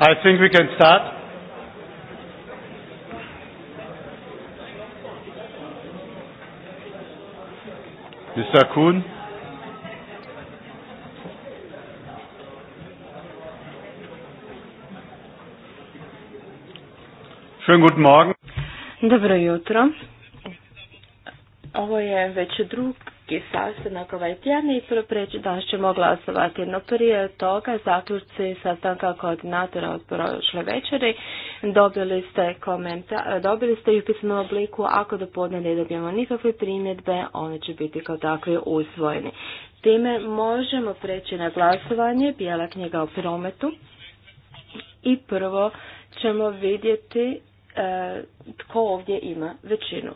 I think we can start. Mr. Kuhn. Schönen guten Morgen. Dobro jutro. Ovo je već drugi sastanak ovaj tjedan i preći da ćemo glasovati. No prije toga zaključci sastanka koordinatora od prošle večeri dobili ste, komenta, dobili ste u pisanom obliku. Ako do podne ne dobijemo nikakve primjedbe, one će biti kao takvi usvojeni. Time možemo preći na glasovanje Bijela knjiga o prometu i prvo ćemo vidjeti e, tko ovdje ima većinu.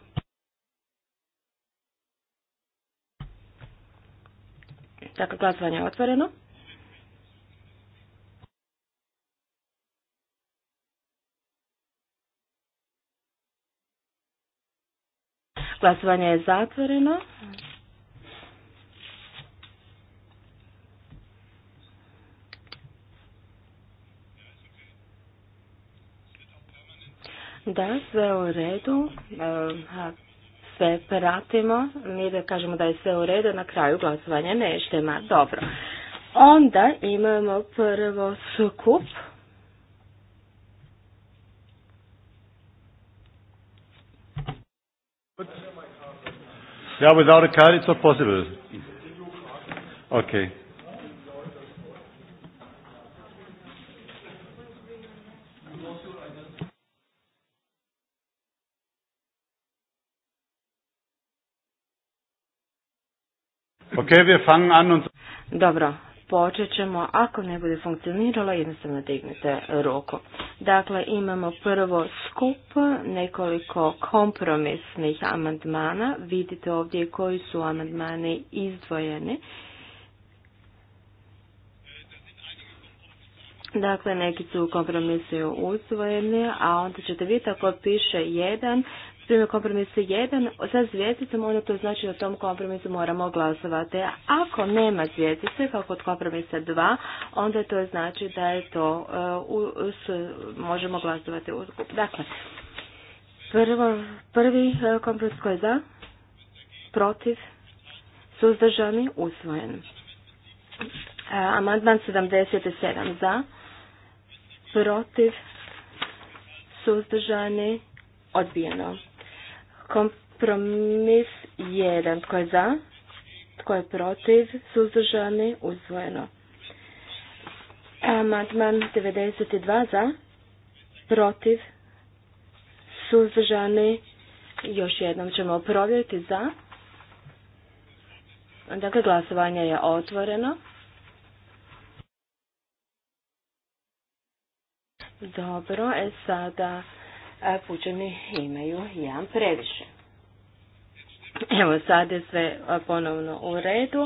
Dakle, glasovanje je otvoreno. Glasovanje je zatvoreno. Da, sve u redu. Ehm, sve pratimo, mi da kažemo da je sve u redu, na kraju glasovanja neštema Dobro. Onda imamo prvo sukup. Ja, bih dao card it's Okay. Okay, wir an und... Dobro, počet ćemo. Ako ne bude funkcioniralo, jednostavno dignite ruku. Dakle, imamo prvo skup nekoliko kompromisnih amandmana. Vidite ovdje koji su amandmani izdvojeni. Dakle, neki su kompromisi usvojeni, a onda ćete vidjeti ako piše jedan, kompromis 1 sa zvijezdicom, onda to znači da o tom kompromisu moramo glasovati. Ako nema zvijezdice, kao kod kompromisa 2, onda to znači da je to, uh, možemo glasovati Dakle, prvi uh, kompromis koji je za, protiv, suzdržani, usvojen. Uh, amandman 77 za, protiv, suzdržani, odbijeno. Kompromis 1. Tko je za? Tko je protiv? Suzdržani? Uzvojeno. Amandman 92 za? Protiv? Suzdržani? Još jednom ćemo provjeriti za. Dakle, glasovanje je otvoreno. Dobro, e sada pučani imaju jedan previše. Evo sad je sve ponovno u redu.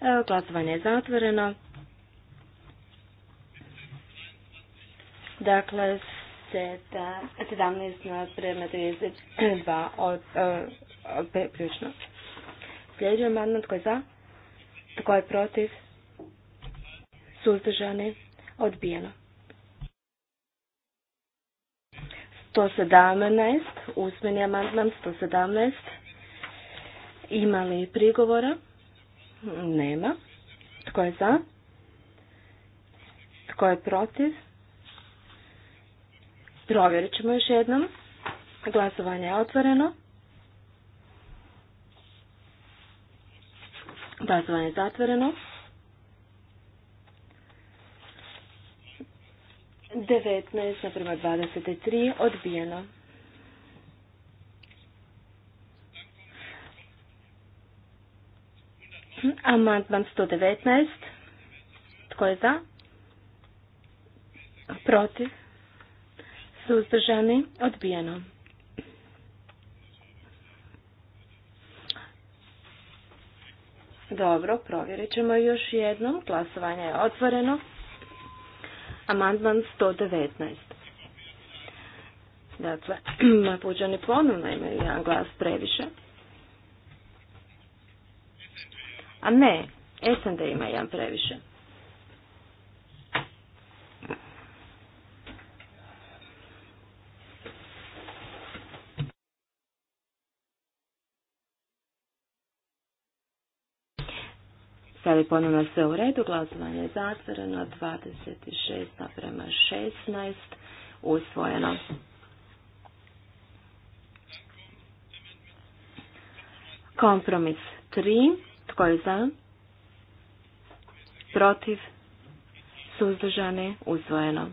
E, glasovanje je zatvoreno. Dakle, 17 na prema 32 od, ključno. Sljedeći amandman tko je za? Tko je protiv? Suzdržani? Odbijeno. 117, usmeni amandman 117. Ima li prigovora? Nema. Tko je za? Tko je protiv? Provjerit ćemo još jednom. Glasovanje je otvoreno. Glasovanje je zatvoreno. 19 naprema 23 odbijeno. Amandman 119. Tko je za? Protiv? Suzdržani? Odbijeno. Dobro, provjerit ćemo još jednom. Glasovanje je otvoreno amandman 119. Dakle, puđani ponovno imaju jedan glas previše. A ne, SND ima jedan previše. Da je ponovno sve u redu? Glasovanje je zatvoreno. 26 naprema 16. Usvojeno. Kompromis 3. Tko je za? Protiv? Suzdržani? Usvojeno.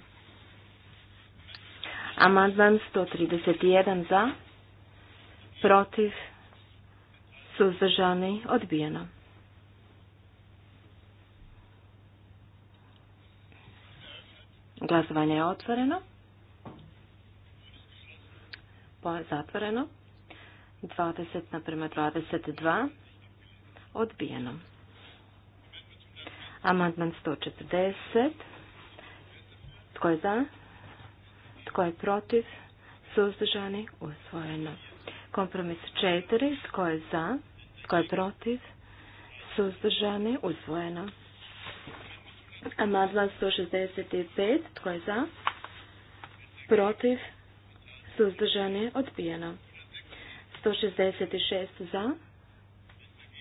Amandman 131 za? Protiv? Suzdržani? Odbijeno. Glasovanje je otvoreno. Zatvoreno. 20 naprema 22. Odbijeno. Amandman 140. Tko je za? Tko je protiv? Suzdržani? Usvojeno. Kompromis 4. Tko je za? Tko je protiv? Suzdržani? Usvojeno. Amandman 165. Tko je za? Protiv? Suzdržani? Odbijeno. 166 za.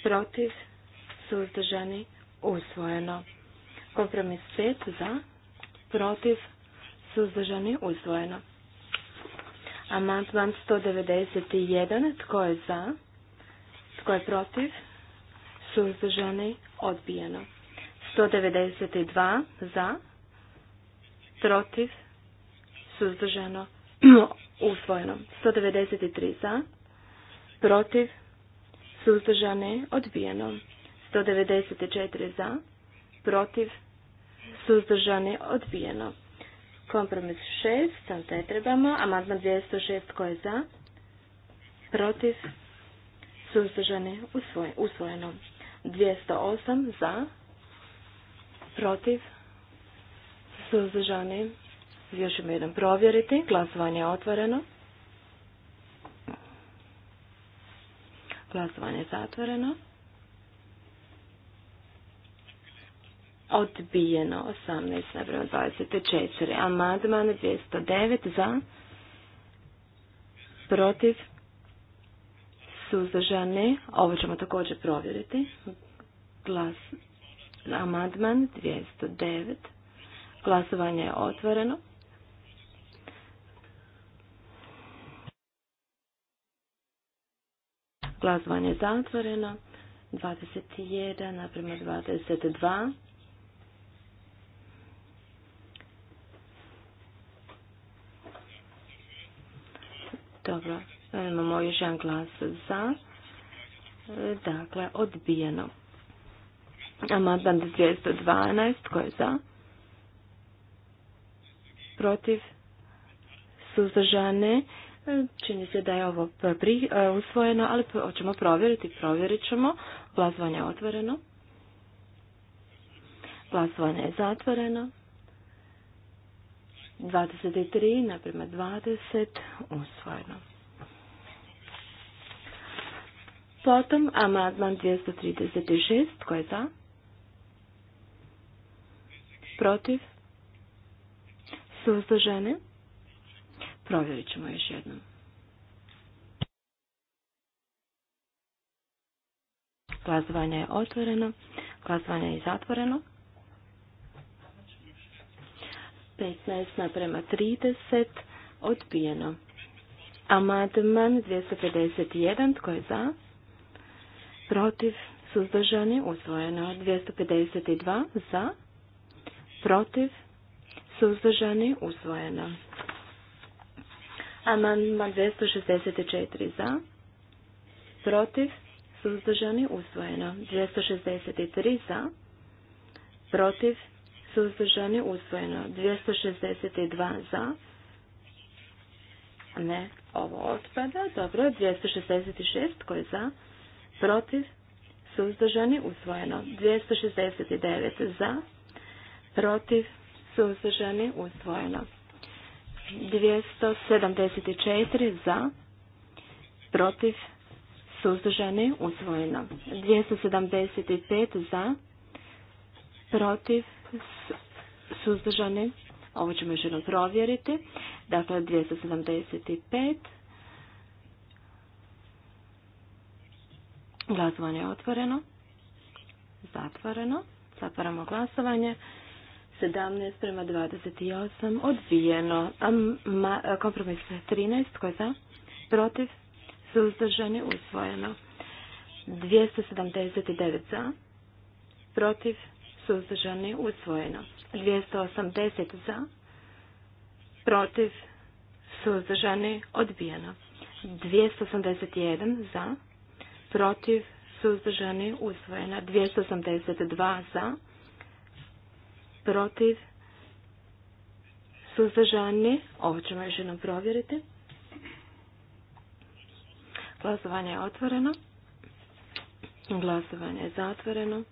Protiv? Suzdržani? Usvojeno. Kompromis 5 za. Protiv? Suzdržani? Usvojeno. Amandman 191. Tko je za? Tko je protiv? Suzdržani? Odbijeno. 192 za, protiv, suzdržano, usvojeno. 193 za, protiv, suzdržane, odbijeno. 194 za, protiv, suzdržane, odbijeno. Kompromis 6, sam te trebamo. Amandman 206 koje je za, protiv, suzdržane, usvojeno. 208 za, protiv, suzdržani, još ćemo jedan provjeriti, glasovanje je otvoreno. Glasovanje je zatvoreno. Odbijeno 18 na 24. Amadman 209 za, protiv, suzdržani. Ovo ćemo također provjeriti. Glas, Amandman 209. Glasovanje je otvoreno. Glasovanje je zatvoreno. 21 naprema 22. Dobro, imamo još jedan glas za. Dakle, odbijeno. Amandman 212. Tko je za? Protiv? Suzdržane? Čini se da je ovo e, usvojeno, ali hoćemo provjeriti. Provjerit ćemo. Glasovanje je otvoreno. Glasovanje je zatvoreno. 23 naprema 20 usvojeno. Potom amadman 236 tko je za? protiv, suzdržani, provjerit ćemo još jednom. Glazovanje je otvoreno, Glazovanje je zatvoreno. 15 naprema 30, odbijeno. Amadman 251, tko je za? Protiv, suzdržani, usvojeno. 252, za? protiv, suzdržani, usvojeno. Amandman 264 za, protiv, suzdržani, usvojeno. 263 za, protiv, suzdržani, usvojeno. 262 za, ne, ovo otpada, dobro, 266 koji je za, protiv, suzdržani, usvojeno. 269 za, protiv, suzdržani, usvojeno. 274 za, protiv, suzdržani, usvojeno. 275 za, protiv, suzdržani, ovo ćemo još jednom provjeriti. Dakle, 275. Glasovanje je otvoreno. Zatvoreno. Zatvaramo glasovanje. 17 prema 28 odbijeno. Kompromis 13 tko je za? Protiv? Suzdržani usvojeno. 279 za. Protiv? Suzdržani usvojeno. 280 za. Protiv? Suzdržani odbijeno. 281 za. Protiv? Suzdržani usvojeno. 282 za protiv, suzdržani, ovo ćemo još jednom provjeriti. Glasovanje je otvoreno. Glasovanje je zatvoreno.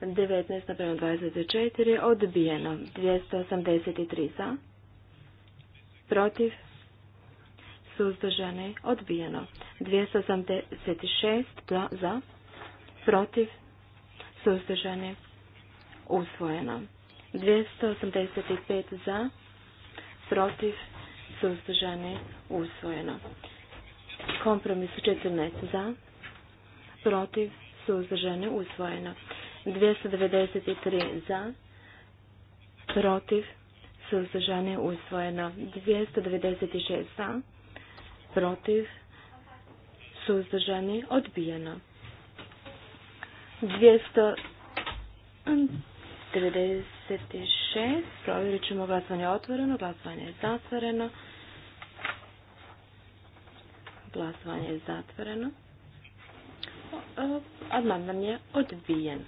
19 naprema 24 odbijeno. 283 za. Protiv. Suzdržani. Odbijeno. 286 za. Protiv suzdržani, usvojeno. 285 za, protiv, suzdržani, usvojeno. Kompromis 14 za, protiv, suzdržani, usvojeno. 293 za, protiv, suzdržani, usvojeno. 296 za, protiv, suzdržani, odbijeno. 296. Provjerit ćemo glasovanje otvoreno, glasovanje je zatvoreno. Glasovanje je zatvoreno. nam je odbijen.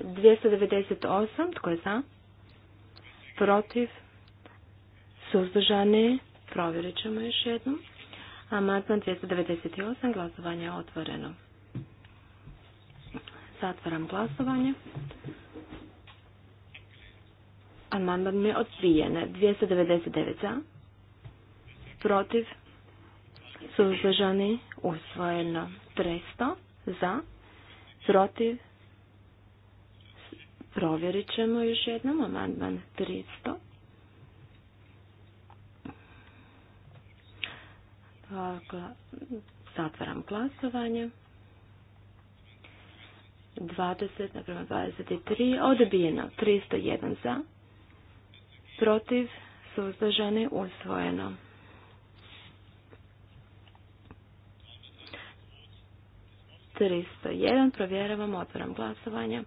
298. Tko je za? Protiv? Suzdržani? Provjerit ćemo još jednom. Amandman 298. Glasovanje je otvoreno. Zatvaram glasovanje. Amandman je odbijen. 299 za. Protiv. Suzdržani. Usvojeno. 300 za. Protiv. Provjerit ćemo još jednom. Amandman 300. Dakle, zatvaram glasovanje. 20 naprema 23 odbijeno 301 za protiv suzdržani usvojeno 301. jedan provjeravam otvaram glasovanje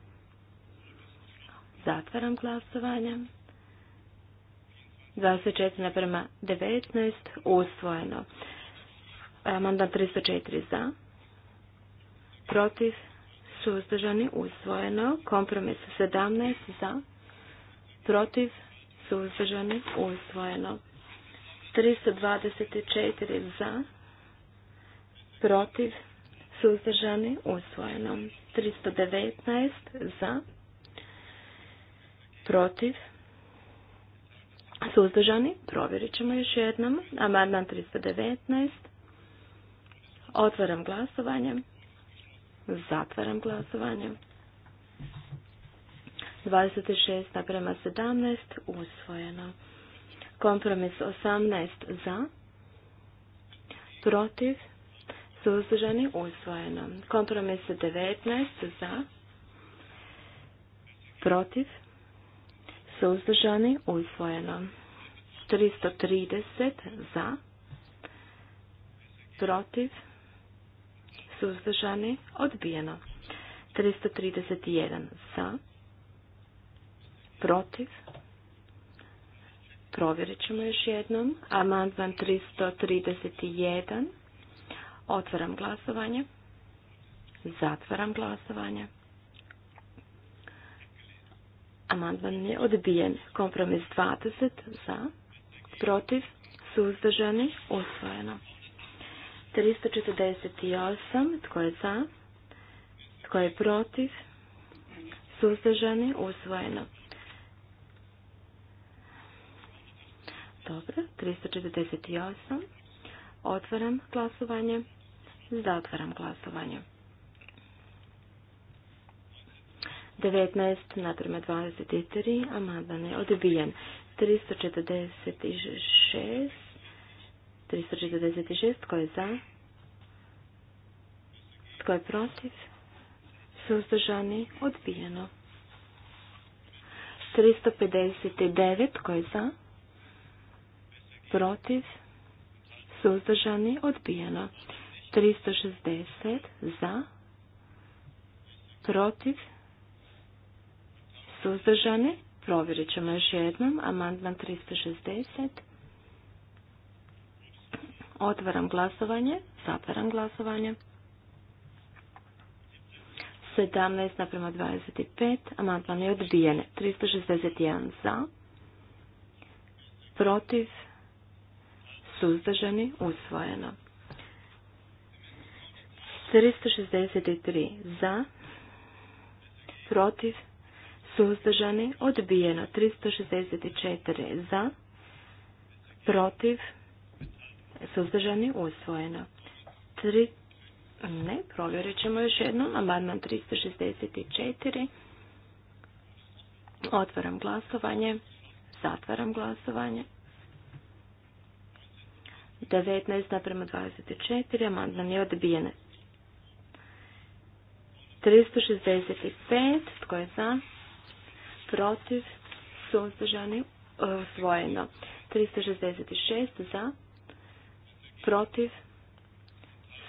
zatvaram glasovanje 24 naprema 19 usvojeno mandat 304 za protiv suzdržani, usvojeno. Kompromis 17 za, protiv, suzdržani, usvojeno. 324 za, protiv, suzdržani, usvojeno. 319 za, protiv, suzdržani, provjerit ćemo još jednom. Amandman 319. Otvaram glasovanje. Zatvaram glasovanje. 26 naprema 17 usvojeno. Kompromis 18 za, protiv, suzdržani usvojeno. Kompromis 19 za, protiv, suzdržani usvojeno. 330 za, protiv, suzdržani, odbijeno. 331 za, protiv, provjerit ćemo još jednom, amandman 331, otvaram glasovanje, zatvaram glasovanje. Amandman je odbijen. Kompromis 20 za, protiv, suzdržani, usvojeno. 348. Tko je za? Tko je protiv? Suzdržani? Usvojeno. Dobro, 348. Otvaram glasovanje. Zatvaram glasovanje. 19 naprema 23, amandman je odbijen. 346 346. Tko je za? Tko je protiv? Suzdržani? Odbijeno. 359. Tko je za? Protiv? Suzdržani? Odbijeno. 360. Za? Protiv? Suzdržani? Provjerit ćemo još jednom. Amandman 360. Otvaram glasovanje. Zatvaram glasovanje. 17 naprema 25. Amandman je odbijen. 361 za. Protiv. Suzdržani. Usvojeno. 363 za. Protiv. Suzdržani. Odbijeno. 364 za. Protiv suzdržani, usvojeno. Tri, ne, provjerit ćemo još jednom, amandman 364. Otvaram glasovanje, zatvaram glasovanje. 19 naprema 24, amandman je odbijen. 365, tko je za? Protiv, suzdržani, usvojeno. 366 za, protiv,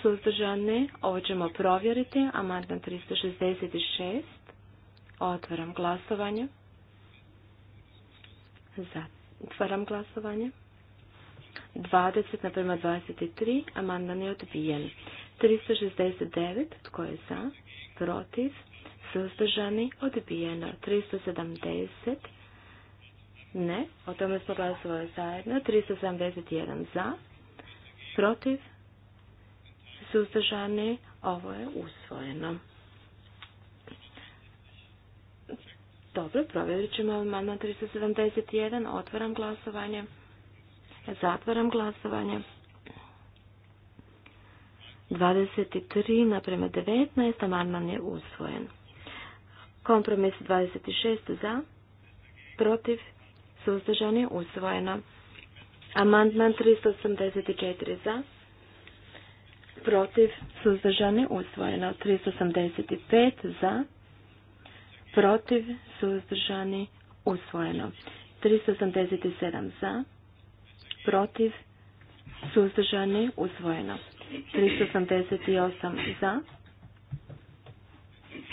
suzdržani, ovo ćemo provjeriti, amandman 366, otvaram glasovanje, zatvaram glasovanje, 20 naprema 23, amandman je odbijen. 369, tko je za, protiv, suzdržani, odbijeno. 370, ne, o tome smo glasovali zajedno, 371 za, protiv, suzdržani, ovo je usvojeno. Dobro, provjerit ćemo amandman 371, otvaram glasovanje, zatvaram glasovanje. 23 naprema 19, amandman je usvojen. Kompromis 26 za, protiv, suzdržani, usvojeno. Amandman 384 za. Protiv. Suzdržani. Usvojeno. 385 za. Protiv. Suzdržani. Usvojeno. 387 za. Protiv. Suzdržani. Usvojeno. 388 za.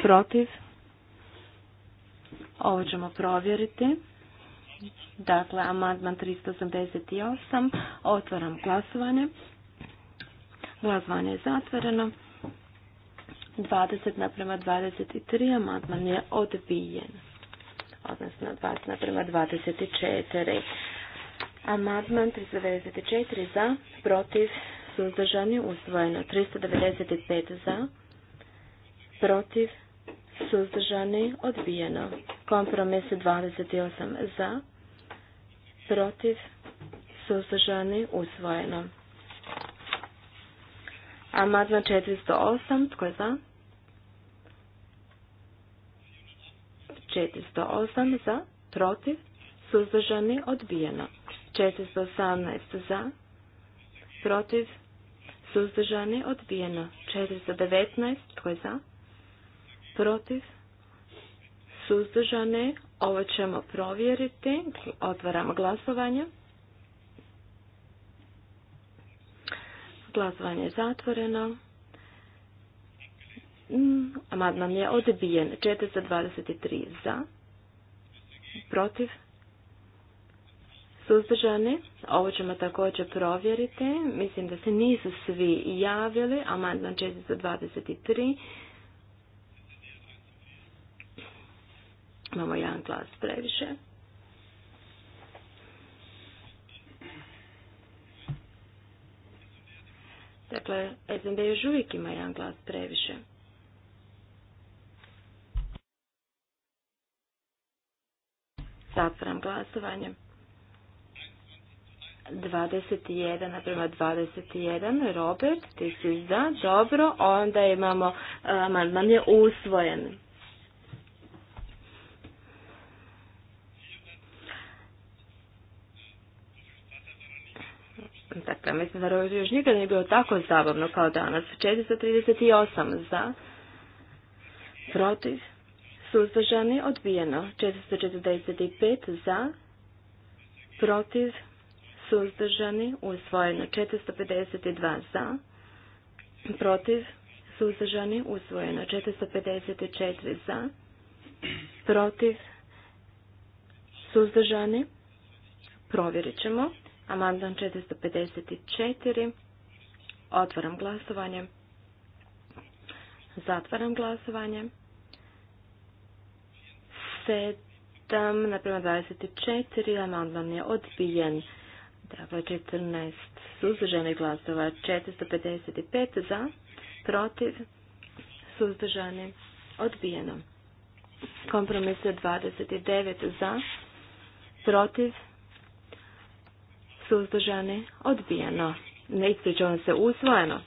Protiv. Ovo ćemo provjeriti. Dakle, amandman 388. Otvaram glasovanje. Glasovanje je zatvoreno. 20 naprema 23. Amandman je odbijen. Odnosno 20 naprema 24. Amandman 394 za, protiv, suzdržani, usvojeno. 395 za, protiv, suzdržani, odbijeno. Kompromis 28 za, protiv, suzdržani, usvojeno. Amadna 408, tko je za? 408 za, protiv, suzdržani, odbijeno. 418 za, protiv, suzdržani, odbijeno. 419, tko je za? Protiv, suzdržani, ovo ćemo provjeriti. Otvaramo glasovanje. Glasovanje je zatvoreno. Mm, amandman je odbijen. 423 za. Protiv. Suzdržani. Ovo ćemo također provjeriti. Mislim da se nisu svi javili. Amandman 423 Imamo jedan glas previše. Dakle, da još uvijek ima jedan glas previše. Zatvaram glasovanje. 21 naprema 21. Robert, ti si za. Dobro, onda imamo, eh, amandman je usvojen. Dakle, mislim da Rover još nikad nije bilo tako zabavno kao danas. 438 za, protiv, suzdržani, odbijeno. 445 za, protiv, suzdržani, usvojeno. 452 za, protiv, suzdržani, usvojeno. 454 za, protiv, suzdržani, provjerit ćemo. Amandman 454. Otvaram glasovanje. Zatvaram glasovanje. 7 naprema 24. Amandman je odbijen. Dakle, 14 suzdržanih glasova. 455 za, protiv, suzdržani, odbijeno. Kompromis je 29 za, protiv, suzdržani, odbijeno. Ne vam se, usvojeno.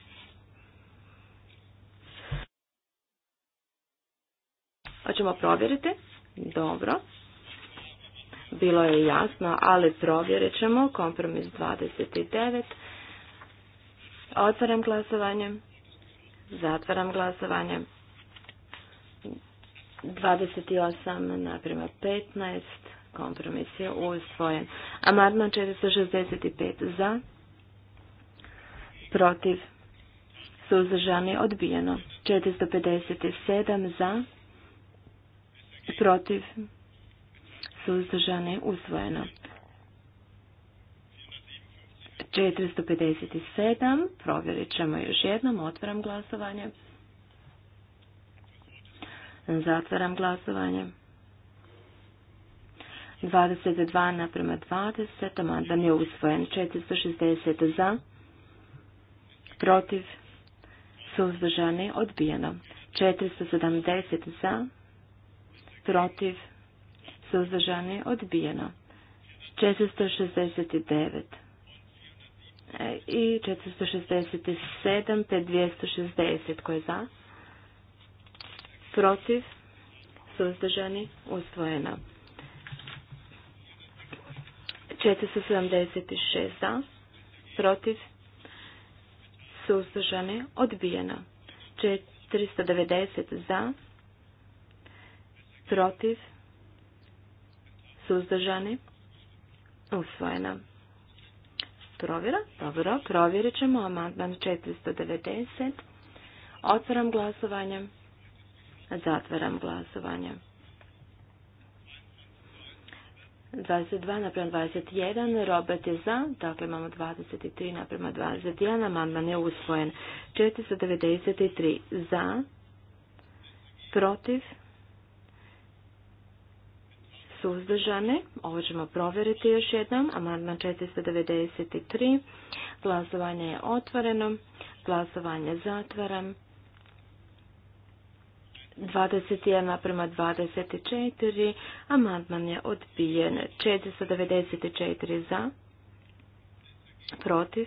Hoćemo provjeriti? Dobro. Bilo je jasno, ali provjerit ćemo. Kompromis 29. Otvaram glasovanje. Zatvaram glasovanje. 28 naprema 15 Kompromis je usvojen. Amandman 465 za, protiv, suzdržani, odbijeno. 457 za, protiv, suzdržani, usvojeno. 457, provjerit ćemo još jednom, otvaram glasovanje. Zatvaram glasovanje. 22 naprema 20, amandman je usvojen. 460 za, protiv, suzdržani, odbijeno. 470 za, protiv, suzdržani, odbijeno. 469 e, i 467 te 260 koje je za, protiv, suzdržani, usvojeno. 476 za, protiv, suzdržane, odbijeno. 490 za, protiv, suzdržane, usvojena. Provjera? Dobro, provjerit ćemo amandman 490. Otvaram glasovanje. Zatvaram glasovanje. 22 naprema 21, Robert je za, dakle imamo 23 naprema 21, amandman je usvojen. 493 za, protiv, suzdržane, ovo ćemo provjeriti još jednom, amandman 493, glasovanje je otvoreno, glasovanje zatvaram, 21 prema 24, amandman je odbijen. 494 za, protiv,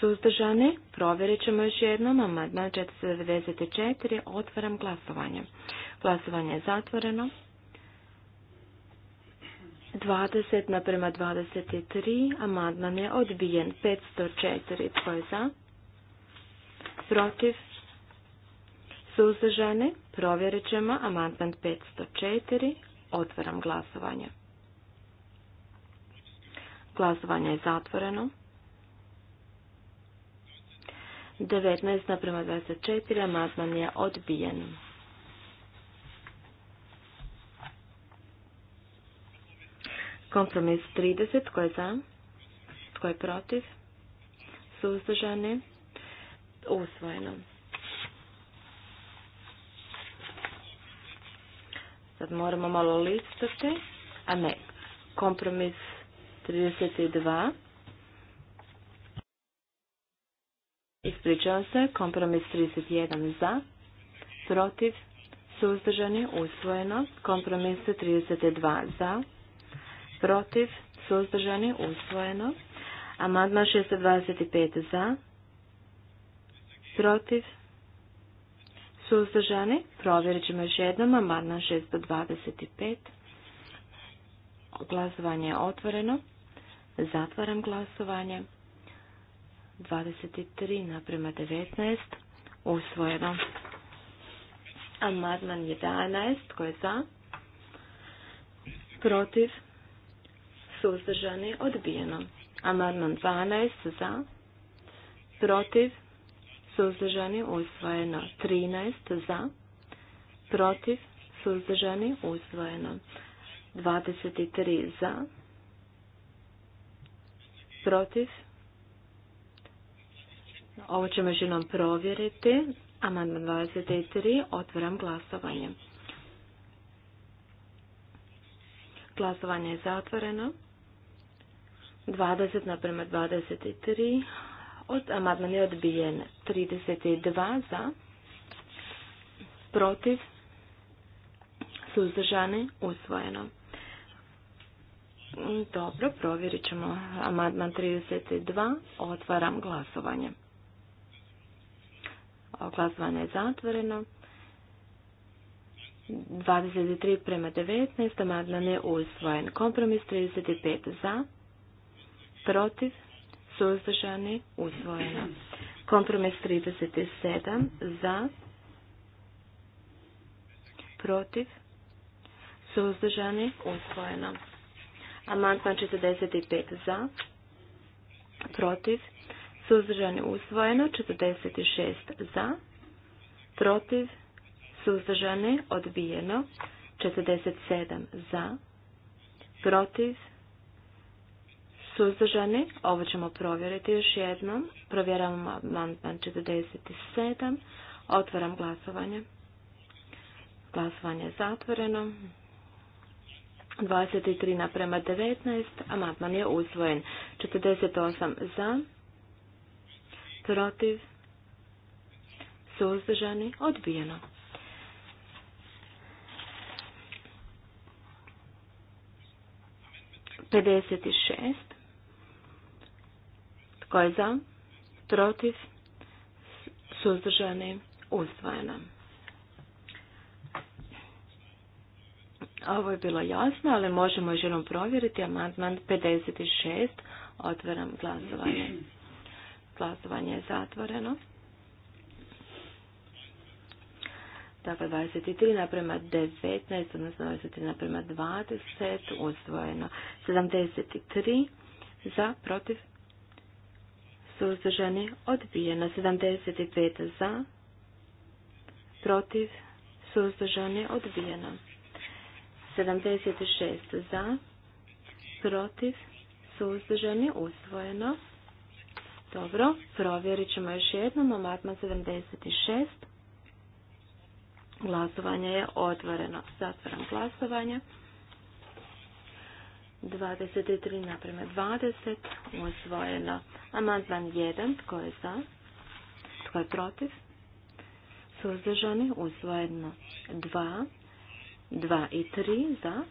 suzdržani, provjerit ćemo još jednom, amandman 494, otvaram glasovanje. Glasovanje je zatvoreno. 20 naprema 23, amandman je odbijen. 504, tko je za? Protiv? Suzdržani? Provjerit ćemo amandman 504. Otvaram glasovanje. Glasovanje je zatvoreno. 19 naprema 24. Amandman je odbijen. Kompromis 30. Tko je za? Tko je protiv? Suzdržani? Usvojeno. Sad moramo malo listati, a ne, kompromis 32. Ispričavam se, kompromis 31 za, protiv, suzdržani, usvojeno, kompromis 32 za, protiv, suzdržani, usvojeno, amandman 625 za, protiv, Suzdržani? Provjerit ćemo još jednom. Amandman 625. Glasovanje je otvoreno. Zatvaram glasovanje. 23 naprema 19. Usvojeno. Amandman 11. Ko je za? Protiv? Suzdržani? Odbijeno. Amandman 12. Za? Protiv? suzdržani, usvojeno. 13 za, protiv, suzdržani, usvojeno. 23 za, protiv, ovo ćemo još jednom provjeriti. Amandman 23. Otvaram glasovanje. Glasovanje je zatvoreno. 20 naprema 23. Od, amandman je odbijen 32 za, protiv, suzdržani, usvojeno. Dobro, provjerit ćemo amandman 32. Otvaram glasovanje. Glasovanje je zatvoreno. 23 prema 19. Amandman je usvojen. Kompromis 35 za, protiv, suzdržani, usvojeno. Kompromis 37 za, protiv, suzdržani, usvojeno. Amantman 45 za, protiv, suzdržani, usvojeno. 46 za, protiv, suzdržani, odbijeno. 47 za, protiv, Suzdržani? Ovo ćemo provjeriti još jednom. Provjeram amandman 47. Otvaram glasovanje. Glasovanje je zatvoreno. 23 naprema 19. Amandman je usvojen. 48 za. Protiv. Suzdržani? Odbijeno. Pedeset šest tko je za? Protiv? Suzdržani? Usvojeno. Ovo je bilo jasno, ali možemo još jednom provjeriti. Amandman 56. Otvaram glasovanje. Glasovanje je zatvoreno. Dakle, 23 naprema 19, odnosno 23 naprema 20, usvojeno. 73 za, protiv, suzdržani, odbijeno 75 za, protiv, suzdržani, odbijeno 76 za, protiv, suzdržani, usvojeno. Dobro, provjerit ćemo još jednom, amatma 76. Glasovanje je otvoreno. Zatvaram glasovanje. 23 napreme 20 usvojeno. Amandman 1, tko je za? Tko je protiv? Suzdržani usvojeno 2, 2 i 3 za,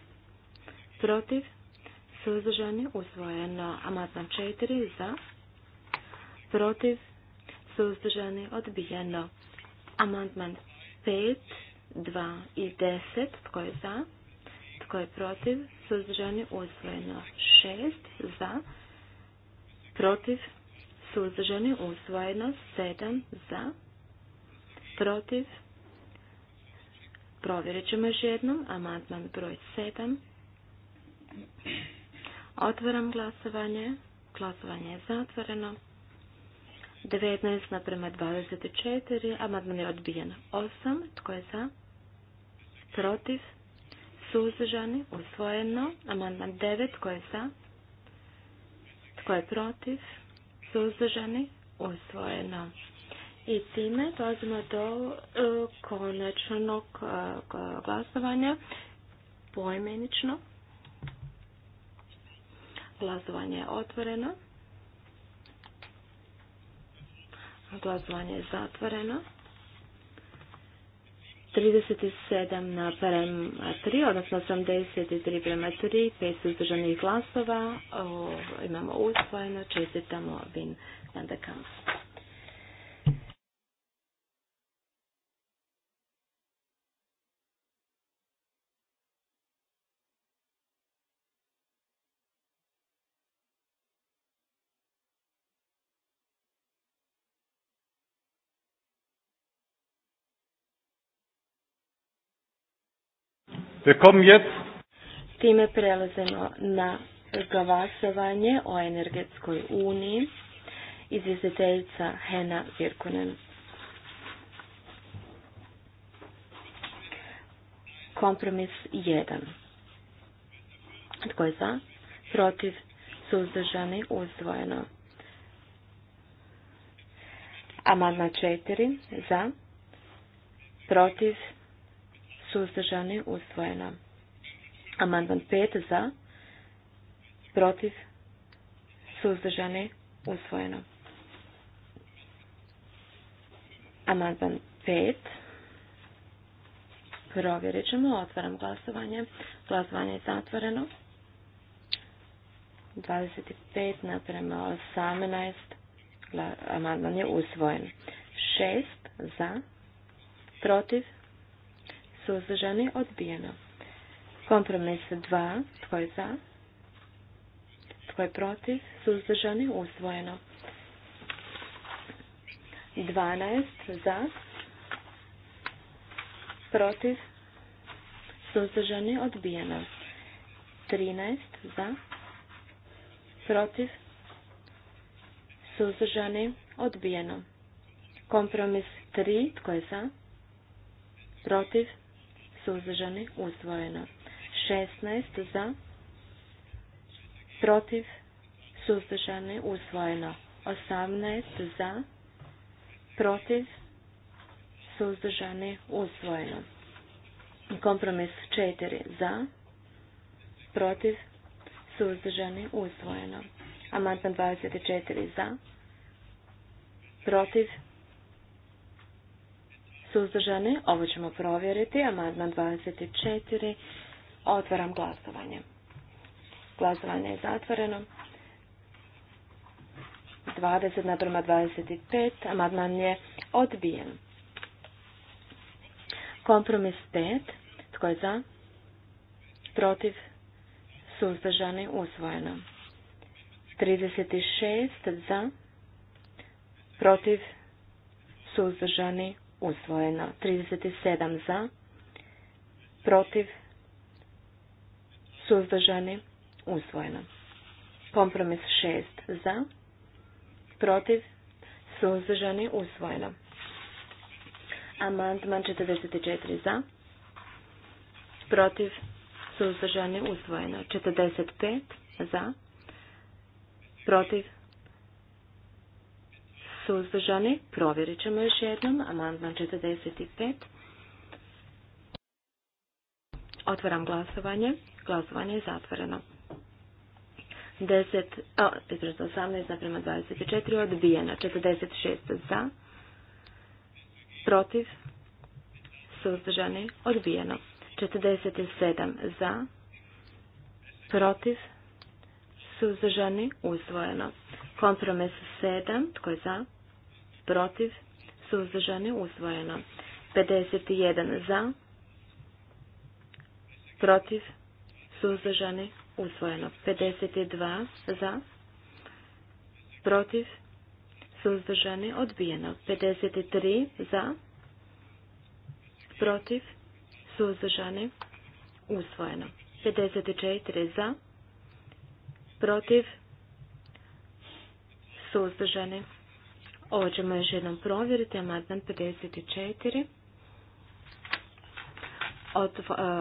protiv, suzdržani usvojeno. Amandman 4 za, protiv, suzdržani odbijeno. Amandman 5, 2 i 10, tko je za? Tko je protiv? suzdržani, usvojeno. 6 za, protiv, suzdržani, usvojeno. 7 za, protiv, provjerit ćemo još jednom, amandman broj 7. Otvaram glasovanje, glasovanje je zatvoreno. 19 naprema 24, amandman je odbijen. 8, tko je za? Protiv? suzdržani, usvojeno. Amandman 9, tko je za? Tko je protiv? Suzdržani, usvojeno. I time dolazimo do e, konačnog e, glasovanja poimenično. Glasovanje je otvoreno. Glasovanje je zatvoreno. 37 na prem 3, odnosno 83 prema 3, 5 suzdržanih glasova. imamo usvojeno, čestitamo Vin Vandekamp. Wir kommen Time prelazimo na glasovanje o energetskoj uniji izvjestiteljica Hena Virkunen. Kompromis 1. Tko je za? Protiv? Suzdržani? Uzdvojeno. Amandman 4. Za? Protiv? suzdržani, usvojena. Amandman 5 za, protiv, suzdržani, usvojeno. Amandman 5. Provjerit ćemo. Otvaram glasovanje. Glasovanje je zatvoreno. 25 naprema 18. Amandman je usvojen. 6 za, protiv, suzdržani, odbijeno. Kompromis 2, tko je za, tko je protiv, suzdržani, usvojeno. 12 za, protiv, suzdržani, odbijeno. 13 za, protiv, suzdržani, odbijeno. Kompromis 3, tko je za, protiv, suzdržani, usvojeno. 16 za, protiv, suzdržani, usvojeno. 18 za, protiv, suzdržani, usvojeno. Kompromis 4 za, protiv, suzdržani, usvojeno. Amantan 24 za, protiv, suzdržani, ovo ćemo provjeriti, amandman 24, otvaram glasovanje. Glasovanje je zatvoreno. 20 naprema 25, amandman je odbijen. Kompromis 5, tko je za? Protiv, suzdržani, usvojeno. 36 za, protiv, suzdržani, usvojeno. 37 za, protiv, suzdržani, usvojeno. Kompromis 6 za, protiv, suzdržani, usvojeno. Amandman 44 za, protiv, suzdržani, usvojeno. 45 za, protiv, suzdržani, provjerit ćemo još jednom, amandman 45. Otvaram glasovanje, glasovanje je zatvoreno. 10, 18 naprema 24 odbijeno, 46 za, protiv, suzdržani, odbijeno. 47 za, protiv, suzdržani, usvojeno. Kompromis 7, tko je za, protiv, suzdržani, usvojeno. 51 za, protiv, suzdržani, usvojeno. 52 za, protiv, suzdržani, odbijeno. 53 za, protiv, suzdržani, usvojeno. 54 za, protiv, suzdržani, usvojeno ovo ćemo još jednom provjeriti, amandman 54. E,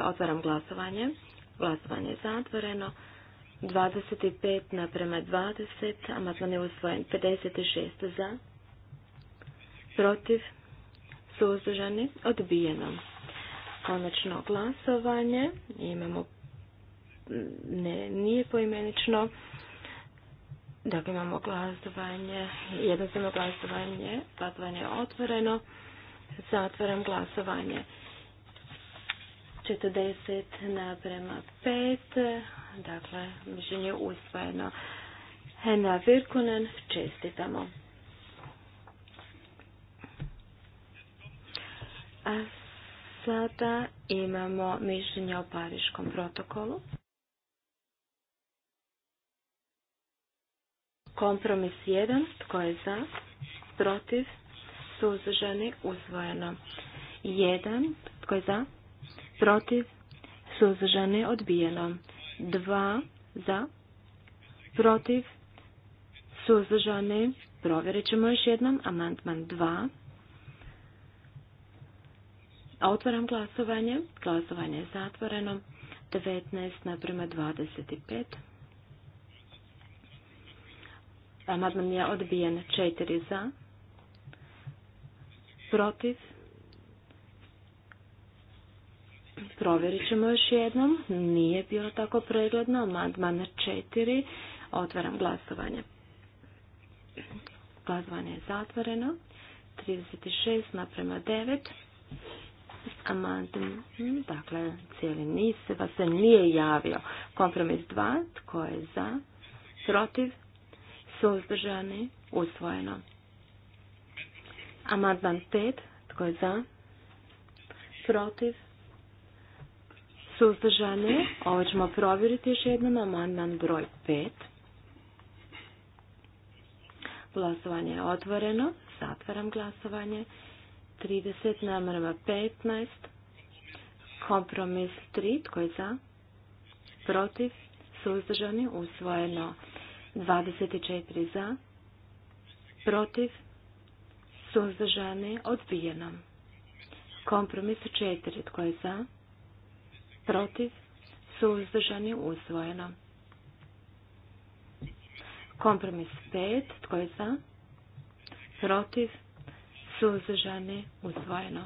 otvaram glasovanje. Glasovanje je zatvoreno. 25 naprema 20, amandman je usvojen 56 za, protiv, suzdržani, odbijeno. Konačno glasovanje, imamo, ne, nije poimenično, Dakle, imamo glasovanje, jednostavno glasovanje, glasovanje je otvoreno, zatvaram glasovanje. 40 naprema 5, dakle, mišljenje usvojeno. Hena Virkunen, čestitamo. A sada imamo mišljenje o pariškom protokolu. Kompromis 1. Tko je za? Protiv? Suzdržani? Usvojeno. 1. Tko je za? Protiv? Suzdržani? Odbijeno. 2. Za? Protiv? Suzdržani? Provjerit ćemo još jednom. Amandman 2. Otvaram glasovanje. Glasovanje je zatvoreno. 19 naprema 25. Amandman je odbijen. četiri za. Protiv. Provjerit ćemo još jednom. Nije bilo tako pregledno. Amandman četiri, Otvaram glasovanje. Glasovanje je zatvoreno. 36 naprema 9. Amandman, dakle, cijeli niz se pa se nije javio. Kompromis 2, tko je za, protiv, suzdržani, usvojeno. Amandman 5, tko je za, protiv, suzdržani, ovo ćemo provjeriti još jednom, amandman broj 5. Glasovanje je otvoreno, zatvaram glasovanje, 30 namreva 15, kompromis 3, tko je za, protiv, suzdržani, usvojeno 24 za, protiv, suzdržani, odbijeno. Kompromis 4 tko je za, protiv, suzdržani, usvojeno. Kompromis 5 tko je za, protiv, suzdržani, usvojeno.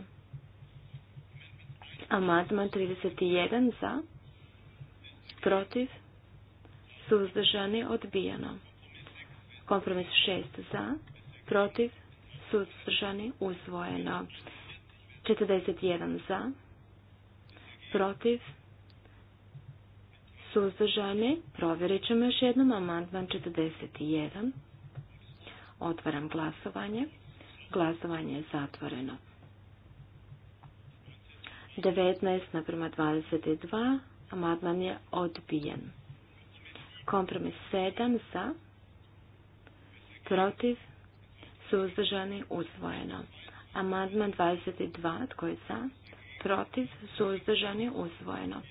Amadman 31 za, protiv, suzdržani, odbijeno. Kompromis 6 za, protiv, suzdržani, usvojeno. 41 za, protiv, suzdržani, provjerit ćemo još jednom amandman 41. Otvaram glasovanje. Glasovanje je zatvoreno. 19 naprema 22, amandman je odbijen. Kompromis 7 za, protiv, suzdržani, usvojeno. Amandman 22, tko je za, protiv, suzdržani, usvojeno.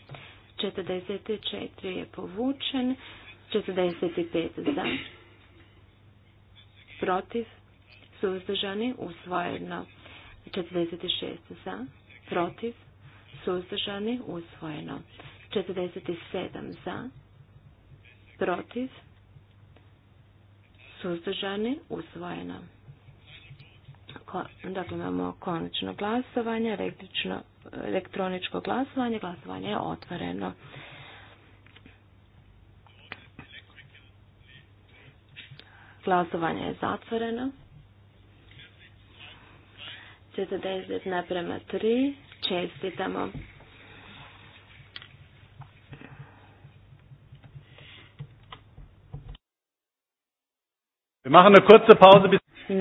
44 je povučen, 45 za, protiv, suzdržani, usvojeno. 46 za, protiv, suzdržani, usvojeno. 47 za, protiv, suzdržani, usvojeno. dakle, imamo konačno glasovanje, električno, elektroničko glasovanje, glasovanje je otvoreno. Glasovanje je zatvoreno. 49 naprema 3. Čestitamo.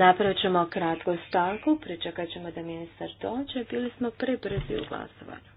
Napravit ćemo kratku stanku, pričekat ćemo da ministar dođe, bili smo prebrzi u glasovanju.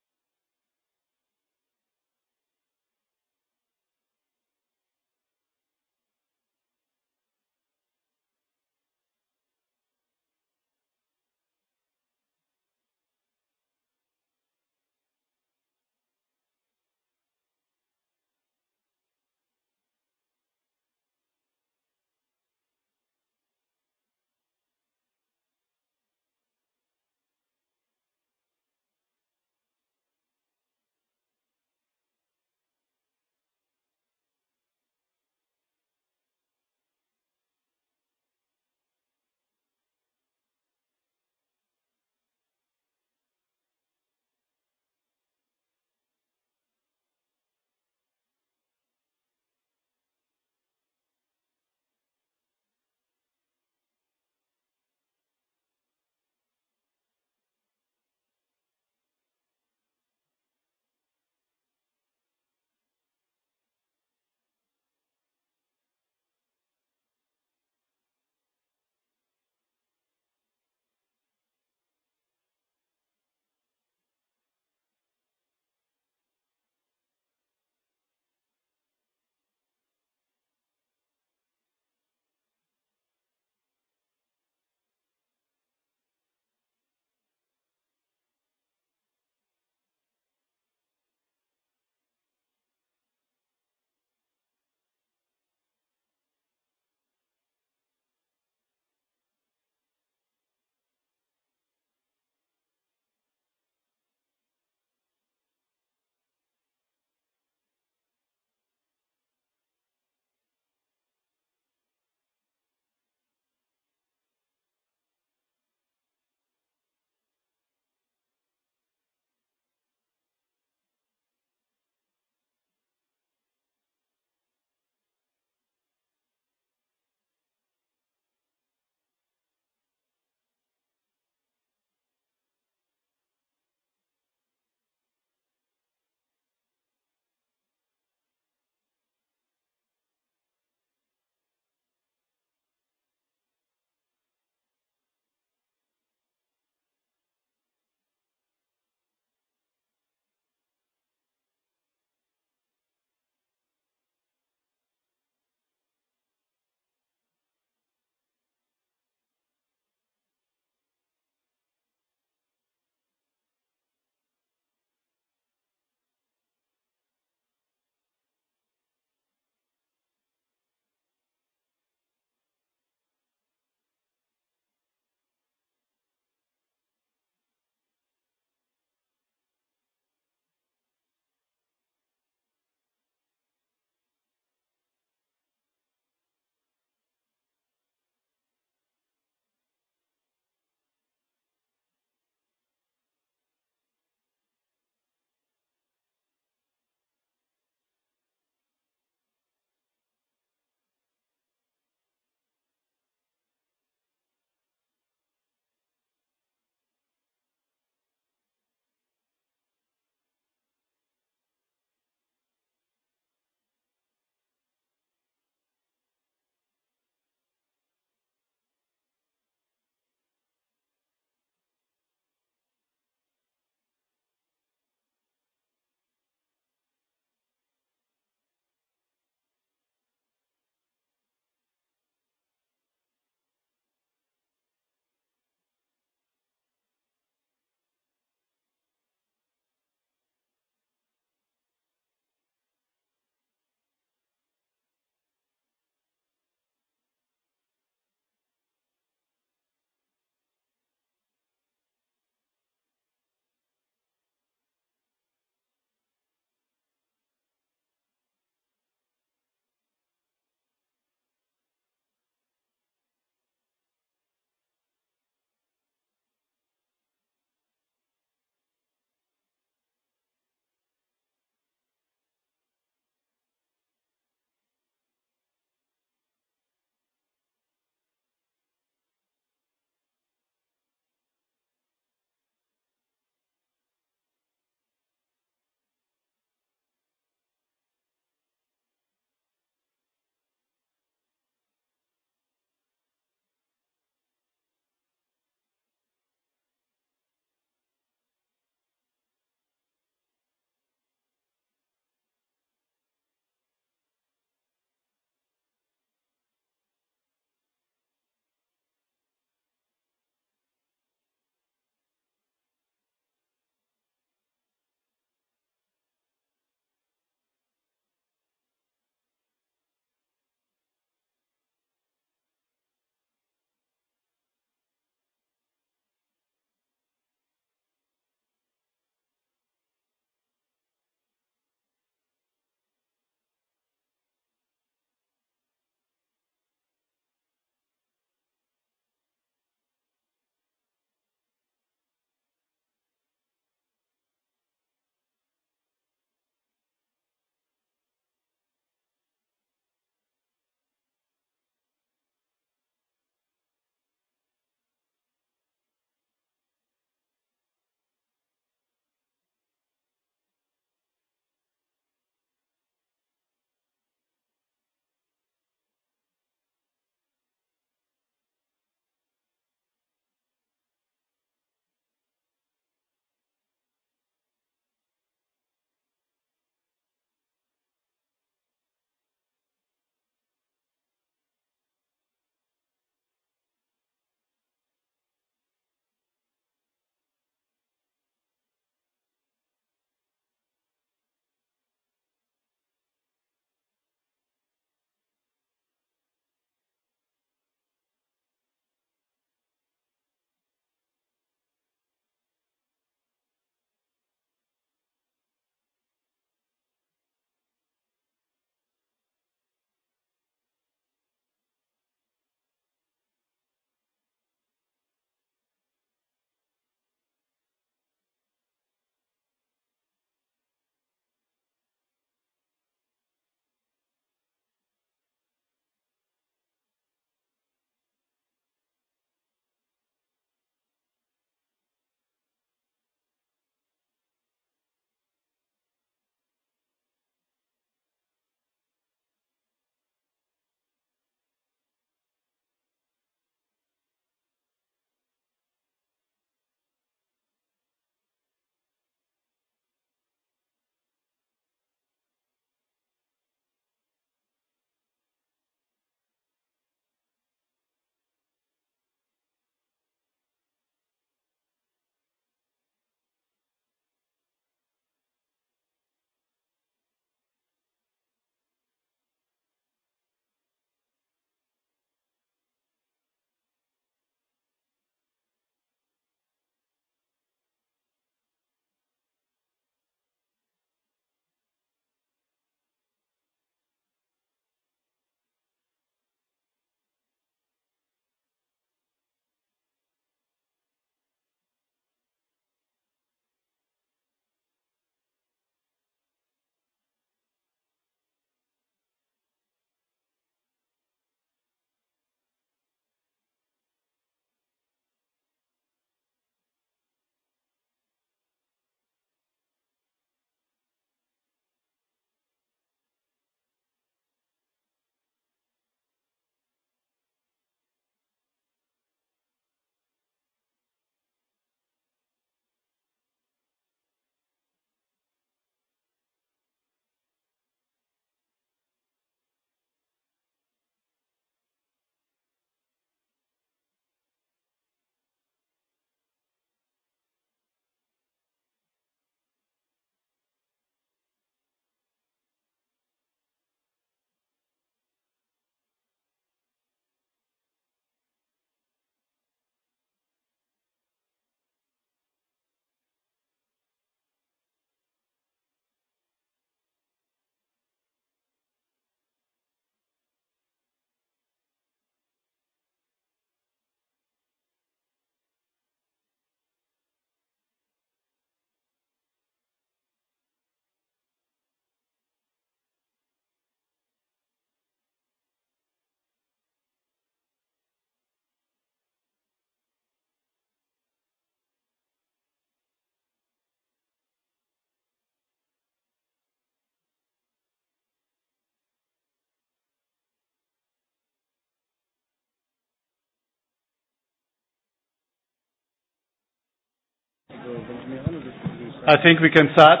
I think we can start.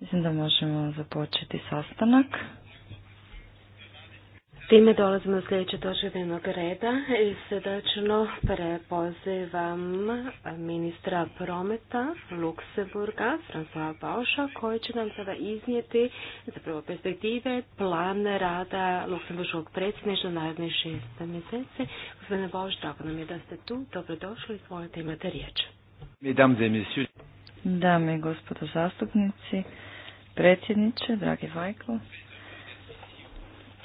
Mislim da možemo započeti sastanak. Time dolazimo do sljedeće točke dnevnog reda i srdačno prepozivam ministra prometa Luksemburga, Francoa Bauša, koji će nam sada iznijeti zapravo perspektive, plan rada Luksemburškog predsjedništva narednih šest mjeseci. Gospodine Bauš, drago nam je da ste tu. Dobrodošli, izvolite, imate riječ. Dame i gospodo zastupnici, predsjedniče, dragi Vajklo,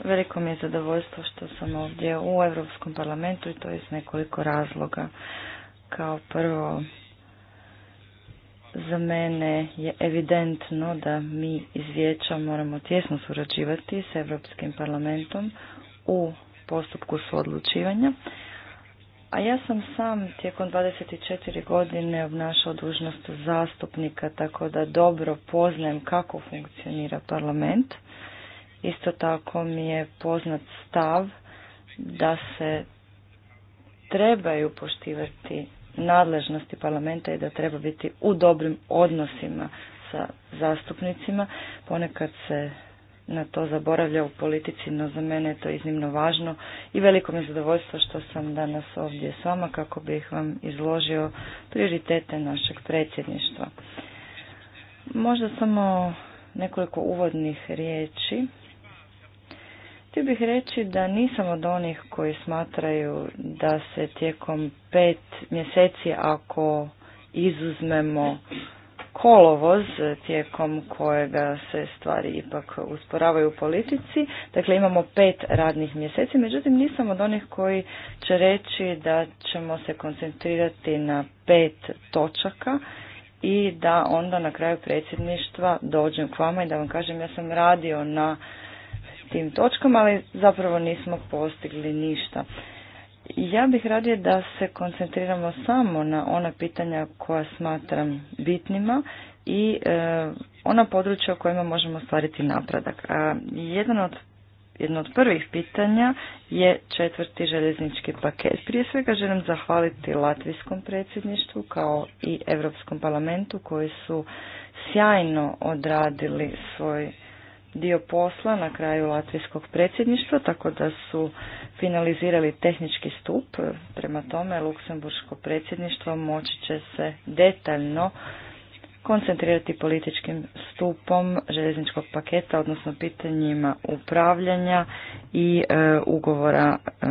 veliko mi je zadovoljstvo što sam ovdje u Europskom parlamentu i to iz nekoliko razloga. Kao prvo, za mene je evidentno da mi iz moramo tjesno surađivati s Europskim parlamentom u postupku suodlučivanja. A ja sam sam tijekom 24 godine obnašao dužnost zastupnika, tako da dobro poznajem kako funkcionira parlament. Isto tako mi je poznat stav da se trebaju poštivati nadležnosti parlamenta i da treba biti u dobrim odnosima sa zastupnicima. Ponekad se na to zaboravlja u politici, no za mene je to iznimno važno i veliko mi je zadovoljstvo što sam danas ovdje s vama kako bih vam izložio prioritete našeg predsjedništva. Možda samo nekoliko uvodnih riječi. Htio bih reći da nisam od onih koji smatraju da se tijekom pet mjeseci ako izuzmemo kolovoz tijekom kojega se stvari ipak usporavaju u politici. Dakle, imamo pet radnih mjeseci, međutim nisam od onih koji će reći da ćemo se koncentrirati na pet točaka i da onda na kraju predsjedništva dođem k vama i da vam kažem ja sam radio na tim točkama, ali zapravo nismo postigli ništa. Ja bih radije da se koncentriramo samo na ona pitanja koja smatram bitnima i e, ona područja u kojima možemo stvariti napredak. A jedan od jedno od prvih pitanja je četvrti željeznički paket. Prije svega želim zahvaliti Latvijskom predsjedništvu kao i Europskom parlamentu koji su sjajno odradili svoj dio posla na kraju latvijskog predsjedništva, tako da su finalizirali tehnički stup. Prema tome, luksemburško predsjedništvo moći će se detaljno koncentrirati političkim stupom željezničkog paketa, odnosno pitanjima upravljanja i e, ugovora e,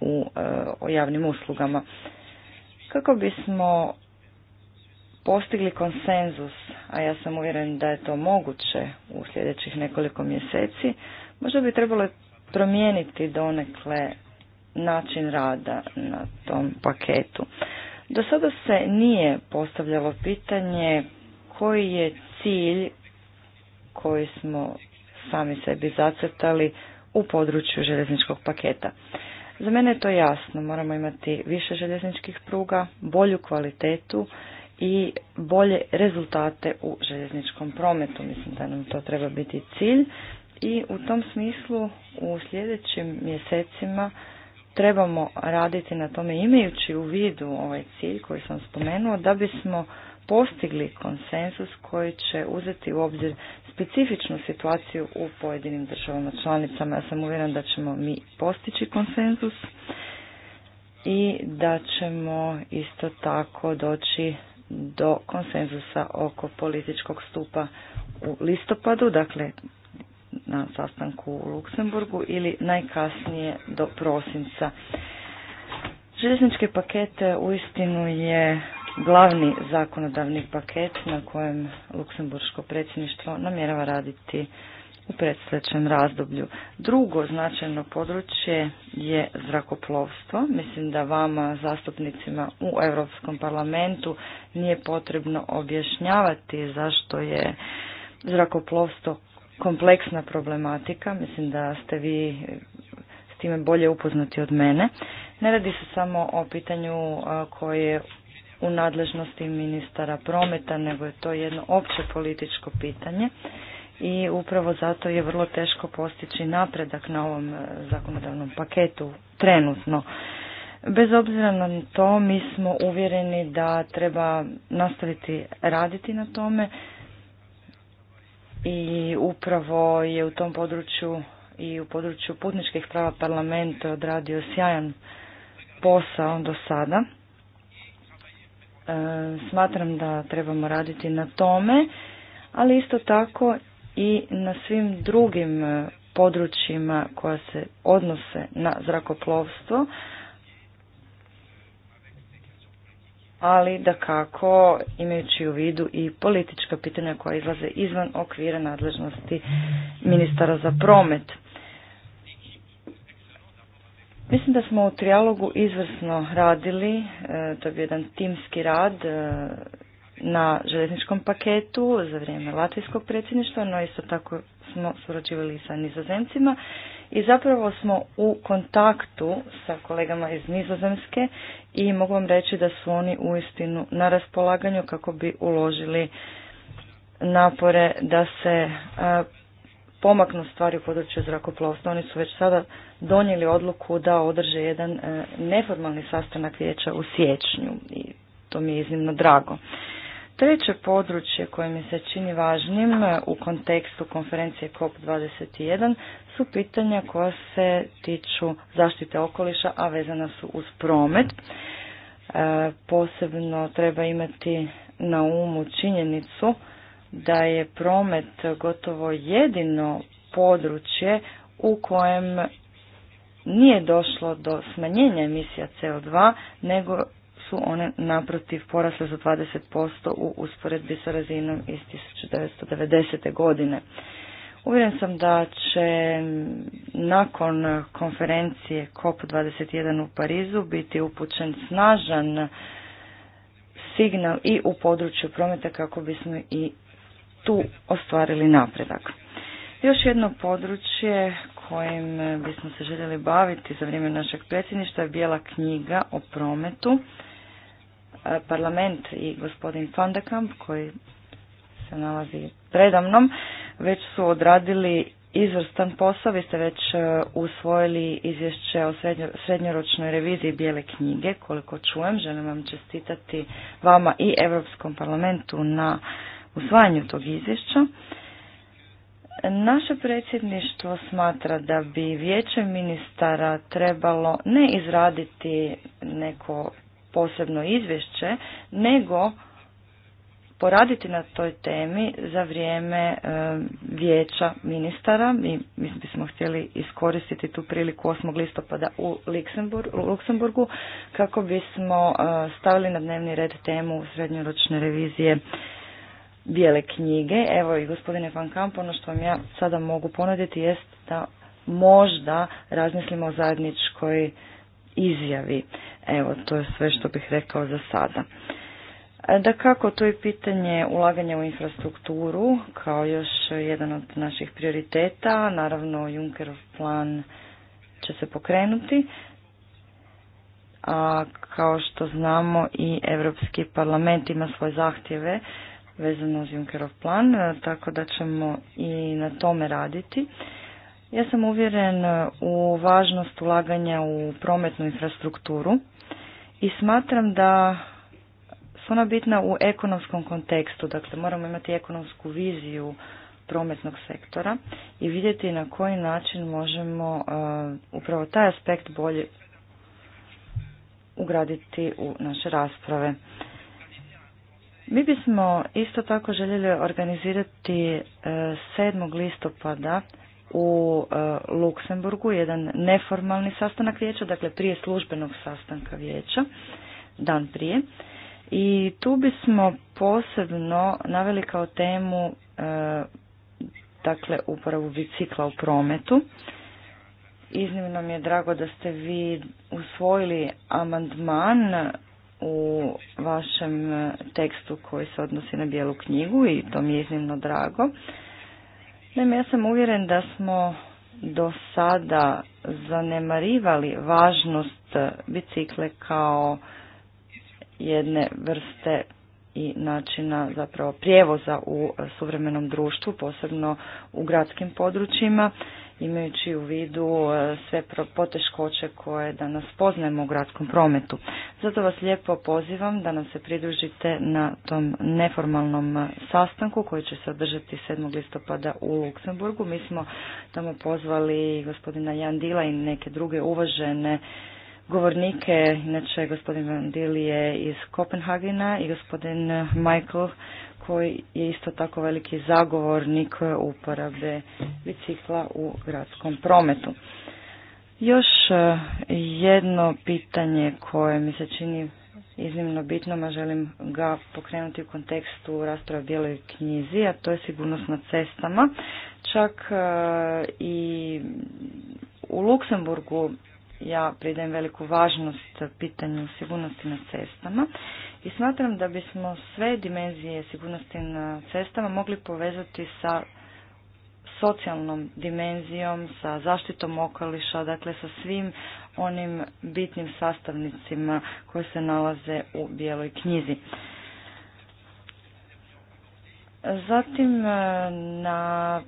u, e, o javnim uslugama. Kako bismo postigli konsenzus, a ja sam uvjeren da je to moguće u sljedećih nekoliko mjeseci, možda bi trebalo promijeniti donekle način rada na tom paketu. Do sada se nije postavljalo pitanje koji je cilj koji smo sami sebi zacrtali u području željezničkog paketa. Za mene je to jasno, moramo imati više željezničkih pruga, bolju kvalitetu i bolje rezultate u željezničkom prometu. Mislim da nam to treba biti cilj i u tom smislu u sljedećim mjesecima trebamo raditi na tome imajući u vidu ovaj cilj koji sam spomenuo da bismo postigli konsensus koji će uzeti u obzir specifičnu situaciju u pojedinim državama članicama. Ja sam uvjeren da ćemo mi postići konsensus i da ćemo isto tako doći do konsenzusa oko političkog stupa u listopadu, dakle na sastanku u Luksemburgu ili najkasnije do prosinca. pakete u uistinu je glavni zakonodavni paket na kojem Luksemburško predsjedništvo namjerava raditi u predstojećem razdoblju. Drugo značajno područje je zrakoplovstvo. Mislim da vama, zastupnicima u Europskom parlamentu, nije potrebno objašnjavati zašto je zrakoplovstvo kompleksna problematika. Mislim da ste vi s time bolje upoznati od mene. Ne radi se samo o pitanju koje je u nadležnosti ministara prometa, nego je to jedno opće političko pitanje i upravo zato je vrlo teško postići napredak na ovom e, zakonodavnom paketu trenutno. Bez obzira na to, mi smo uvjereni da treba nastaviti raditi na tome i upravo je u tom području i u području putničkih prava parlament odradio sjajan posao do sada. E, smatram da trebamo raditi na tome, ali isto tako i na svim drugim e, područjima koja se odnose na zrakoplovstvo, ali da kako imajući u vidu i politička pitanja koja izlaze izvan okvira nadležnosti ministara za promet. Mislim da smo u trijalogu izvrsno radili, e, to je bio jedan timski rad e, na željezničkom paketu za vrijeme latvijskog predsjedništva, no isto tako smo surađivali sa nizozemcima i zapravo smo u kontaktu sa kolegama iz Nizozemske i mogu vam reći da su oni uistinu na raspolaganju kako bi uložili napore da se e, pomaknu stvari u području zrakoplovstva. Oni su već sada donijeli odluku da održe jedan e, neformalni sastanak vijeća u siječnju i to mi je iznimno drago. Treće područje koje mi se čini važnim e, u kontekstu konferencije COP21 su pitanja koja se tiču zaštite okoliša, a vezana su uz promet. E, posebno treba imati na umu činjenicu da je promet gotovo jedino područje u kojem nije došlo do smanjenja emisija CO2, nego su one naprotiv porasle za 20% u usporedbi sa razinom iz 1990. godine. Uvjeren sam da će nakon konferencije COP21 u Parizu biti upućen snažan signal i u području prometa kako bismo i tu ostvarili napredak. Još jedno područje kojim bismo se željeli baviti za vrijeme našeg predsjedništva je bijela knjiga o prometu parlament i gospodin Fondekamp koji se nalazi predamnom već su odradili izvrstan posao. Vi ste već e, usvojili izvješće o srednjoročnoj reviziji Bijele knjige. Koliko čujem, želim vam čestitati vama i Europskom parlamentu na usvajanju tog izvješća. Naše predsjedništvo smatra da bi vijeće ministara trebalo ne izraditi neko posebno izvješće, nego poraditi na toj temi za vrijeme e, vijeća ministara. Mi, mi bismo htjeli iskoristiti tu priliku 8. listopada u Luksemburgu kako bismo e, stavili na dnevni red temu srednjoročne revizije bijele knjige. Evo i gospodine Van Kamp, ono što vam ja sada mogu ponuditi jest da možda razmislimo o zajedničkoj izjavi. Evo, to je sve što bih rekao za sada. E, da kako, to je pitanje ulaganja u infrastrukturu kao još jedan od naših prioriteta. Naravno, Junckerov plan će se pokrenuti. A kao što znamo i Europski parlament ima svoje zahtjeve vezano uz Junckerov plan, e, tako da ćemo i na tome raditi. Ja sam uvjeren e, u važnost ulaganja u prometnu infrastrukturu i smatram da su ona bitna u ekonomskom kontekstu. Dakle, moramo imati ekonomsku viziju prometnog sektora i vidjeti na koji način možemo e, upravo taj aspekt bolje ugraditi u naše rasprave. Mi bismo isto tako željeli organizirati 7. E, listopada u e, Luksemburgu jedan neformalni sastanak vijeća, dakle prije službenog sastanka vijeća, dan prije. I tu bismo posebno naveli kao temu e, dakle uporabu bicikla u prometu. Iznimno mi je drago da ste vi usvojili amandman u vašem tekstu koji se odnosi na bijelu knjigu i to mi je iznimno drago. Naime, ja sam uvjeren da smo do sada zanemarivali važnost bicikle kao jedne vrste i načina zapravo prijevoza u suvremenom društvu, posebno u gradskim područjima imajući u vidu e, sve poteškoće koje danas poznajemo u gradskom prometu. Zato vas lijepo pozivam da nam se pridružite na tom neformalnom e, sastanku koji će se održati 7. listopada u Luksemburgu. Mi smo tamo pozvali gospodina Jan Dila i neke druge uvažene govornike, inače gospodin Dili je iz Kopenhagena i gospodin Michael koji je isto tako veliki zagovornik uporabe bicikla u gradskom prometu. Još e, jedno pitanje koje mi se čini iznimno bitno, a želim ga pokrenuti u kontekstu rasprave o bijeloj knjizi, a to je sigurnost na cestama. Čak e, i u Luksemburgu ja pridajem veliku važnost pitanju sigurnosti na cestama i smatram da bismo sve dimenzije sigurnosti na cestama mogli povezati sa socijalnom dimenzijom, sa zaštitom okoliša, dakle sa svim onim bitnim sastavnicima koje se nalaze u bijeloj knjizi. Zatim e, na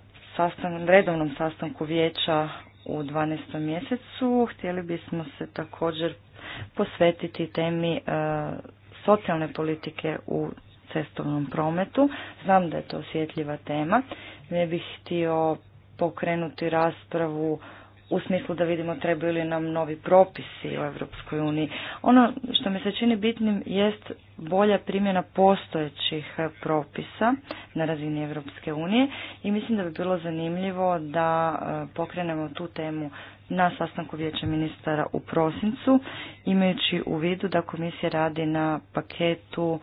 redovnom sastanku vijeća u 12. mjesecu htjeli bismo se također posvetiti temi e, socijalne politike u cestovnom prometu. Znam da je to osjetljiva tema. Ne bih htio pokrenuti raspravu u smislu da vidimo trebaju li nam novi propisi u Europskoj uniji. Ono što mi se čini bitnim jest bolja primjena postojećih propisa na razini Europske unije i mislim da bi bilo zanimljivo da e, pokrenemo tu temu na sastanku vijeća ministara u prosincu, imajući u vidu da komisija radi na paketu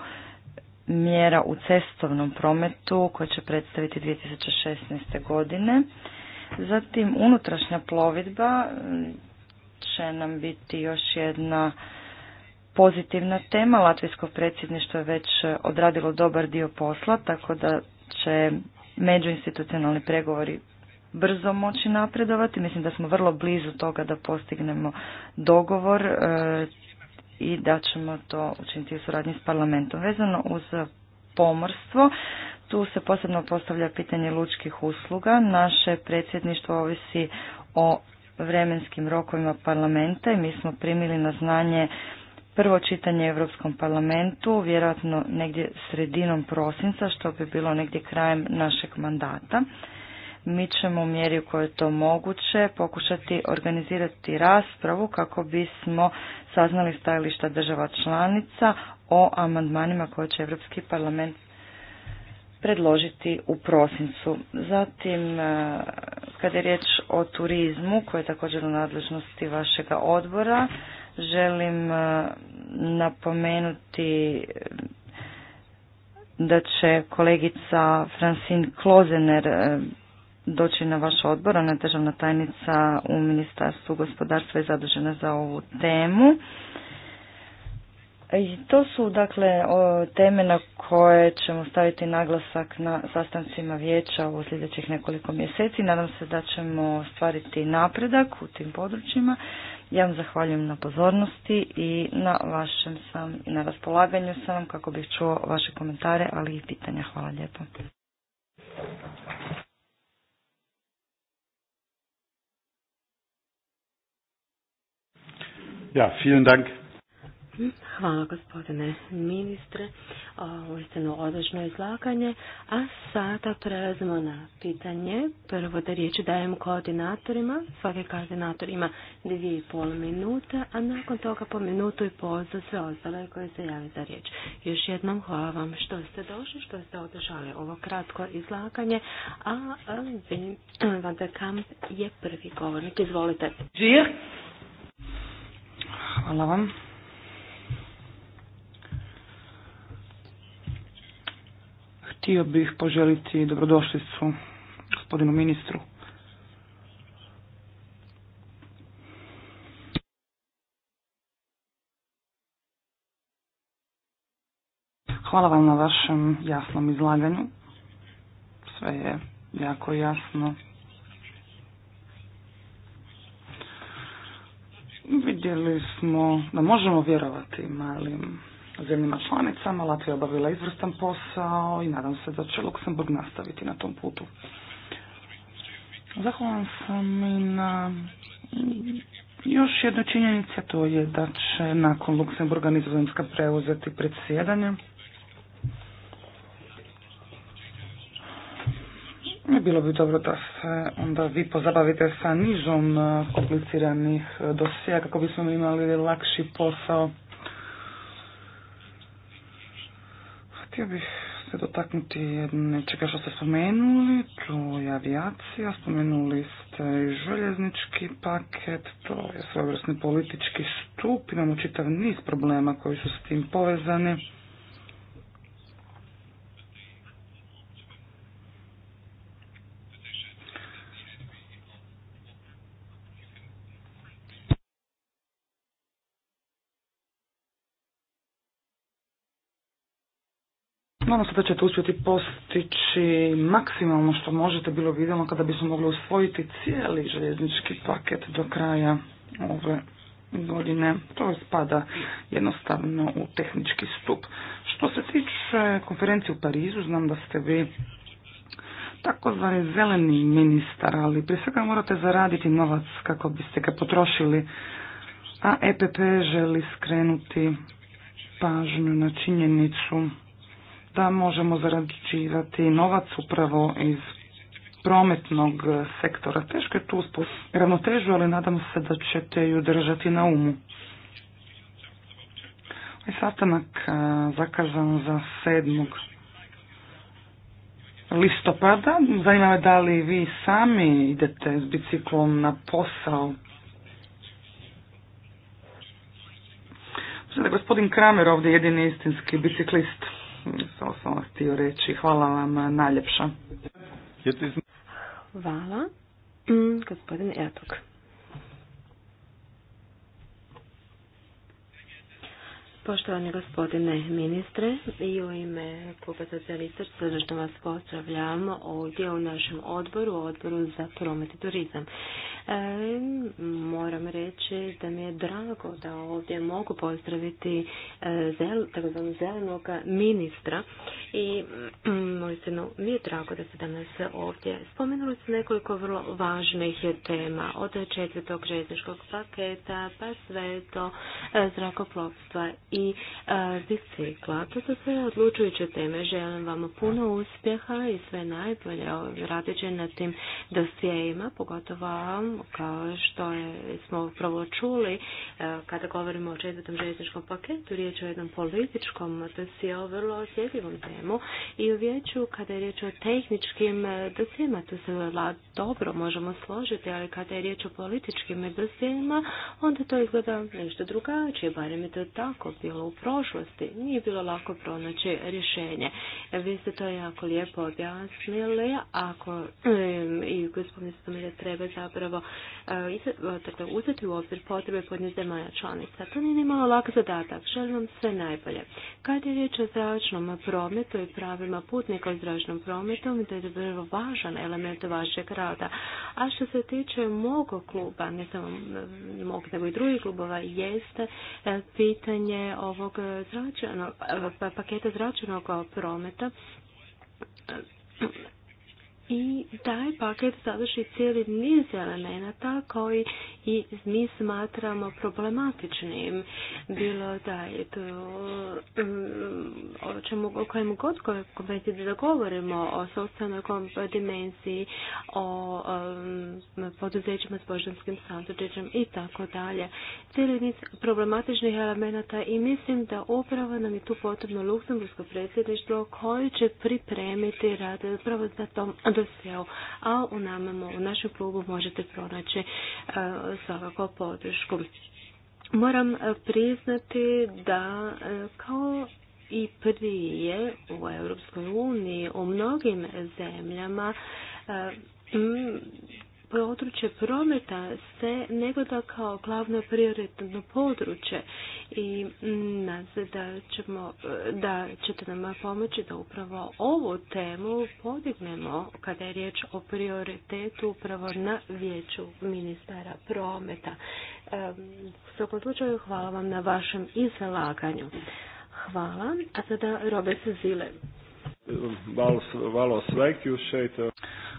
mjera u cestovnom prometu koje će predstaviti 2016. godine. Zatim unutrašnja plovidba će nam biti još jedna pozitivna tema. Latvijsko predsjedništvo je već odradilo dobar dio posla, tako da će međuinstitucionalni pregovori brzo moći napredovati. Mislim da smo vrlo blizu toga da postignemo dogovor e, i da ćemo to učiniti u suradnji s parlamentom. Vezano uz pomorstvo, tu se posebno postavlja pitanje lučkih usluga. Naše predsjedništvo ovisi o vremenskim rokovima parlamenta i mi smo primili na znanje prvo čitanje Europskom parlamentu, vjerojatno negdje sredinom prosinca, što bi bilo negdje krajem našeg mandata mi ćemo u mjeri u kojoj je to moguće pokušati organizirati raspravu kako bismo saznali stajališta država članica o amandmanima koje će Europski parlament predložiti u prosincu. Zatim, e, kada je riječ o turizmu, koje je također u nadležnosti vašega odbora, želim e, napomenuti e, da će kolegica Francine Klozener doći na vaš odbor, ona je državna tajnica u Ministarstvu gospodarstva i zadužena za ovu temu. I to su dakle teme na koje ćemo staviti naglasak na sastancima vijeća u sljedećih nekoliko mjeseci. Nadam se da ćemo stvariti napredak u tim područjima. Ja vam zahvaljujem na pozornosti i na vašem sam, na raspolaganju sam kako bih čuo vaše komentare, ali i pitanja. Hvala lijepo. Ja, vielen Dank. Hvala gospodine ministre, uistinu odlično izlaganje. A sada prelazimo na pitanje. Prvo da riječ dajem koordinatorima. Svaki koordinator ima dvije i pol minute, a nakon toga po minutu i pol za sve ostale koje se javi za riječ. Još jednom hvala vam što ste došli, što ste održali ovo kratko izlaganje, a Van der Kamp je prvi govornik. Izvolite. Žir. Hvala vam. Htio bih poželiti dobrodošlicu gospodinu ministru. Hvala vam na vašem jasnom izlaganju. Sve je jako jasno. Vidjeli smo da možemo vjerovati malim zemljima članicama. Latvija obavila izvrstan posao i nadam se da će Luksemburg nastaviti na tom putu. Zahvalan sam i na još jednoj činjenici, a to je da će nakon Luksemburga nizozemska preuzeti predsjedanje. Bilo bi dobro da se onda vi pozabavite sa nižom e, kompliciranih e, dosija kako bismo imali lakši posao. Htio bih se dotaknuti nečega što ste spomenuli, to je avijacija, spomenuli ste i željeznički paket, to je svojevrsni politički stup, imamo čitav niz problema koji su s tim povezani. Nadam se da ćete uspjeti postići maksimalno što možete, bilo bi idealno kada bismo mogli usvojiti cijeli željeznički paket do kraja ove godine. To spada jednostavno u tehnički stup. Što se tiče konferencije u Parizu, znam da ste vi takozvani zeleni ministar, ali prije svega morate zaraditi novac kako biste ga potrošili, a EPP želi skrenuti pažnju na činjenicu da možemo zarađivati novac upravo iz prometnog sektora. Teško je tu uspust ravnotežu, ali nadam se da ćete ju držati na umu. Ovaj sastanak e, zakazan za 7. listopada. Zanima me da li vi sami idete s biciklom na posao. gospodin Kramer ovdje jedini istinski biciklist. Samo sam vam htio reći. Hvala vam najljepša. Hvala. Mm, gospodin ertog Poštovani gospodine ministre, i u ime Kluba socijalista srdečno vas pozdravljamo ovdje u našem odboru, odboru za promet i turizam. E, moram reći da mi je drago da ovdje mogu pozdraviti e, zelenog ministra i mm, uistinu mi je drago da se danas ovdje spomenuli su nekoliko vrlo važnih tema od četvrtog željezničkog paketa pa sve to e, zrakoplovstva i e, bicikla. To su sve odlučujuće teme. Želim vam puno uspjeha i sve najbolje radit na tim dosijejima, pogotovo kao što smo upravo čuli e, kada govorimo o četvrtom željezničkom paketu, riječ je o jednom političkom dosijeu, vrlo osjetljivom temu i u vijeću kada je riječ o tehničkim e, dosijima, to se dobro možemo složiti, ali kada je riječ o političkim dosijima, onda to izgleda nešto drugačije, barem je to tako bilo u prošlosti. Nije bilo lako pronaći rješenje. Vi ste to jako lijepo objasnili. Ako i gospodin Stomilja treba zapravo eh, dakle, uzeti u obzir potrebe podnje zemalja članica. To nije malo lak zadatak. Želim vam sve najbolje. Kad je riječ o zračnom prometu i pravima putnika u zračnom prometu, to je vrlo važan element vašeg rada. A što se tiče mog kluba, ne samo mog nego i drugih klubova, jeste eh, pitanje ovog e, zračenog, e, pa- paketa zračnog e, prometa i taj paket sadrži cijeli niz elemenata koji i mi smatramo problematičnim. Bilo da je to mm, o čemu, o kojem god da govorimo, o socijalnoj dimenziji, o mm, poduzećima s božanskim sandučićem i tako dalje. Cijeli niz problematičnih elemenata i mislim da upravo nam je tu potrebno Luksembursko predsjedništvo koji će pripremiti rad upravo za SSL, a u u našem klubu možete pronaći e, svakako podršku. Moram e, priznati da e, kao i prije u EU uniji u mnogim zemljama područje prometa se nego kao glavno prioritetno područje i nas da ćemo, da ćete nam pomoći da upravo ovu temu podignemo kada je riječ o prioritetu upravo na vijeću ministara prometa. E, u svakom slučaju hvala vam na vašem izlaganju. Hvala, a sada Robert Zile. valo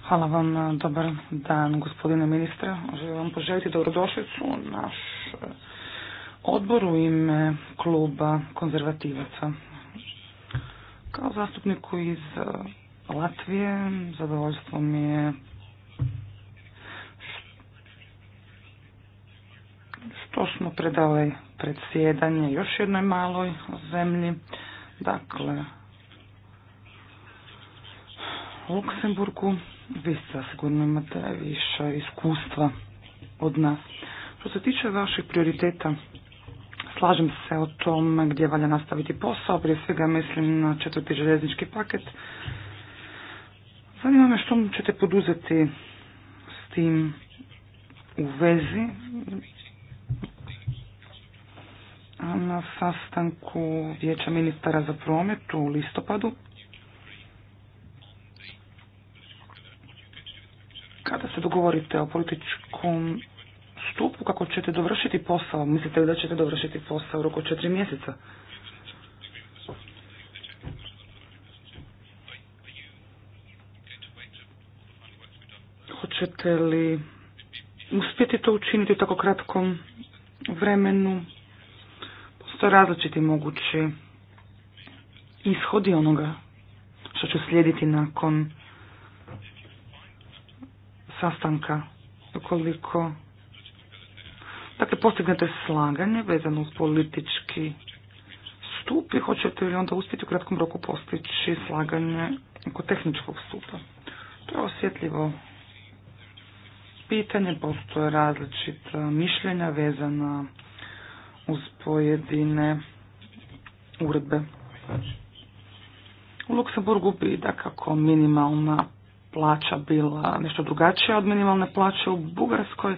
Hvala vam, e, dobar dan gospodine ministre. Želim vam poželjiti dobrodošlicu u naš e, odbor u ime kluba konzervativaca. Kao zastupniku iz e, Latvije zadovoljstvo mi je što smo predali predsjedanje još jednoj maloj zemlji. Dakle, Luksemburgu vi sigurno imate više iskustva od nas. Što se tiče vaših prioriteta, slažem se o tom gdje valja nastaviti posao, prije svega mislim na četvrti željeznički paket. Zanima me što ćete poduzeti s tim u vezi. Na sastanku Vijeća ministara za promet u listopadu Kada se dogovorite o političkom stupu, kako ćete dovršiti posao? Mislite li da ćete dovršiti posao u roku četiri mjeseca? Hoćete li uspjeti to učiniti u tako kratkom vremenu? Postoje različiti mogući ishodi onoga što će slijediti nakon sastanka ukoliko dakle postignete slaganje vezano uz politički stup i hoćete li onda uspjeti u kratkom roku postići slaganje oko tehničkog stupa. To je osjetljivo pitanje, postoje različita mišljenja vezana uz pojedine uredbe. U Luksemburgu bi kako minimalna plaća bila nešto drugačija od minimalne plaće u Bugarskoj,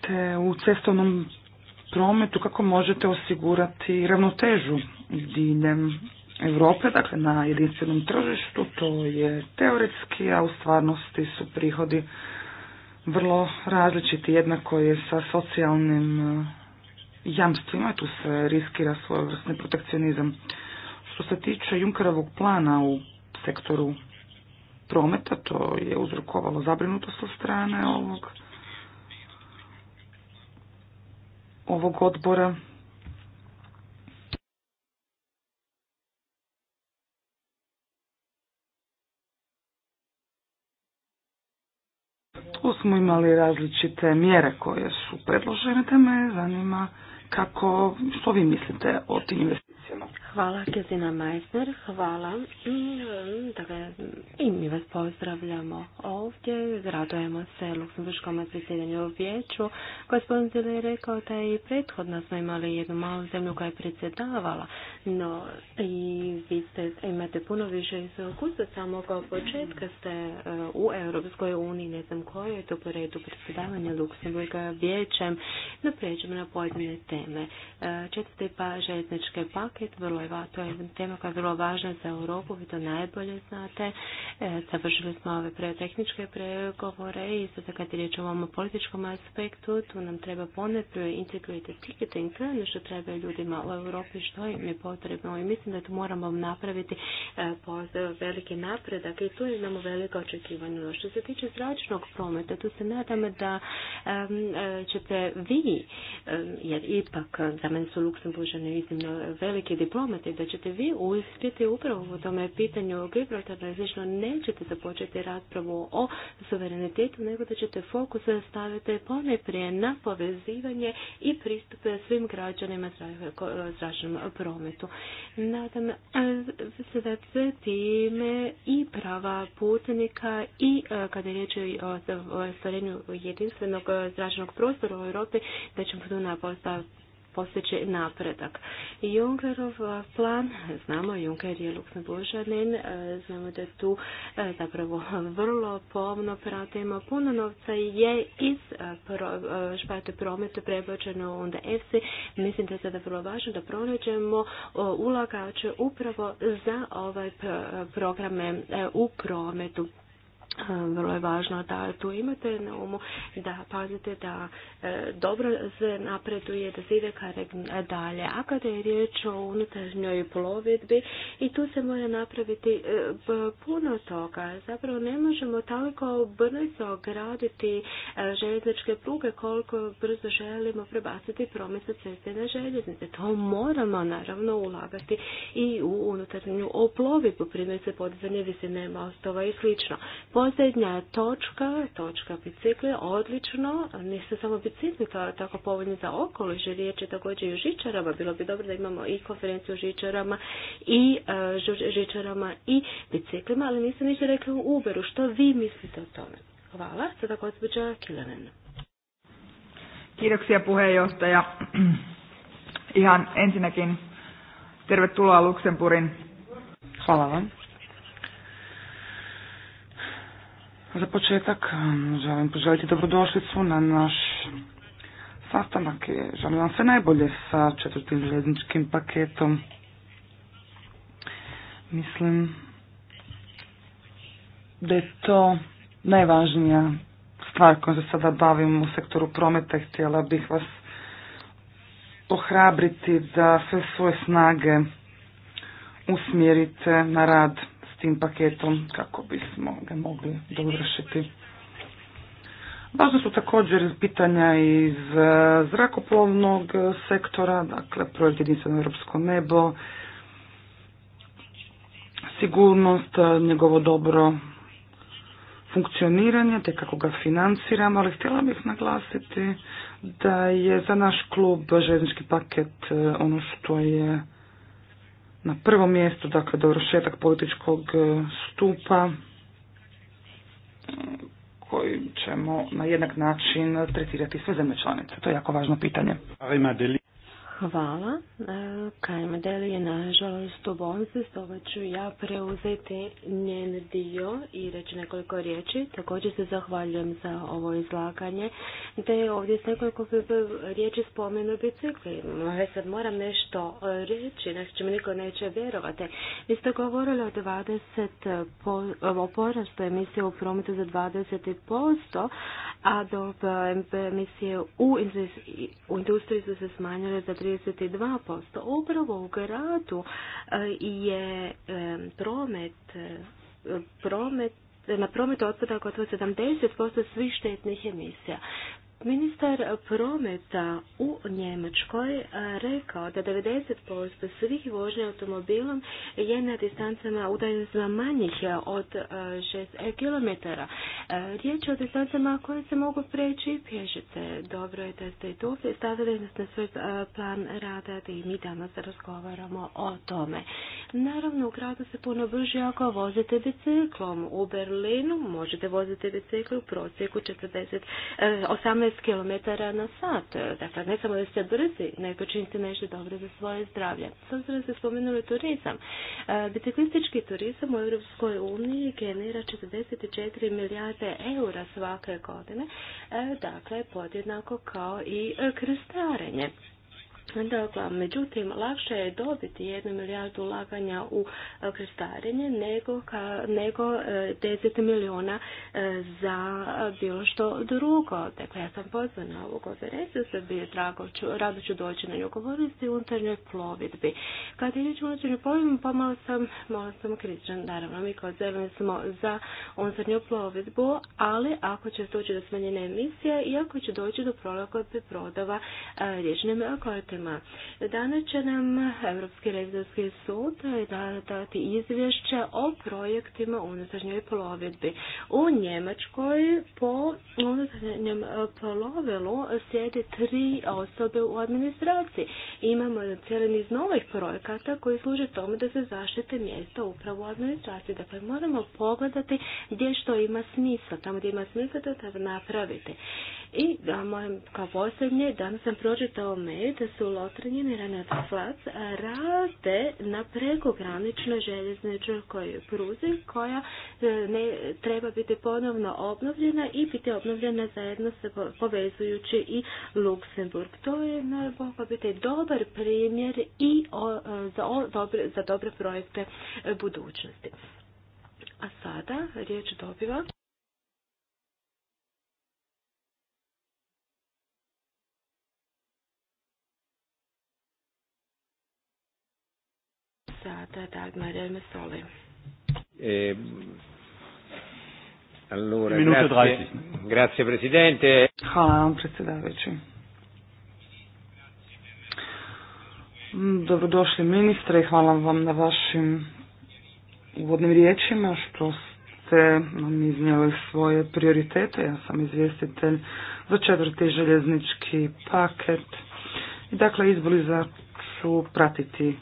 te u cestovnom prometu kako možete osigurati ravnotežu diljem Europe, dakle na jedinstvenom tržištu, to je teoretski, a u stvarnosti su prihodi vrlo različiti. Jednako je sa socijalnim e, jamstvima, tu se riskira svojevrsni protekcionizam. Što se tiče Junkerovog plana u sektoru prometa, to je uzrokovalo zabrinutost od strane ovog ovog odbora. Tu smo imali različite mjere koje su predložene, te me zanima kako, što vi mislite o tim investicijama. Hvala Kezina Meissner, hvala. Dakle, i mi vas pozdravljamo ovdje, radujemo se Luksemburškom predsjedanju u vijeću. Gospodin Zile je rekao da i prethodno smo imali jednu malu zemlju koja je predsjedavala, no i vi ste, imate puno više Samo samog početka ste uh, u Europskoj uniji, ne znam koje je to po redu predsjedavanja Luksemburga vijećem, no pređemo na pojedine teme. Uh, četvrte pa željezničke pak vrlo je, to je tema koja je vrlo važna za Europu, vi to najbolje znate. E, završili smo ove pretehničke pregovore i sada kad je riječ o ovom političkom aspektu, tu nam treba ponepio integrated ticketing, ono što treba ljudima u Europi, što im je potrebno i mislim da tu moramo napraviti e, veliki napredak i tu imamo veliko očekivanje. Što se tiče zračnog prometa, tu se nadam da e, ćete vi, jer ipak za mene su Luksemburžani iznimno veliki i diplomati, da ćete vi uspjeti upravo u tome pitanju gibraltaralizično, nećete započeti raspravu o suverenitetu, nego da ćete fokus staviti poneprije na povezivanje i pristupe svim građanima zračnom prometu. Nadam e, se da se time i prava putnika i e, kada je riječ o stvarenju jedinstvenog zračnog prostora u Europi, da ćemo tu na postići napredak. Junkerov plan, znamo, Junker je luksemburžanin, e, znamo da tu e, zapravo vrlo pomno pratimo, puno novca je iz e, špate prometa prebačeno onda EFSI. Mislim da je sada vrlo važno da pronađemo ulagače upravo za ovaj programe u prometu vrlo je važno da tu imate na umu, da pazite da e, dobro se napreduje, da se ide e, dalje. A kada je riječ o unutarnjoj plovidbi i tu se mora napraviti e, puno toga. Zapravo ne možemo toliko brzo graditi željezničke pruge koliko brzo želimo prebaciti promet ceste na željeznice. To moramo naravno ulagati i u unutarnju plovidbu, primjerice podizanje visine mostova i slično. Posljednja točka, točka bicikle, odlično, nisu samo bicikli pa tako povoljni za okoliš, riječ je također i o žičarama, bilo bi dobro da imamo i konferenciju o žičarama i e, žičarama i biciklima, ali nisam ništa rekla u Uberu, što vi mislite o tome? Hvala, sada gospođa Kilanen. Kiitoksia puheenjohtaja. Ihan ensinnäkin tervetuloa Luxemburgin. Hvala vam. Za početak um, želim poželjeti dobrodošlicu na naš sastanak. Želim vam sve najbolje sa četvrtim željezničkim paketom. Mislim da je to najvažnija stvar kojom se sada bavim u sektoru prometa i htjela bih vas ohrabriti da sve svoje snage usmjerite na rad tim paketom kako bismo ga mogli dovršiti. Važno su također pitanja iz e, zrakoplovnog sektora, dakle projekt jedinstveno europsko nebo, sigurnost, e, njegovo dobro funkcioniranje, te kako ga financiramo, ali htjela bih naglasiti da je za naš klub željeznički paket e, ono što je na prvom mjestu, dakle dovršetak političkog e, stupa e, koji ćemo na jednak način tretirati sve zemlje članice. To je jako važno pitanje. Hvala. E, Kajma Deli je nažalost u bolnici, stoga ću ja preuzeti njen dio i reći nekoliko riječi. Također se zahvaljujem za ovo izlaganje, te je ovdje s nekoliko riječi spomenu bicikli. Ja e, sad moram nešto e, reći, znači mi niko neće vjerovati. Vi ste govorili o 20 po, porastu emisije u prometu za 20%, a do emisije u, u industriji su se smanjile za 32%. Upravo u gradu e, je e, promet, e, promet na promet otpada gotovo 70% svih štetnih emisija. Ministar prometa u Njemačkoj e, rekao da 90% svih vožnja automobilom je na distancama udaljenostima manjih od 6 e, km. E, riječ je o distancama koje se mogu preći i pješice. Dobro je da ste i tu stavili nas na svoj plan rada i mi danas razgovaramo o tome. Naravno, u gradu se puno brže ako vozite biciklom. U Berlinu možete voziti biciklu u prosjeku 40, 18 kilometara km na sat. Dakle, ne samo da ste brzi, nego činite nešto dobro za svoje zdravlje. S obzirom ste spomenuli turizam. E, biciklistički turizam u Europskoj uniji generira 44 milijarde eura svake godine. E, dakle, podjednako kao i krstarenje. Dakle, međutim, lakše je dobiti jednu milijardu ulaganja u e, krestarenje nego, ka, nego 10 e, milijuna e, za bilo što drugo. Dakle, ja sam pozvana na ovu konferenciju, sve bi drago, rado ću doći na nju govoriti unutarnjoj plovidbi. Kad je u o unutarnjoj plovidbi, pomalo sam, malo sam kritičan, naravno, mi kao zeleni smo za unutarnju plovidbu, ali ako će doći do smanjene emisije i ako će doći do prolagodbe prodava riječnim kortom, aspektima. Danas će nam Europski revizorski sud dati izvješće o projektima unutarnjoj plovidbi. U Njemačkoj po unutarnjem plovilu sjede tri osobe u administraciji. Imamo cijeli niz novih projekata koji služe tome da se zaštite mjesta upravo u administraciji. Dakle, moramo pogledati gdje što ima smisla. Tamo gdje ima smisla da napravite. I da, moram, kao posljednje, danas sam pročitao me. da su su Lotrinjen i rade na prekograničnoj željezničkoj pruzi koja e, ne, treba biti ponovno obnovljena i biti obnovljena zajedno se povezujući i Luksemburg. To je mogao biti dobar primjer i e, za, dobre, za dobre projekte e, budućnosti. A sada riječ dobiva sata Dagmar Elmesoli. E, allora, Minuto grazie, 30. grazie Presidente. Hvala vam predsjedavajući. Mm, Dobrodošli ministre i hvala vam na vašim uvodnim riječima što ste nam iznijeli svoje prioritete. Ja sam izvjestitelj za četvrti željeznički paket. I dakle, izboli za ću pratiti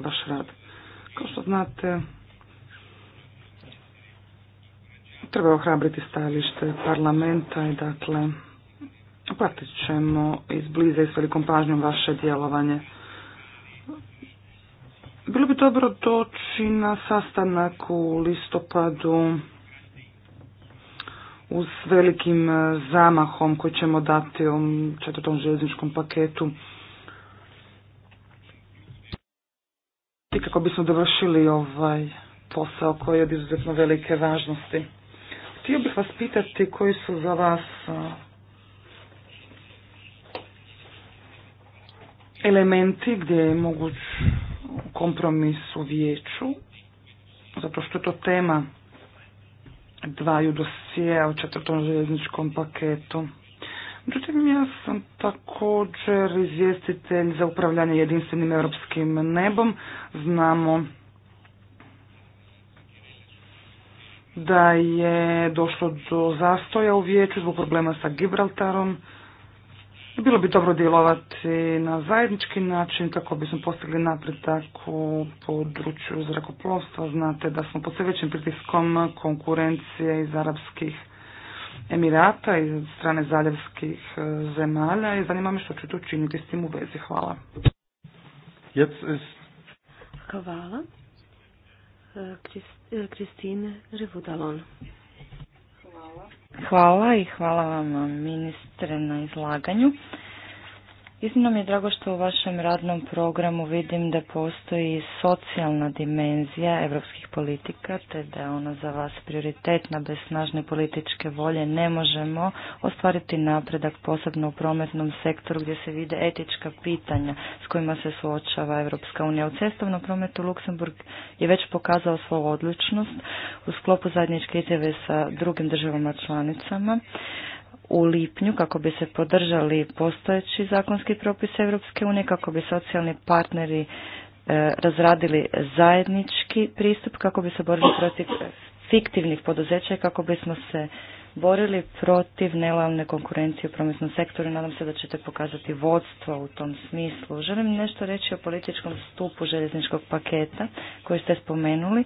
vaš rad. Kao što znate, treba ohrabriti stajalište parlamenta i dakle pratit ćemo izbliza i s velikom pažnjom vaše djelovanje. Bilo bi dobro doći na sastanak u listopadu uz velikim zamahom koji ćemo dati ovom četvrtom željezničkom paketu. kako bismo dovršili ovaj posao koji je od izuzetno velike važnosti. Htio bih vas pitati koji su za vas elementi gdje je moguć kompromis u vijeću, zato što je to tema dvaju dosije o četvrtom željezničkom paketu. Međutim, ja sam također izvjestitelj za upravljanje jedinstvenim europskim nebom. Znamo da je došlo do zastoja u vijeću zbog problema sa Gibraltarom. Bilo bi dobro djelovati na zajednički način kako bismo postigli napredak u području zrakoplovstva. Znate da smo pod sve većim pritiskom konkurencije iz arapskih Emirata i strane zaljevskih e, zemalja i zanima me što ću tu učiniti s tim u vezi. Hvala. Hvala. E, e, Kristine Hvala. Hvala i hvala vam ministre na izlaganju. Iznimno mi je drago što u vašem radnom programu vidim da postoji socijalna dimenzija evropskih politika, te da je ona za vas prioritetna. Bez snažne političke volje ne možemo ostvariti napredak, posebno u prometnom sektoru gdje se vide etička pitanja s kojima se suočava Evropska unija. U cestovnom prometu Luksemburg je već pokazao svoju odličnost u sklopu zajedničke izjave sa drugim državama članicama u lipnju kako bi se podržali postojeći zakonski propis Europske unije, kako bi socijalni partneri e, razradili zajednički pristup kako bi se borili protiv fiktivnih poduzeća i kako bismo se borili protiv nelavne konkurencije u prometnom sektoru. Nadam se da ćete pokazati vodstvo u tom smislu. Želim nešto reći o političkom stupu željezničkog paketa koji ste spomenuli.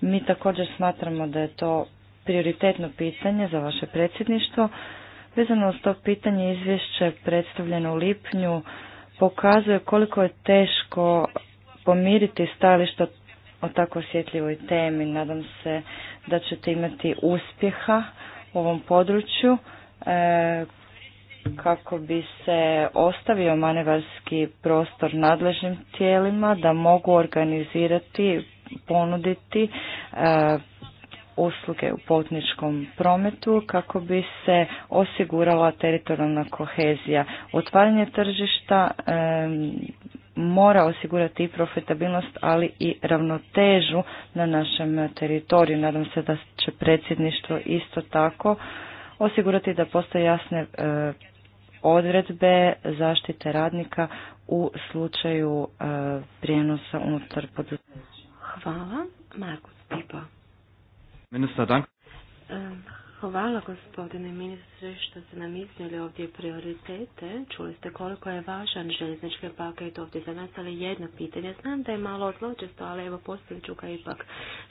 Mi također smatramo da je to prioritetno pitanje za vaše predsjedništvo. Vezano uz to pitanje izvješće predstavljeno u lipnju pokazuje koliko je teško pomiriti stajališta o tako osjetljivoj temi. Nadam se da ćete imati uspjeha u ovom području e, kako bi se ostavio manevarski prostor nadležnim tijelima da mogu organizirati, ponuditi e, usluge u potničkom prometu kako bi se osigurala teritorijalna kohezija. Otvaranje tržišta mora osigurati i profitabilnost, ali i ravnotežu na našem teritoriju. Nadam se da će predsjedništvo isto tako osigurati da postoje jasne e, odredbe zaštite radnika u slučaju e, prijenosa unutar poduzeća. Hvala, Marko Stipa. Ministar, dank. E, hvala gospodine ministre što ste nam iznijeli ovdje prioritete. Čuli ste koliko je važan željeznički paket ovdje za nas, jedno pitanje. Znam da je malo zločesto, ali evo postavit ću ga ipak.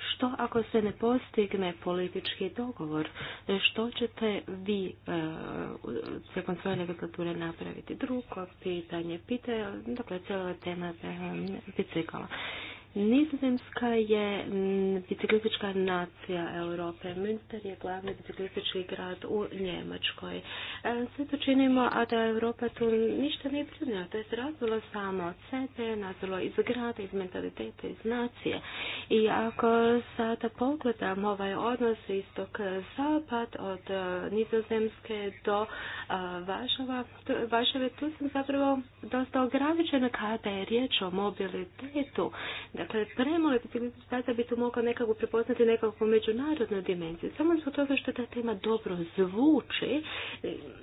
Što ako se ne postigne politički dogovor? E, što ćete vi e, tijekom svoje legislature napraviti? Drugo pitanje, pitanje, dakle cijela tema bicikala. Nizozemska je biciklistička nacija Europe. Münster je glavni biciklistički grad u Njemačkoj. E, sve to činimo, a da Europa tu ništa ne brine. To je razvilo samo od sebe, nazvalo iz grada, iz mentaliteta, iz nacije. I ako sada pogledam ovaj odnos istok-zapad od e, Nizozemske do e, Važava, Vašave, tu sam zapravo dosta ograničena kada je riječ o mobilitetu. Dakle, prema sada bi tu mogao nekako prepoznati nekakvu međunarodnu dimenziju. Samo zbog toga što ta tema dobro zvuči,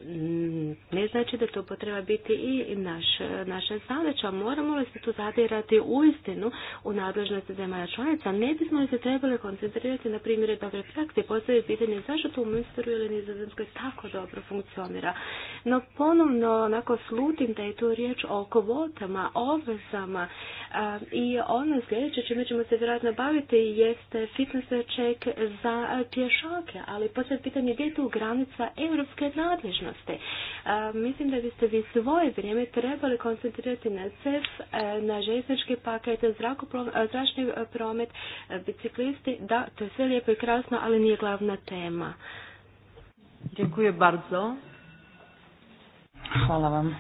mm, ne znači da to potreba biti i naš, naša zadaća. Moramo li se tu zadirati u istinu u nadležnosti zemalja članica? Ne bismo li se trebali koncentrirati na primjere dobre prakse i postaviti pitanje zašto to u Münsteru ili Nizozemskoj tako dobro funkcionira. No ponovno onako slutim da je tu riječ o kvotama, obvezama i ono sljedeće čime ćemo se vjerojatno baviti jeste fitness check za pješake, ali poslije pitanje gdje je tu granica europske nadležnosti. E, mislim da biste vi svoje vrijeme trebali koncentrirati na CEF, e, na željeznički paket, e, zračni promet, biciklisti. Da, to je sve lijepo i krasno, ali nije glavna tema. Dziękuję bardzo. Hvala vam.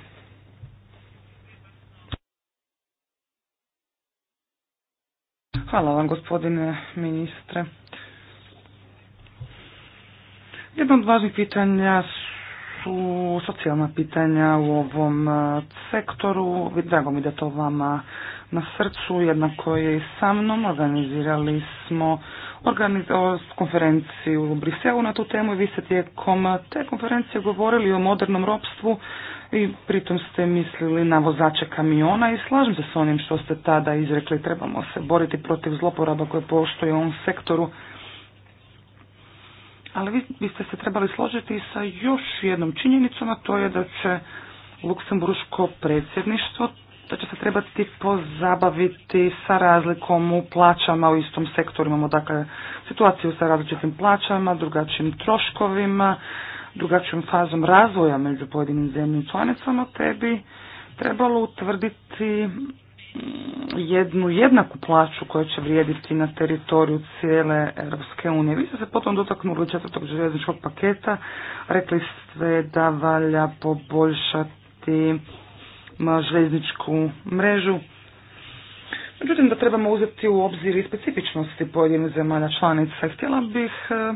Hvala vam gospodine ministre. Jedno od važnih pitanja su socijalna pitanja u ovom e, sektoru. Drago mi da to vama na srcu, jednako je i sa mnom. Organizirali smo konferenciju u Briselu na tu temu i vi ste tijekom te konferencije govorili o modernom ropstvu i pritom ste mislili na vozače kamiona i slažem se s onim što ste tada izrekli, trebamo se boriti protiv zloporaba koje postoje u ovom sektoru. Ali vi biste se trebali složiti sa još jednom činjenicom, a to je da će Luksemburško predsjedništvo da će se trebati pozabaviti sa razlikom u plaćama u istom sektoru. Imamo dakle situaciju sa različitim plaćama, drugačijim troškovima, drugačijom fazom razvoja među pojedinim zemljim članicama, te bi trebalo utvrditi mm, jednu jednaku plaću koja će vrijediti na teritoriju cijele Europske unije. Vi ste se potom dotaknuli četvrtog željezničkog paketa, rekli ste da valja poboljšati mm, željezničku mrežu. Međutim, da trebamo uzeti u obzir i specifičnosti pojedinih zemalja članica. Htjela bih eh,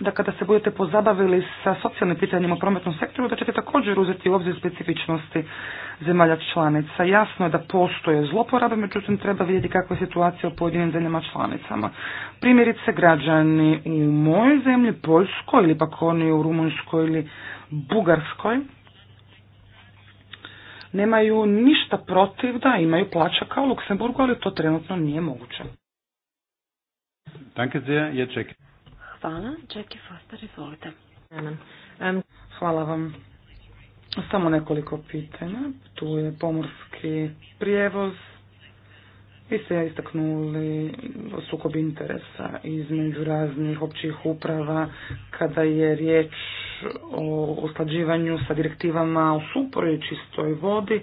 da kada se budete pozabavili sa socijalnim pitanjima u prometnom sektoru, da ćete također uzeti u obzir specifičnosti zemalja članica. Jasno je da postoje zloporabe, međutim treba vidjeti kakva je situacija u pojedinim zemljama članicama. Primjerice građani u mojoj zemlji, Poljskoj ili pak oni u Rumunjskoj ili Bugarskoj, nemaju ništa protiv da imaju plaća kao u Luksemburgu, ali to trenutno nije moguće. Danke sehr, Hvala. Jackie Foster, izvolite. Hvala vam. Samo nekoliko pitanja. Tu je pomorski prijevoz. Vi ste istaknuli sukob interesa između raznih općih uprava kada je riječ o usklađivanju sa direktivama o suporu i čistoj vodi.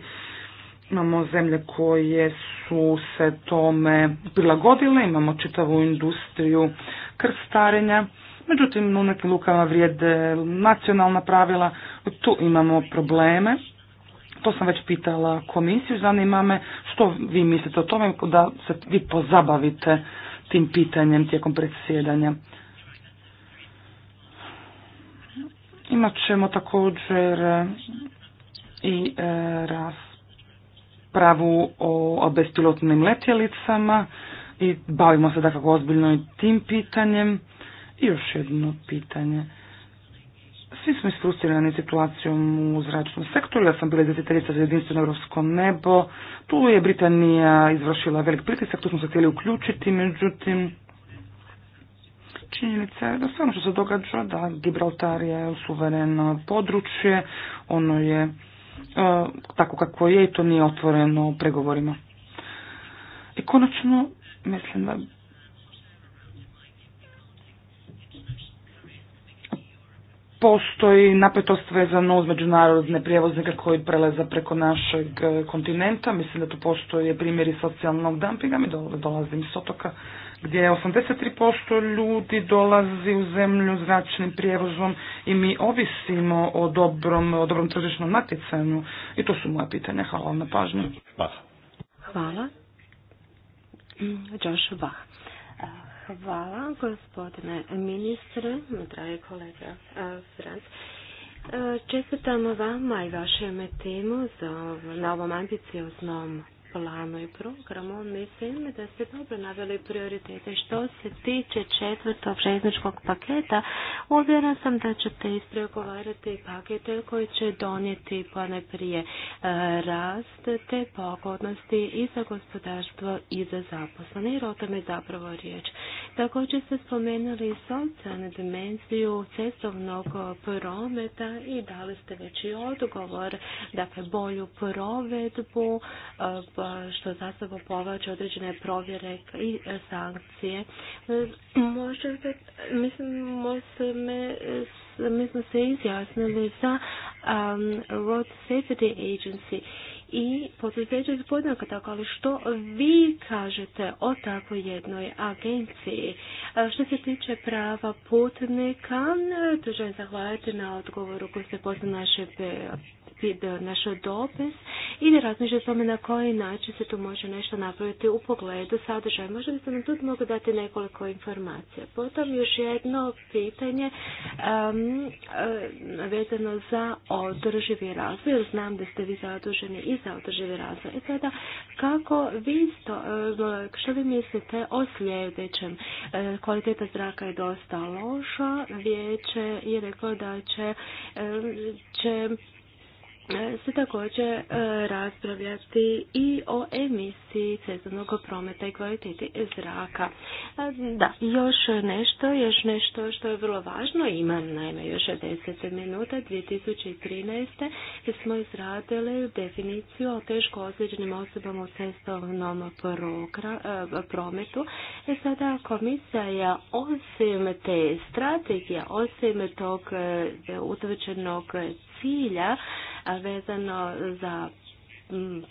Imamo zemlje koje su se tome prilagodile, imamo čitavu industriju krstarenja. Međutim, u nekim lukama vrijede nacionalna pravila, tu imamo probleme. To sam već pitala komisiju, zanima me što vi mislite o tome da se vi pozabavite tim pitanjem tijekom predsjedanja. Imat ćemo također i e, raspravu o bespilotnim letjelicama i bavimo se dakako ozbiljno i tim pitanjem. I još jedno pitanje. Svi smo isfrustirani situacijom u zračnom sektoru. Ja sam bila izvjetiteljica za jedinstveno evropsko nebo. Tu je Britanija izvršila velik pritisak, tu smo se htjeli uključiti, međutim, činjenica je da sve ono što se događa, da Gibraltar je suvereno područje, ono je e, tako kako je i to nije otvoreno u pregovorima. I konačno, Mislim da postoji napetost vezano uz međunarodne prijevoznike koji prelaze preko našeg e, kontinenta. Mislim da tu postoje primjeri socijalnog dumpinga. Mi dolazim iz otoka gdje 83% ljudi dolazi u zemlju zračnim prijevozom i mi ovisimo o dobrom, o dobrom tržišnom natjecanju. I to su moja pitanja. Hvala vam na pažnju. Hvala. Josh Hvala gospodine ministre, dragi kolega Franc. Čestitam vama i vašem temu za, na ovom ambicioznom planu i programu, mislim da ste dobro naveli prioritete. Što se tiče četvrtog željezničkog paketa, uvjeren sam da ćete ispregovarati pakete koji će donijeti ponajprije e, rast te pogodnosti i za gospodarstvo i za zaposlene, jer o tome je zapravo riječ. Također ste spomenuli socijalnu dimenziju cestovnog prometa i dali ste već i odgovor, dakle bolju provedbu, e, što za sobom određene provjere i sankcije. Možda, mislim, možda me, mi smo se izjasnili za um, Road Safety Agency i poduzeće iz podnaka tako, ali što vi kažete o takvoj jednoj agenciji? Što se tiče prava putnika, to želim zahvaliti na odgovoru koji ste poslali naše naš dopis i da razmišlja o tome na koji način se tu može nešto napraviti u pogledu sadržaja. Možda biste nam tu mogli dati nekoliko informacija. Potom još jedno pitanje um, vezano za održivi razvoj. Jer znam da ste vi zaduženi i za održivi razvoj. I e sada, kako vi sto, što vi mislite o sljedećem? Kvaliteta zraka je dosta loša. Vijeće je rekao da će, će se također e, raspravljati i o emisiji cestovnog prometa i kvaliteti zraka. E, da, još nešto, još nešto što je vrlo važno, ima naime još 10 minuta, 2013. smo izradili definiciju o teško ozlijeđenim osobama u cestovnom e, prometu. E sada komisija je osim te strategije, osim tog utvrđenog cilja, vezano za mm,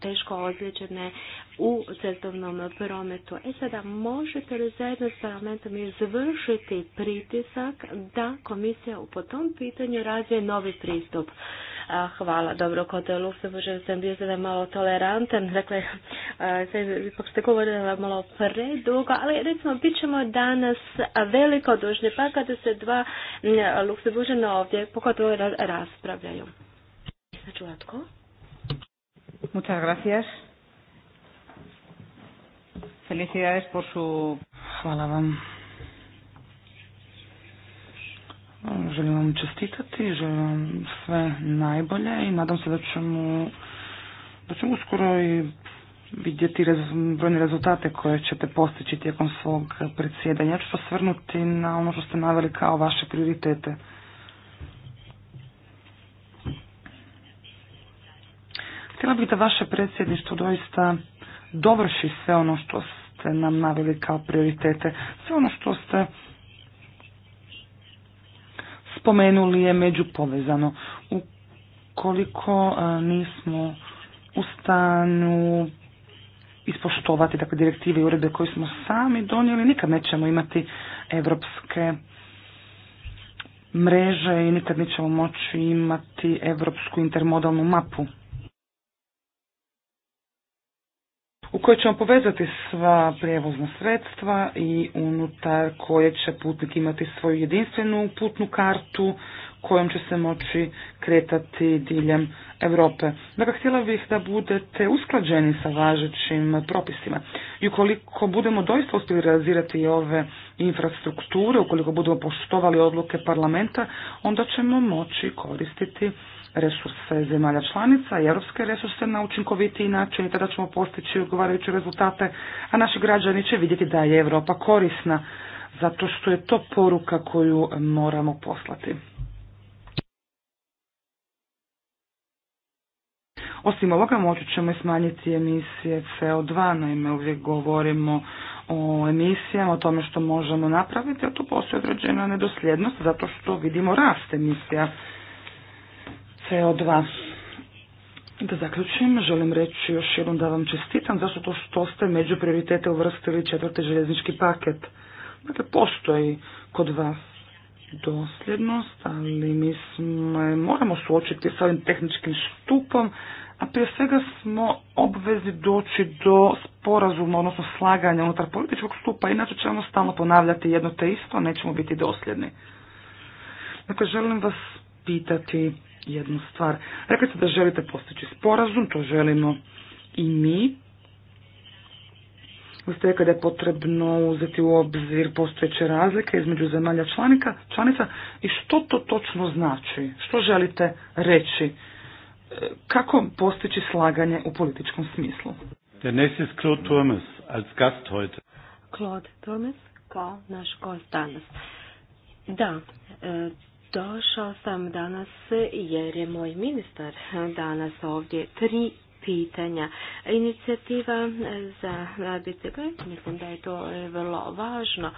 teško ozlijeđene u cestovnom prometu. E sada, možete li zajedno s parlamentom izvršiti pritisak da komisija po tom pitanju razvije novi pristup? Hvala, dobro, kod Luksemburga sam bio sada malo tolerantan, dakle, ipak ste govorila malo predugo, ali recimo, bit ćemo danas veliko dužni, pa kada se dva Luksemburžana ovdje pokotovo raspravljaju. Znači, Latko? Muchas gracias. Felicidades por su... Hvala vam. želim vam čestitati, želim vam sve najbolje i nadam se da ćemo, da ćemo uskoro i vidjeti rez, brojne rezultate koje ćete postići tijekom svog predsjedanja. Ja ću se svrnuti na ono što ste naveli kao vaše prioritete. Htjela bih da vaše predsjedništvo doista dovrši sve ono što ste nam naveli kao prioritete, sve ono što ste spomenuli je međupovezano. Ukoliko e, nismo u stanju ispoštovati takve direktive i uredbe koje smo sami donijeli, nikad nećemo imati evropske mreže i nikad nećemo moći imati evropsku intermodalnu mapu. u kojoj ćemo povezati sva prijevozna sredstva i unutar koje će putnik imati svoju jedinstvenu putnu kartu kojom će se moći kretati diljem Europe. Dakle, htjela bih da budete usklađeni sa važećim propisima i ukoliko budemo doista uspjeli realizirati ove infrastrukture, ukoliko budemo poštovali odluke parlamenta, onda ćemo moći koristiti resurse zemalja članica i europske resurse na učinkovitiji način i tada ćemo postići odgovarajuće rezultate, a naši građani će vidjeti da je Europa korisna zato što je to poruka koju moramo poslati. Osim ovoga moći ćemo i smanjiti emisije CO2, naime uvijek govorimo o emisijama, o tome što možemo napraviti, a tu postoji određena nedosljednost zato što vidimo rast emisija CO2. Da zaključim, želim reći još jednom da vam čestitam, zašto to što ste među prioritete uvrstili četvrti željeznički paket. Dakle, postoji kod vas dosljednost, ali mi smo, moramo suočiti s ovim tehničkim stupom, a prije svega smo obvezi doći do sporazuma, odnosno slaganja unutar političkog stupa, inače ćemo stalno ponavljati jedno te isto, nećemo biti dosljedni. Dakle, želim vas pitati jednu stvar. Rekli ste da želite postići sporazum, to želimo i mi. Vi ste rekli da je potrebno uzeti u obzir postojeće razlike između zemalja članika, članica i što to točno znači? Što želite reći? E, kako postići slaganje u političkom smislu? Der nächste ist Claude Thomas als Gast heute. Claude kao naš gost danas. Da, e, Došao sam danas jer je moj ministar danas ovdje tri pitanja. Inicijativa e, za BCG, mislim da je to e, vrlo važno,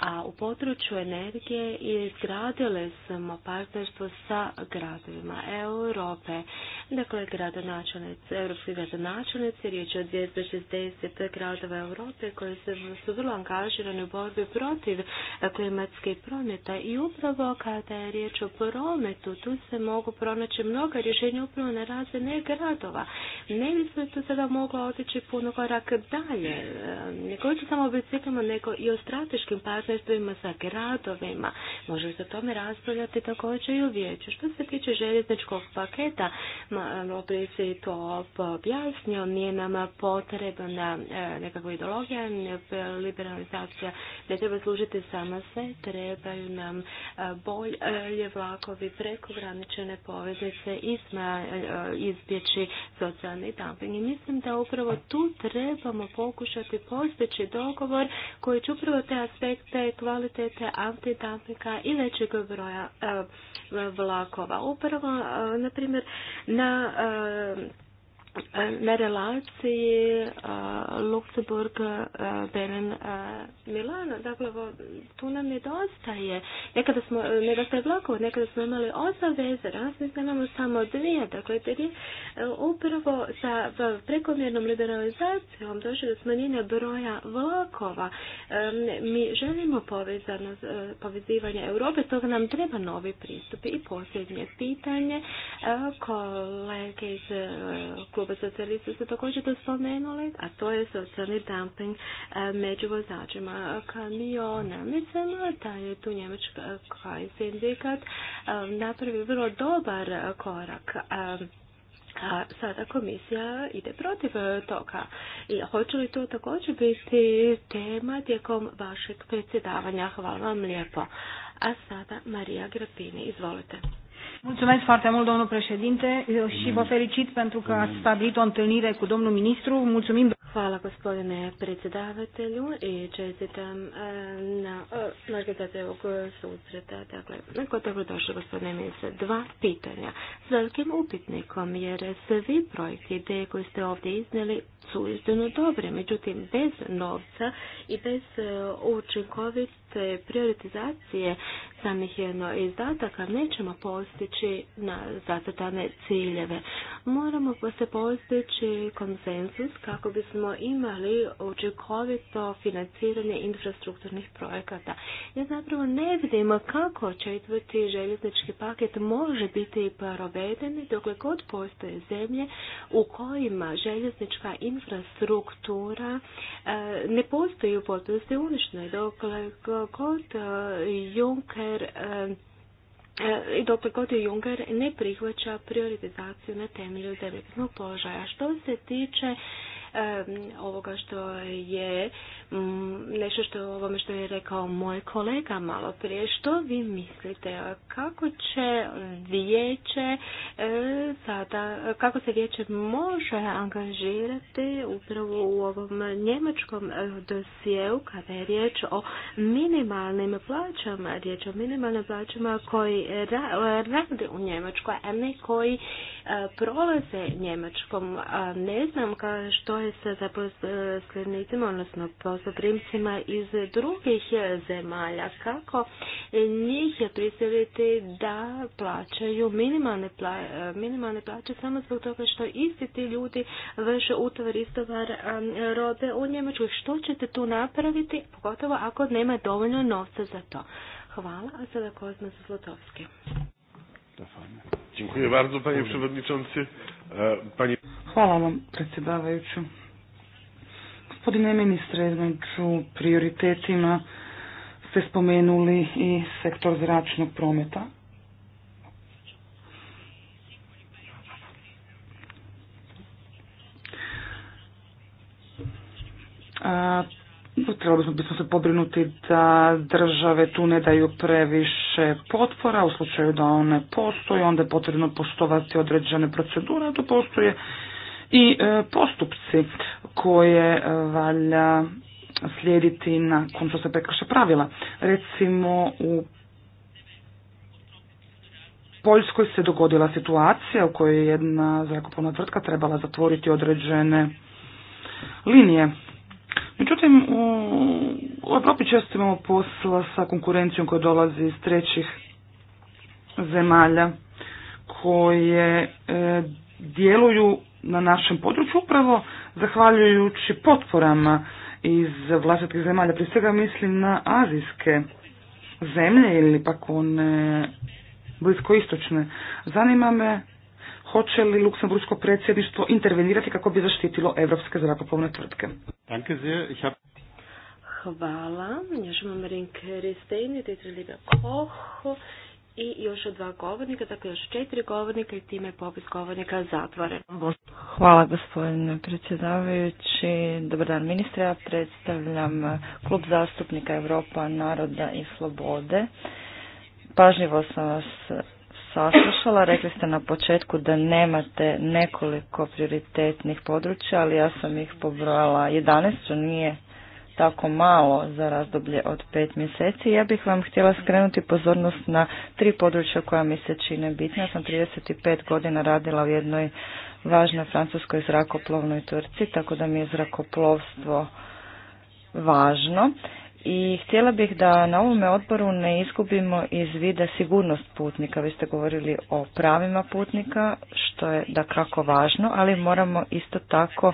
a u području energije izgradile smo partnerstvo sa gradovima Europe. Dakle, gradonačelnici, evropski gradonačelnici, riječ je o 260 gradova Europe koji su vrlo angažirani u borbi protiv e, klimatskih prometa i upravo kada je riječ o prometu, tu se mogu pronaći mnoga rješenja upravo na razine gradova. Ne mislim da tu sada mogla otići puno korak dalje. Ne govorim samo o biciklima, nego i o strateškim partnerstvima sa gradovima. Može se o tome raspravljati također i u vijeću. Što se tiče željezničkog paketa, opet se to objasnio, nije nama potrebna e, nekakva ideologija, liberalizacija ne treba služiti sama se, trebaju nam e, bolje vlakovi, prekograničene poveznice i e, izbjeći socijalne dumping. I mislim da upravo tu trebamo pokušati postići dogovor koji će upravo te aspekte kvalitete antidumpinga i većeg broja e, vlakova. Upravo, e, na primjer, na e, na relaciji Luksemburg, Beren, Milano. Dakle, tu nam nedostaje. Nekada smo, e, nedostaje vlakova, nekada smo imali osam veze, danas imamo samo dvije. Dakle, te e, upravo sa e, prekomjernom liberalizacijom došlo do smanjenja broja vlakova. Mi želimo povezivanje Europe, stoga nam treba novi pristup. I posljednje pitanje, kolege iz klubu kluba socijalista su također to spomenuli, a to je socijalni dumping e, među vozačima kamiona. Mislim da je tu njemačka sindikat e, napravio vrlo dobar korak. E, a sada komisija ide protiv toga. I hoće li to također biti tema tijekom vašeg predsjedavanja? Hvala vam lijepo. A sada Marija Grapini, izvolite. Mulțumesc foarte mult, domnul președinte, și vă felicit pentru că ați stabilit o întâlnire cu domnul ministru. Mulțumim. Hvala, gospodine predsjedavatelju i čestitam eh, na eh, organizaciju ovog susreta. Dakle, neko dobro došlo, gospodine ministre. Dva pitanja s velikim upitnikom, jer svi projekti ideje koje ste ovdje iznijeli su uistinu dobre, međutim bez novca i bez e, učinkovite prioritizacije samih jedno izdataka nećemo postići na zacrtane ciljeve. Moramo se postići konsensus kako bismo imali učinkovito financiranje infrastrukturnih projekata. Ja zapravo ne vidim kako četvrti željeznički paket može biti proveden dokle god postoje zemlje u kojima željeznička infrastruktura infrastruktura e, ne postoji u potpunosti uništenoj Dokle e, e, god Juncker i je junger ne prihvaća prioritizaciju na temelju devetnog položaja. Što se tiče ovoga što je mm, nešto što ovome što je rekao moj kolega malo prije. Što vi mislite? Kako će vijeće e, sada, kako se vijeće može angažirati upravo u ovom njemačkom e, dosijeu kada je riječ o minimalnim plaćama, riječ o minimalnim plaćama koji rade u Njemačkoj, a ne koji e, prolaze Njemačkom. Ne znam što je sa zaposlenicima, odnosno posloprimcima iz drugih zemalja, kako njih je prisiliti da plaćaju minimalne, pla, minimalne plaće samo zbog toga što isti ti ljudi vrše utovar istovar robe u Njemačkoj. Što ćete tu napraviti, pogotovo ako nema dovoljno novca za to? Hvala, a sada Kozma Zlotovski. Dziękuję bardzo, panie przewodniczący. Hvala vam, predsjedavajuću. Gospodine ministre, između prioritetima ste spomenuli i sektor zračnog prometa. A Trebali bismo se pobrinuti da države tu ne daju previše potpora, u slučaju da one postoje, onda je potrebno poštovati određene procedure, a postoje i e, postupci koje e, valja slijediti nakon što se prekrše pravila. Recimo u Poljskoj se dogodila situacija u kojoj je jedna zrakoplovna tvrtka trebala zatvoriti određene linije Međutim, u Europi često imamo posla sa konkurencijom koja dolazi iz trećih zemalja koje e, djeluju na našem području upravo zahvaljujući potporama iz vlastitih zemalja. Prije svega mislim na azijske zemlje ili pak one bliskoistočne. Zanima me hoće li Luksemburško predsjedništvo intervenirati kako bi zaštitilo evropske zrakoplovne tvrtke. Hvala. Još imam Koh i još dva govornika, tako dakle još četiri govornika i time je popis govornika zatvoren. Hvala gospodine predsjedavajući. Dobar dan ministra. ja predstavljam Klub zastupnika Europa, Naroda i Slobode. Pažljivo sam vas saslušala. Rekli ste na početku da nemate nekoliko prioritetnih područja, ali ja sam ih pobrojala 11, što nije tako malo za razdoblje od pet mjeseci. Ja bih vam htjela skrenuti pozornost na tri područja koja mi se čine bitna. Ja sam 35 godina radila u jednoj važnoj francuskoj zrakoplovnoj Turci, tako da mi je zrakoplovstvo važno i htjela bih da na ovome odboru ne izgubimo iz vida sigurnost putnika. Vi ste govorili o pravima putnika, što je da kako važno, ali moramo isto tako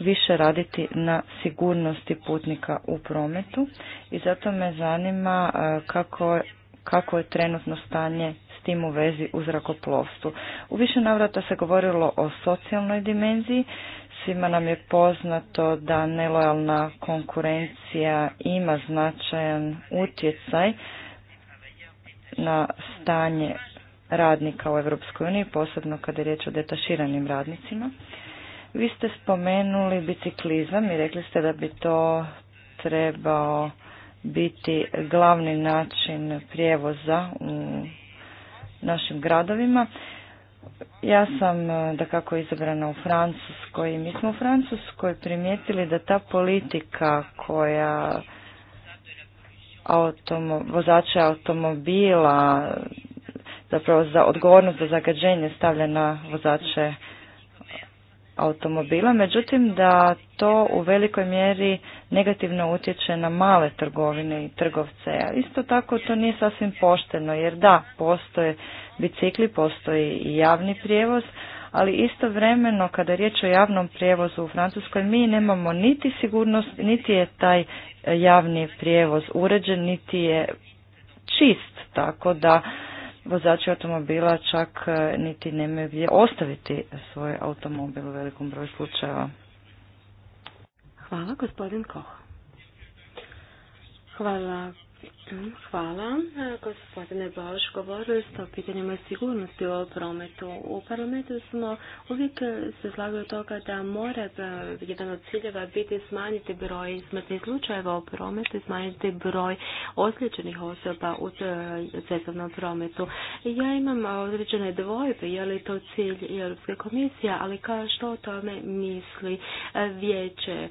više raditi na sigurnosti putnika u prometu i zato me zanima e, kako, kako je trenutno stanje s tim u vezi u zrakoplovstvu. U više navrata se govorilo o socijalnoj dimenziji, Svima nam je poznato da nelojalna konkurencija ima značajan utjecaj na stanje radnika u EU, posebno kada je riječ o detaširanim radnicima. Vi ste spomenuli biciklizam i rekli ste da bi to trebao biti glavni način prijevoza u našim gradovima. Ja sam e, da kako izabrana u Francuskoj i mi smo u Francuskoj primijetili da ta politika koja automo, vozača automobila zapravo za odgovornost za zagađenje stavlja na vozače automobila, međutim da to u velikoj mjeri negativno utječe na male trgovine i trgovce. isto tako to nije sasvim pošteno jer da, postoje bicikli, postoji i javni prijevoz, ali istovremeno kada je riječ o javnom prijevozu u Francuskoj mi nemamo niti sigurnost, niti je taj javni prijevoz uređen, niti je čist, tako da vozači automobila čak e, niti nemaju gdje ostaviti svoj automobil u velikom broju slučajeva. Hvala, gospodin Koh. Hvala Hvala. Gospodine Boš, govorili ste o pitanjima sigurnosti u prometu. U parlamentu smo uvijek se slagali od toga da mora jedan od ciljeva biti smanjiti broj smrtnih slučajeva u prometu i smanjiti broj osjećenih osoba u cestovnom prometu. Ja imam određene dvojbe, je li to cilj Europske komisije, ali kao što o tome misli e, vijeće,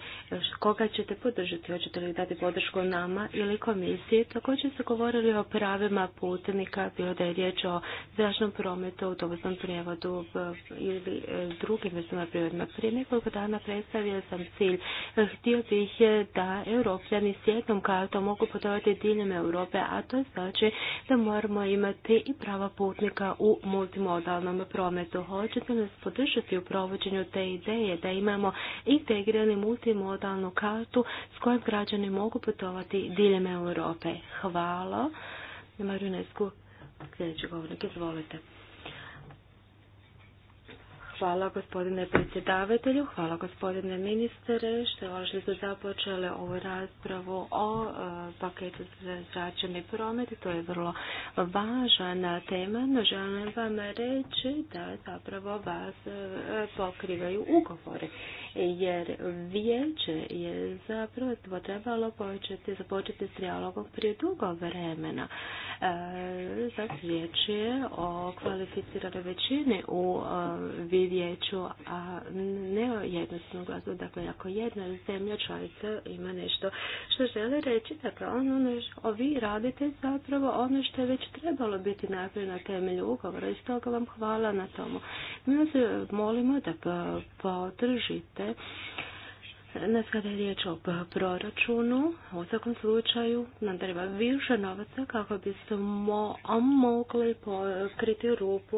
koga ćete podržati, hoćete li dati podršku nama ili komisiji, tako Također su govorili o pravima putnika, bilo da je riječ o zračnom prometu, autobusnom prijevodu ili e, drugim vrstama prijevodima. Prije nekoliko dana predstavio sam cilj. Htio bih da europljani s jednom kartom mogu putovati diljem Europe, a to znači da moramo imati i prava putnika u multimodalnom prometu. Hoćete nas podržati u provođenju te ideje da imamo integrirani multimodalnu kartu s kojom građani mogu putovati diljem Europe. Hvala. Marinesku, sljedeći govornik, izvolite. Hvala gospodine predsjedavatelju, hvala gospodine ministre što je su započele ovu raspravu o e, paketu za zračeni promet. To je vrlo važna tema, no želim vam reći da zapravo vas e, pokrivaju ugovore jer vijeće je zapravo trebalo početi, započeti s prije dugo vremena. E, za riječ je o kvalificiranoj većini u e, vijeću, a ne o jednostavnom glasu. Dakle, ako jedna zemlja članica ima nešto što žele reći, dakle, ono, ono, vi radite zapravo ono što je već trebalo biti napravljeno na temelju ugovora i stoga vam hvala na tomu. Mi vas e, molimo da podržite znate kada je riječ o proračunu, u svakom slučaju nam treba više novaca kako bismo mogli pokriti rupu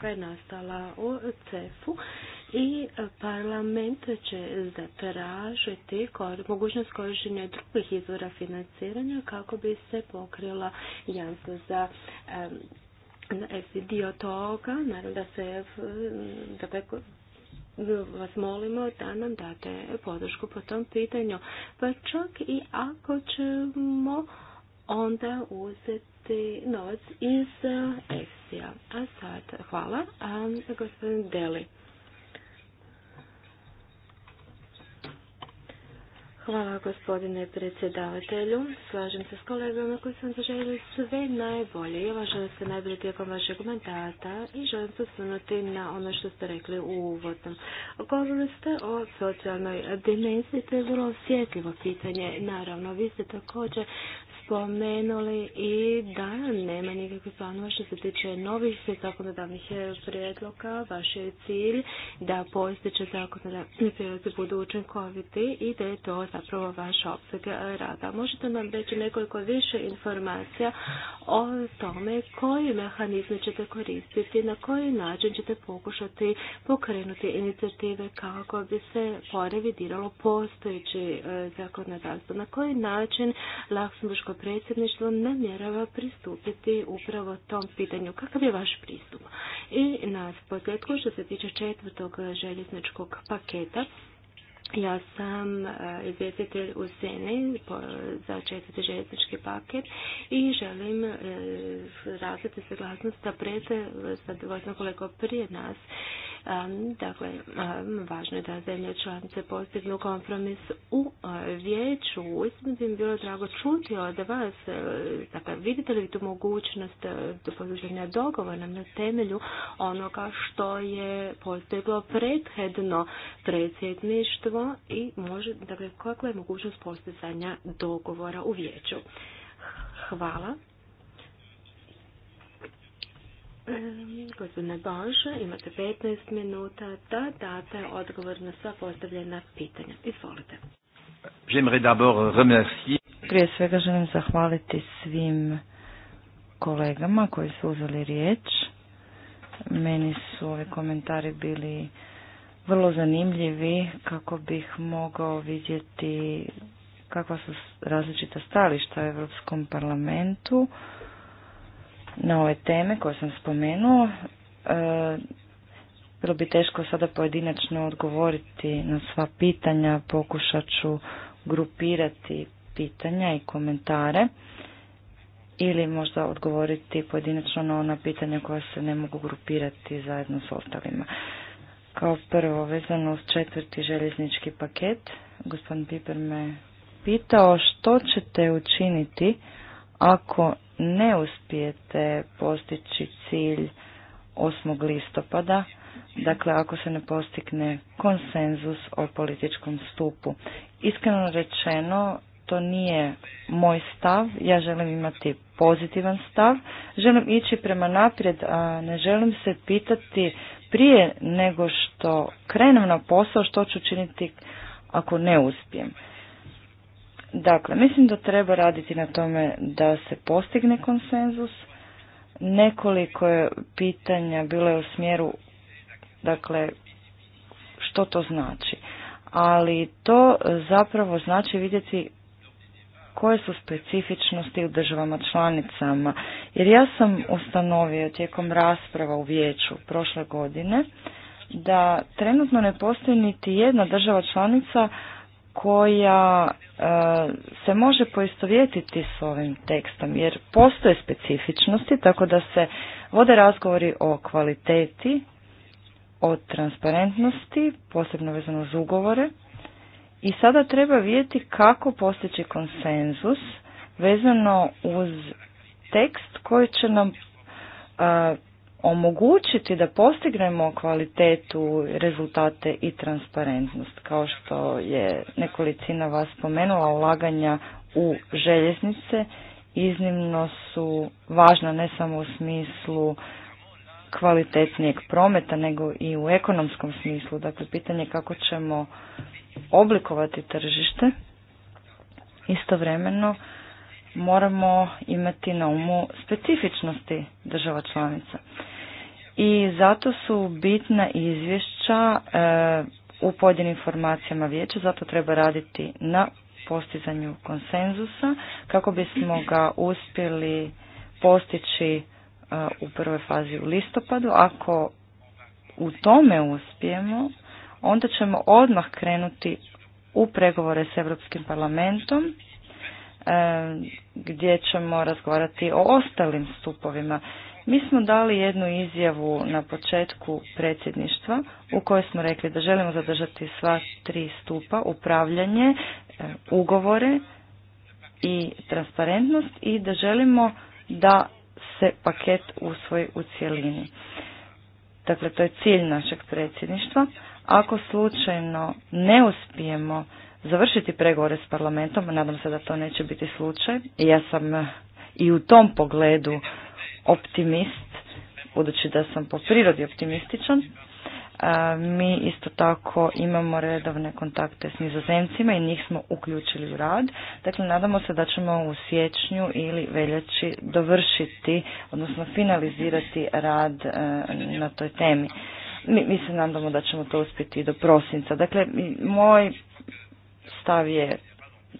koja je nastala u CEF-u i parlament će zatražiti mogućnost korištenja drugih izvora financiranja kako bi se pokrila jamstvo za dio toga, naravno da se dakle, vas molimo da nam date podršku po tom pitanju. Pa čak i ako ćemo onda uzeti novac iz eksija eh, a sad, hvala, a gospodin Deli. Hvala gospodine predsjedavatelju. Slažem se s kolegama koji sam zaželjeli sve najbolje. Ja vam želim se najbolje tijekom vašeg mandata i želim se osvrnuti na ono što ste rekli u uvodnom. Govorili ste o socijalnoj dimenziji, to je vrlo osjetljivo pitanje. Naravno, vi ste također spomenuli i da nema nikakvih planova što se tiče novih zakonodavnih prijedloga. Vaš je cilj da postojeće zakonodavni budu učinkoviti i da je to zapravo vaš opseg rada. Možete nam reći nekoliko više informacija o tome koji mehanizme ćete koristiti, na koji način ćete pokušati pokrenuti inicijative kako bi se porevidiralo postojeće zakonodavstvo, na koji način Laksimuško predsjedništvo namjerava pristupiti upravo tom pitanju. Kakav je vaš pristup? I na posljedku što se tiče četvrtog željezničkog paketa, ja sam e, izvjestitelj u Seni za četvrti željeznički paket i želim e, razviti suglasnost sa pred, sa kolegom prije nas Dakle, važno je da zemlje članice postignu kompromis u e, vijeću. Uistinu bi mi bilo drago čuti od vas, e, dakle, vidite li tu mogućnost e, poduženja dogovora na temelju onoga što je postiglo prethedno predsjedništvo i može, dakle, kakva je mogućnost postizanja dogovora u vijeću. Hvala. Ehm, gospodine Bož, imate 15 minuta da date odgovor na sva postavljena pitanja. Izvolite. Prije svega želim zahvaliti svim kolegama koji su uzeli riječ. Meni su ovi komentari bili vrlo zanimljivi kako bih mogao vidjeti kakva su različita stališta u Europskom parlamentu na ove teme koje sam spomenuo. E, bilo bi teško sada pojedinačno odgovoriti na sva pitanja, pokušat ću grupirati pitanja i komentare ili možda odgovoriti pojedinačno na ona pitanja koja se ne mogu grupirati zajedno s ostalima. Kao prvo, vezano uz četvrti željeznički paket, gospodin Piper me pitao što ćete učiniti ako ne uspijete postići cilj 8. listopada, dakle ako se ne postigne konsenzus o političkom stupu. Iskreno rečeno, to nije moj stav, ja želim imati pozitivan stav, želim ići prema naprijed, a ne želim se pitati prije nego što krenem na posao što ću činiti ako ne uspijem. Dakle, mislim da treba raditi na tome da se postigne konsenzus. Nekoliko je pitanja bilo je u smjeru, dakle, što to znači. Ali to zapravo znači vidjeti koje su specifičnosti u državama članicama. Jer ja sam ustanovio tijekom rasprava u vijeću prošle godine da trenutno ne postoji niti jedna država članica koja e, se može poistovjetiti s ovim tekstom jer postoje specifičnosti tako da se vode razgovori o kvaliteti, o transparentnosti, posebno vezano uz ugovore i sada treba vidjeti kako postići konsenzus vezano uz tekst koji će nam e, omogućiti da postignemo kvalitetu, rezultate i transparentnost. Kao što je nekolicina vas spomenula, ulaganja u željeznice iznimno su važna ne samo u smislu kvalitetnijeg prometa nego i u ekonomskom smislu. Dakle, pitanje kako ćemo oblikovati tržište. Istovremeno moramo imati na umu specifičnosti država članica i zato su bitna izvješća e, u pojedinim informacijama vijeća, zato treba raditi na postizanju konsenzusa kako bismo ga uspjeli postići e, u prvoj fazi u listopadu. Ako u tome uspijemo, onda ćemo odmah krenuti u pregovore s Europskim parlamentom e, gdje ćemo razgovarati o ostalim stupovima. Mi smo dali jednu izjavu na početku predsjedništva u kojoj smo rekli da želimo zadržati sva tri stupa, upravljanje, e, ugovore i transparentnost i da želimo da se paket usvoji u cjelini. Dakle, to je cilj našeg predsjedništva. Ako slučajno ne uspijemo završiti pregovore s parlamentom, nadam se da to neće biti slučaj, ja sam i u tom pogledu optimist, budući da sam po prirodi optimističan. Mi isto tako imamo redovne kontakte s nizozemcima i njih smo uključili u rad. Dakle, nadamo se da ćemo u siječnju ili veljači dovršiti, odnosno finalizirati rad e, na toj temi. Mi, mi se nadamo da ćemo to uspjeti do prosinca. Dakle, moj stav je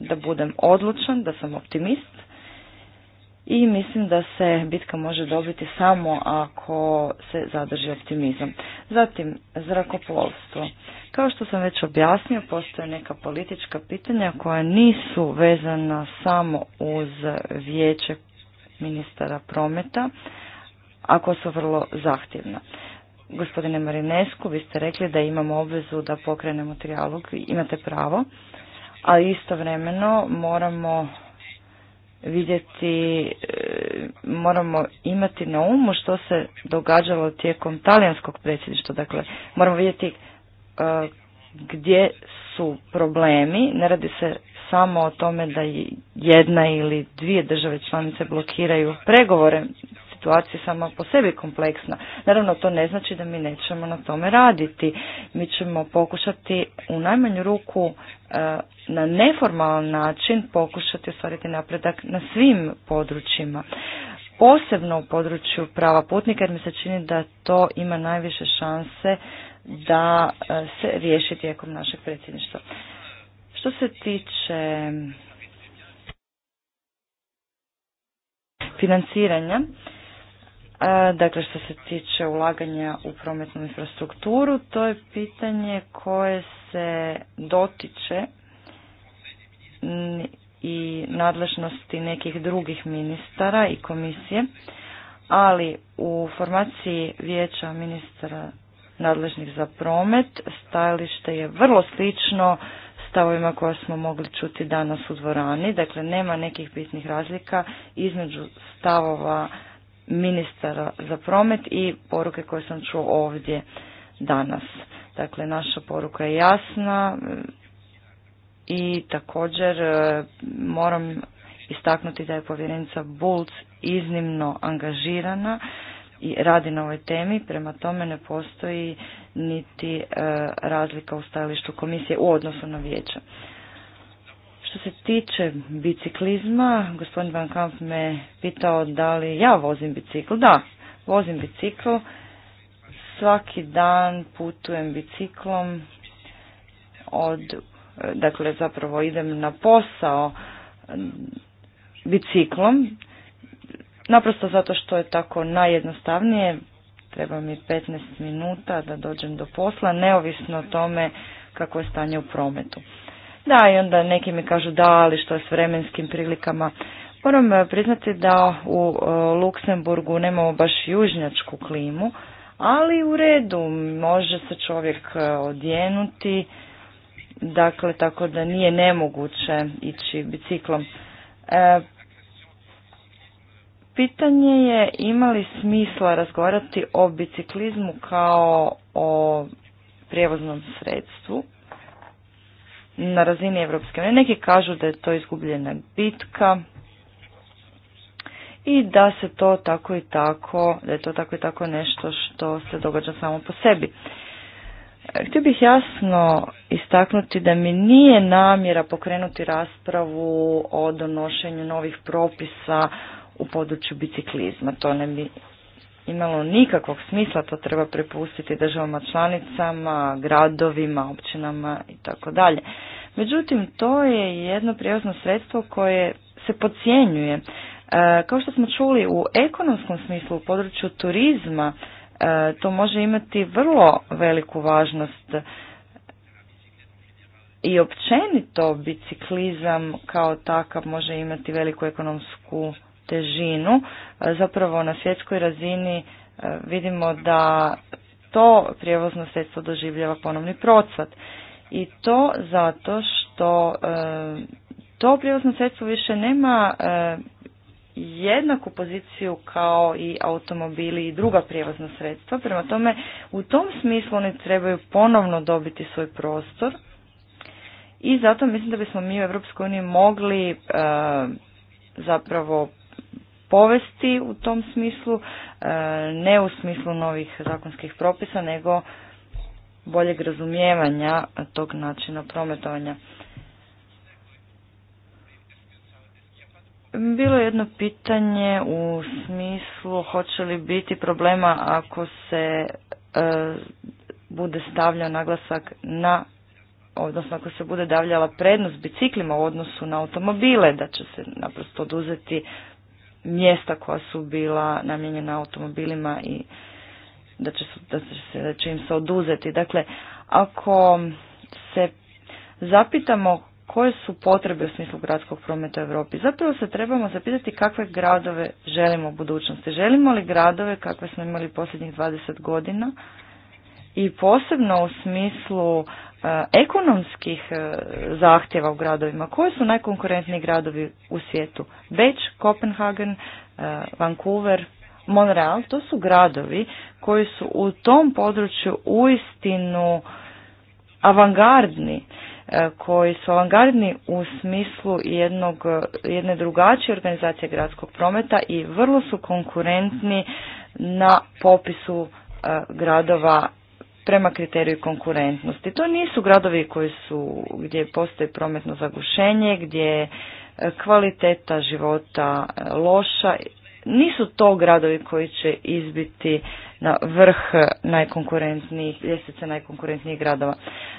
da budem odlučan, da sam optimist i mislim da se bitka može dobiti samo ako se zadrži optimizam. Zatim, zrakoplovstvo. Kao što sam već objasnio, postoje neka politička pitanja koja nisu vezana samo uz vijeće ministara prometa, ako su vrlo zahtjevna. Gospodine Marinesku, vi ste rekli da imamo obvezu da pokrenemo trijalog, imate pravo, a istovremeno moramo vidjeti, e, moramo imati na umu što se događalo tijekom talijanskog predsjedništva. Dakle, moramo vidjeti e, gdje su problemi. Ne radi se samo o tome da jedna ili dvije države članice blokiraju pregovore situacija sama po sebi kompleksna. Naravno, to ne znači da mi nećemo na tome raditi. Mi ćemo pokušati u najmanju ruku e, na neformalan način pokušati ostvariti napredak na svim područjima posebno u području prava putnika jer mi se čini da to ima najviše šanse da e, se riješi tijekom našeg predsjedništva. Što se tiče financiranja, E, dakle, što se tiče ulaganja u prometnu infrastrukturu, to je pitanje koje se dotiče i nadležnosti nekih drugih ministara i komisije, ali u formaciji vijeća ministara nadležnih za promet stajalište je vrlo slično stavovima koje smo mogli čuti danas u dvorani. Dakle, nema nekih bitnih razlika između stavova ministara za promet i poruke koje sam čuo ovdje danas. Dakle, naša poruka je jasna mm, i također e, moram istaknuti da je povjerenica Bulc iznimno angažirana i radi na ovoj temi, prema tome ne postoji niti e, razlika u stajalištu komisije u odnosu na vijeće. Što se tiče biciklizma, gospodin Van Kamp me pitao da li ja vozim bicikl. Da, vozim bicikl. Svaki dan putujem biciklom od, dakle zapravo idem na posao biciklom, naprosto zato što je tako najjednostavnije, treba mi 15 minuta da dođem do posla, neovisno o tome kako je stanje u prometu. Da, i onda neki mi kažu da, ali što je s vremenskim prilikama. Moram e, priznati da u e, Luksemburgu nemamo baš južnjačku klimu, ali u redu, može se čovjek e, odjenuti, dakle tako da nije nemoguće ići biciklom. pitanje je ima li smisla razgovarati o biciklizmu kao o prijevoznom sredstvu na razini Evropske Neki kažu da je to izgubljena bitka i da se to tako i tako, da je to tako i tako nešto što se događa samo po sebi. Htio bih jasno istaknuti da mi nije namjera pokrenuti raspravu o donošenju novih propisa u području biciklizma. To ne bi imalo nikakvog smisla, to treba prepustiti državama članicama, gradovima, općinama i tako dalje. Međutim, to je jedno prijevozno sredstvo koje se podcjenjuje. E, kao što smo čuli, u ekonomskom smislu, u području turizma, e, to može imati vrlo veliku važnost i općenito biciklizam kao takav može imati veliku ekonomsku težinu. E, zapravo na svjetskoj razini e, vidimo da to prijevozno sredstvo doživljava ponovni procvat. I to zato što e, to prijevozno sredstvo više nema jednaku poziciju kao i automobili i druga prijevozna sredstva. Prema tome, u tom smislu oni trebaju ponovno dobiti svoj prostor i zato mislim da bismo mi u EU mogli zapravo povesti u tom smislu, e, ne u smislu novih zakonskih propisa, nego boljeg razumijevanja tog načina prometovanja. Bilo je jedno pitanje u smislu hoće li biti problema ako se e, bude stavljao naglasak na, odnosno ako se bude davljala prednost biciklima u odnosu na automobile, da će se naprosto oduzeti mjesta koja su bila namijenjena automobilima i da će, su, da se, da će im se oduzeti. Dakle, ako se zapitamo koje su potrebe u smislu gradskog prometa u Europi, zapravo se trebamo zapitati kakve gradove želimo u budućnosti. Želimo li gradove kakve smo imali posljednjih 20 godina i posebno u smislu E, ekonomskih e, zahtjeva u gradovima. Koji su najkonkurentniji gradovi u svijetu? Beč, Kopenhagen, e, Vancouver, Montreal, to su gradovi koji su u tom području uistinu avangardni koji su avangardni u smislu jednog, jedne drugačije organizacije gradskog prometa i vrlo su konkurentni na popisu gradova prema kriteriju konkurentnosti. To nisu gradovi koji su, gdje postoji prometno zagušenje, gdje je kvaliteta života e, loša nisu to gradovi koji će izbiti na vrh najkonkurentnijih, ljestvice najkonkurentnijih gradova.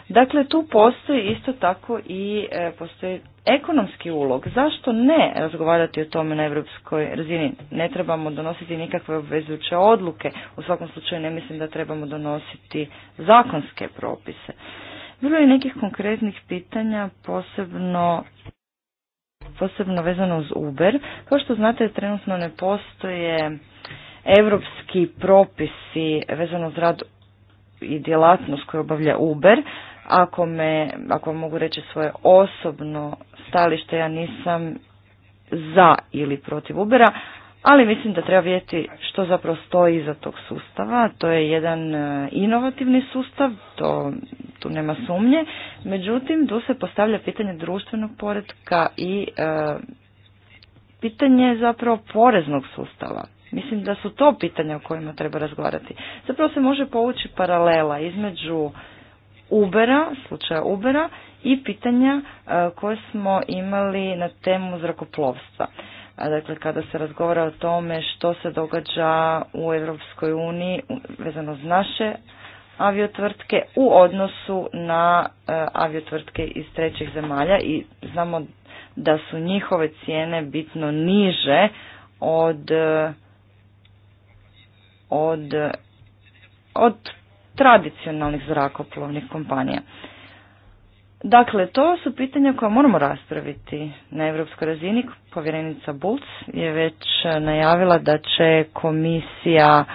Dakle, tu postoji isto tako i e, postoji ekonomski ulog. Zašto ne razgovarati o tome na europskoj razini? Ne trebamo donositi nikakve obvezujuće odluke. U svakom slučaju ne mislim da trebamo donositi zakonske propise. Bilo je nekih konkretnih pitanja, posebno posebno vezano uz Uber. Kao što znate, trenutno ne postoje europski propisi vezano uz rad i djelatnost koju obavlja Uber. Ako, me, ako mogu reći svoje osobno stalište, ja nisam za ili protiv Ubera, ali mislim da treba vidjeti što zapravo stoji iza tog sustava. To je jedan e, inovativni sustav, to, tu nema sumnje. Međutim, tu se postavlja pitanje društvenog poredka i e, pitanje zapravo poreznog sustava. Mislim da su to pitanja o kojima treba razgovarati. Zapravo se može povući paralela između Ubera, slučaja Ubera i pitanja e, koje smo imali na temu zrakoplovstva dakle kada se razgovara o tome što se događa u Europskoj uniji vezano s naše aviotvrtke u odnosu na e, aviotvrtke iz trećih zemalja i znamo da su njihove cijene bitno niže od e, od, od tradicionalnih zrakoplovnih kompanija. Dakle, to su pitanja koja moramo raspraviti na Europskoj razini. Povjerenica Bulc je već e, najavila da će komisija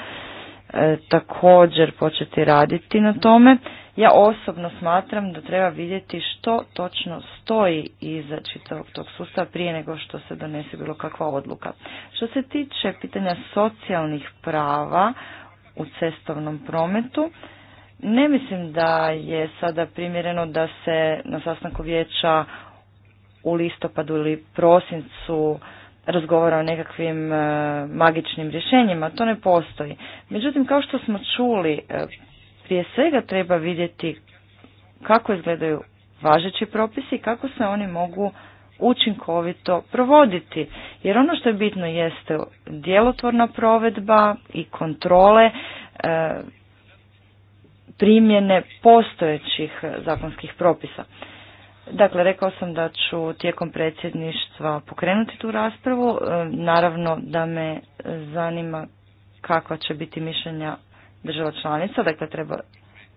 e, također početi raditi na tome. Ja osobno smatram da treba vidjeti što točno stoji iza čitavog tog sustava prije nego što se donese bilo kakva odluka. Što se tiče pitanja socijalnih prava u cestovnom prometu, ne mislim da je sada primjereno da se na sastanku vijeća u listopadu ili prosincu razgovara o nekakvim e, magičnim rješenjima, to ne postoji. Međutim, kao što smo čuli, e, prije svega treba vidjeti kako izgledaju važeći propisi i kako se oni mogu učinkovito provoditi. Jer ono što je bitno jeste djelotvorna provedba i kontrole e, primjene postojećih e, zakonskih propisa. Dakle, rekao sam da ću tijekom predsjedništva pokrenuti tu raspravu. E, naravno da me zanima kakva će biti mišljenja država članica. Dakle, treba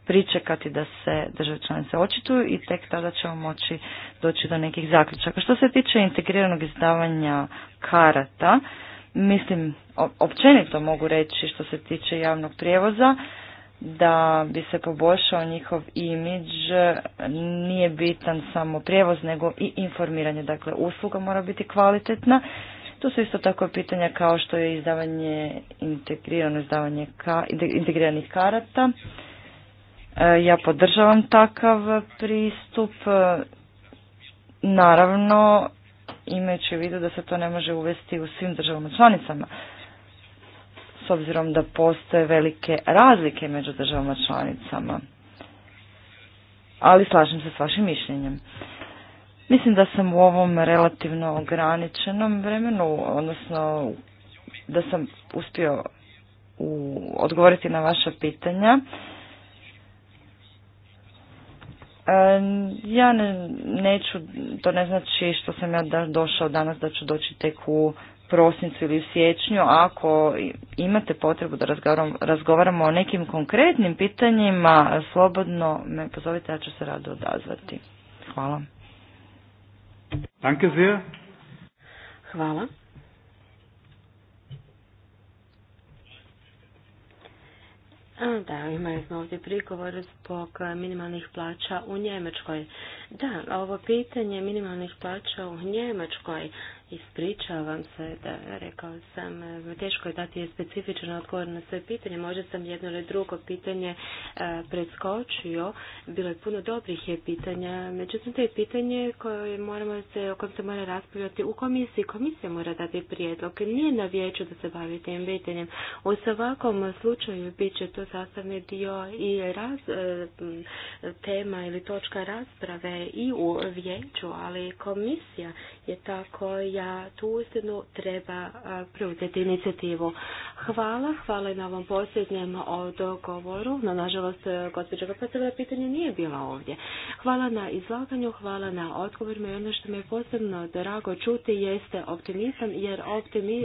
pričekati da se države članice očituju i tek tada ćemo moći doći do nekih zaključaka. Što se tiče integriranog izdavanja karata, mislim, općenito mogu reći što se tiče javnog prijevoza, da bi se poboljšao njihov imidž nije bitan samo prijevoz nego i informiranje. Dakle, usluga mora biti kvalitetna. Tu su isto tako pitanja kao što je izdavanje integrirano izdavanje ka, integriranih karata. E, ja podržavam takav pristup. E, naravno, imajući u vidu da se to ne može uvesti u svim državama članicama s obzirom da postoje velike razlike među državama članicama. Ali slažem se s vašim mišljenjem. Mislim da sam u ovom relativno ograničenom vremenu, odnosno da sam uspio u, odgovoriti na vaša pitanja. ja ne, neću, to ne znači što sam ja došao danas da ću doći tek u prosincu ili u siječnju, ako imate potrebu da razgovaramo o nekim konkretnim pitanjima, slobodno me pozovite, ja ću se rado odazvati. Hvala. Danke sehr. Hvala. A, da, imali smo ovdje prigovor zbog minimalnih plaća u Njemačkoj. Da, ovo pitanje minimalnih plaća u Njemačkoj Ispričavam se da rekao sam, teško je dati specifičan odgovor na sve pitanje. Možda sam jedno ili drugo pitanje e, preskočio. Bilo je puno dobrih je pitanja. Međutim, to je pitanje koje moramo se, o kojem se mora raspravljati u komisiji. Komisija mora dati prijedlog. Nije na vijeću da se bavi tim pitanjem. U svakom slučaju bit će to sastavni dio i e, tema ili točka rasprave i u vijeću, ali komisija je ta koja tu uistinu treba preuzeti inicijativu. Hvala, hvala na ovom posljednjem dogovoru, no nažalost e, gospođa Kapacova pitanje nije bila ovdje. Hvala na izlaganju, hvala na odgovorima i ono što me je posebno drago čuti jeste optimizam, jer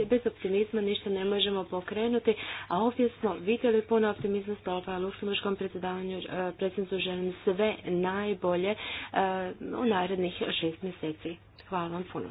bez optimizma ništa ne možemo pokrenuti, a ovdje smo vidjeli puno optimizma u luksemburškom predsjedavanju e, predsjednicu želim sve najbolje e, u narednih šest mjeseci. Hvala vam puno.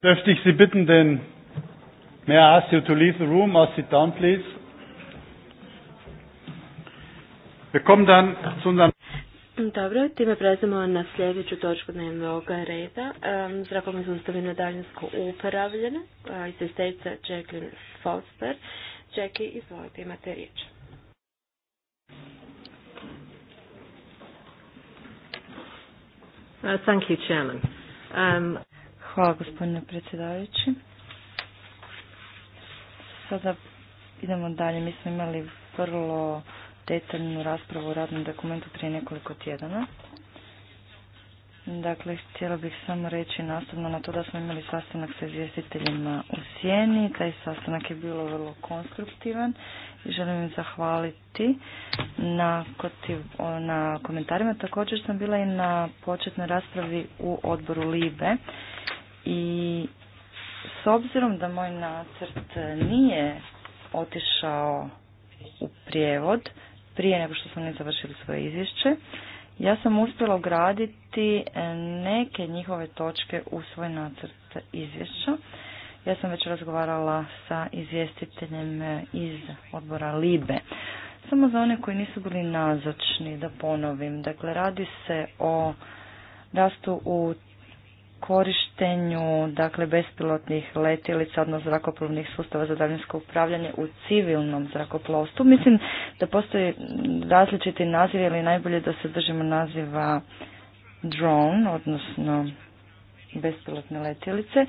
Dürfte ich Sie bitten, den May I ask you to leave the room or sit down, please? Wir kommen dann zu unserem dobro, time prelazimo na sljedeću točku dnevnog reda. Um, zrakovni sustavi na daljinsko upravljene. Uh, Izvjestiteljica Jacqueline Foster. Jackie, izvolite, imate riječ. Uh, thank you, Chairman. Um, Hvala gospodine predsjedavajući. Sada idemo dalje. Mi smo imali vrlo detaljnu raspravu o radnom dokumentu prije nekoliko tjedana. Dakle, htjela bih samo reći nastavno na to da smo imali sastanak sa izvjestiteljima u Sjeni. Taj sastanak je bilo vrlo konstruktivan i želim im zahvaliti na, na komentarima. Također sam bila i na početnoj raspravi u odboru LIBE i s obzirom da moj nacrt nije otišao u prijevod prije nego što su ne završili svoje izvješće, ja sam uspjela ugraditi neke njihove točke u svoj nacrt izvješća. Ja sam već razgovarala sa izvjestiteljem iz odbora Libe. Samo za one koji nisu bili nazočni, da ponovim. Dakle, radi se o rastu u korištenju dakle bespilotnih letjelica odnosno zrakoplovnih sustava za daljinsko upravljanje u civilnom zrakoplovstvu. Mislim da postoji različiti naziv ali najbolje da se držimo naziva drone odnosno bespilotne letjelice. E,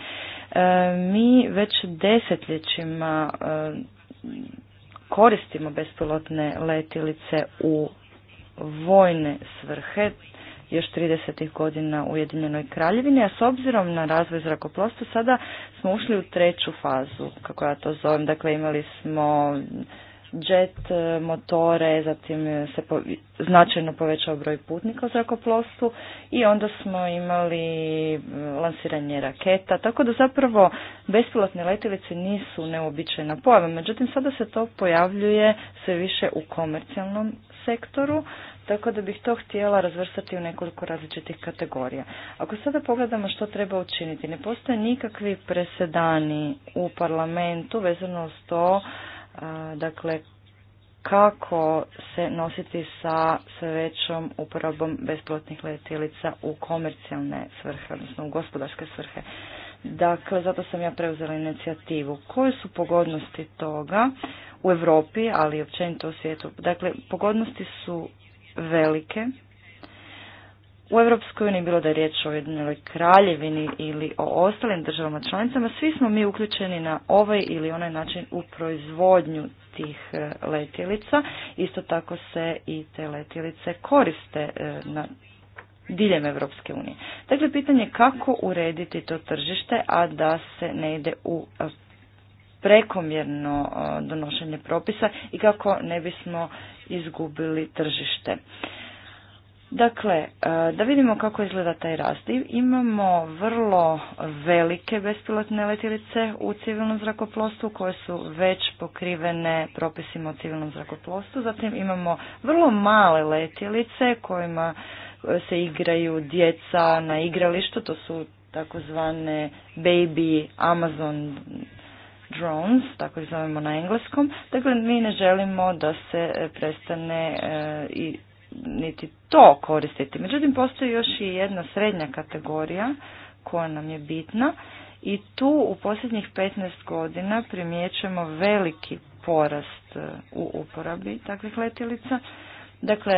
mi već desetljećima e, koristimo bespilotne letjelice u vojne svrhe još 30. godina Ujedinjenoj kraljevini, a s obzirom na razvoj zrakoplovstva sada smo ušli u treću fazu, kako ja to zovem. Dakle, imali smo jet e, motore, zatim se značajno povećao broj putnika u zrakoplovstvu i onda smo imali e, lansiranje raketa, tako da zapravo bespilotne letjelice nisu neobičajna pojava, međutim sada se to pojavljuje sve više u komercijalnom sektoru, tako da bih to htjela razvrstati u nekoliko različitih kategorija. Ako sada pogledamo što treba učiniti, ne postoje nikakvi presedani u parlamentu vezano s to, dakle, kako se nositi sa sve većom uporabom besplatnih letjelica u komercijalne svrhe, odnosno u gospodarske svrhe. Dakle, zato sam ja preuzela inicijativu. Koje su pogodnosti toga u Europi, ali i općenito u svijetu? Dakle, pogodnosti su velike. U Europskoj uniji, bilo da je riječ o jednoj kraljevini ili o ostalim državama članicama, svi smo mi uključeni na ovaj ili onaj način u proizvodnju tih e, letjelica. Isto tako se i te letjelice koriste e, na diljem Europske unije. Dakle, pitanje je kako urediti to tržište, a da se ne ide u e, prekomjerno donošenje propisa i kako ne bismo izgubili tržište. Dakle, e, da vidimo kako izgleda taj rast. Imamo vrlo velike bespilotne letjelice u civilnom zrakoplovstvu koje su već pokrivene propisima o civilnom zrakoplovstvu. Zatim imamo vrlo male letjelice kojima e, se igraju djeca na igralištu. To su takozvane baby Amazon drones, tako ih zovemo na engleskom. Dakle, mi ne želimo da se e, prestane e, i niti to koristiti. Međutim, postoji još i jedna srednja kategorija koja nam je bitna i tu u posljednjih 15 godina primjećujemo veliki porast e, u uporabi takvih letjelica. Dakle,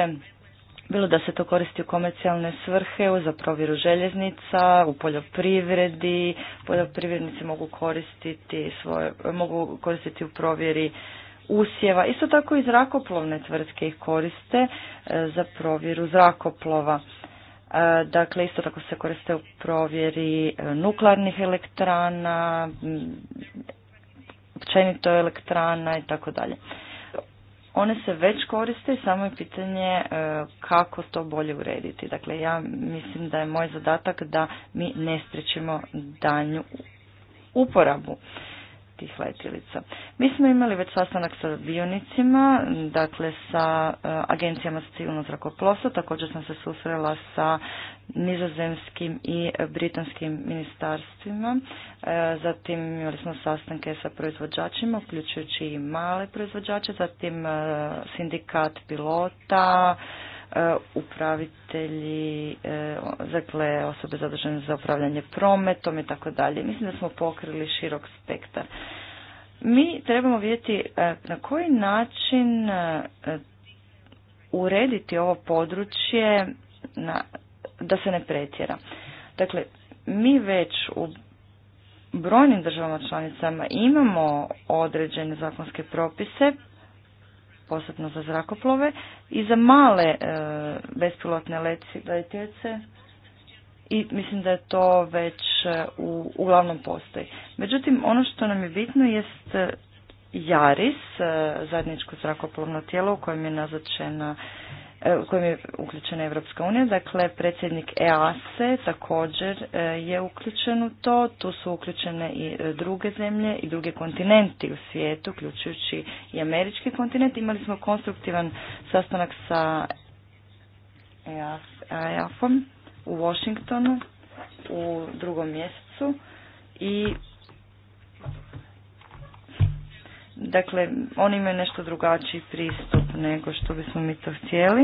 bilo da se to koristi u komercijalne svrhe, za provjeru željeznica, u poljoprivredi, poljoprivrednici mogu koristiti, svoje, mogu koristiti u provjeri usjeva. Isto tako i zrakoplovne tvrtke ih koriste e, za provjeru zrakoplova. E, dakle, isto tako se koriste u provjeri e, nuklearnih elektrana, općenito elektrana i tako dalje one se već koriste i samo je pitanje e, kako to bolje urediti. Dakle, ja mislim da je moj zadatak da mi ne stričimo danju uporabu tih letilica. Mi smo imali već sastanak sa bionicima, dakle sa e, agencijama civilno zrakoplosa, također sam se susrela sa nizozemskim i britanskim ministarstvima. E, zatim imali smo sastanke sa proizvođačima, uključujući i male proizvođače, zatim e, sindikat pilota, e, upravitelji, dakle osobe zadužene za upravljanje prometom i tako dalje. Mislim da smo pokrili širok spektar. Mi trebamo vidjeti na koji način urediti ovo područje na da se ne pretjera. Dakle, mi već u brojnim državama članicama imamo određene zakonske propise, posebno za zrakoplove, i za male e, bespilotne letjelice i mislim da je to već e, u, uglavnom postoji. Međutim, ono što nam je bitno jest JARIS, e, e, zajedničko zrakoplovno tijelo u kojem je nazočena E, u kojem je uključena Evropska unija. Dakle, predsjednik EASE također e, je uključen u to. Tu su uključene i e, druge zemlje i druge kontinenti u svijetu, uključujući i američki kontinent. Imali smo konstruktivan sastanak sa EAF-om u Washingtonu u drugom mjesecu i Dakle, oni imaju nešto drugačiji pristup nego što bismo mi to htjeli.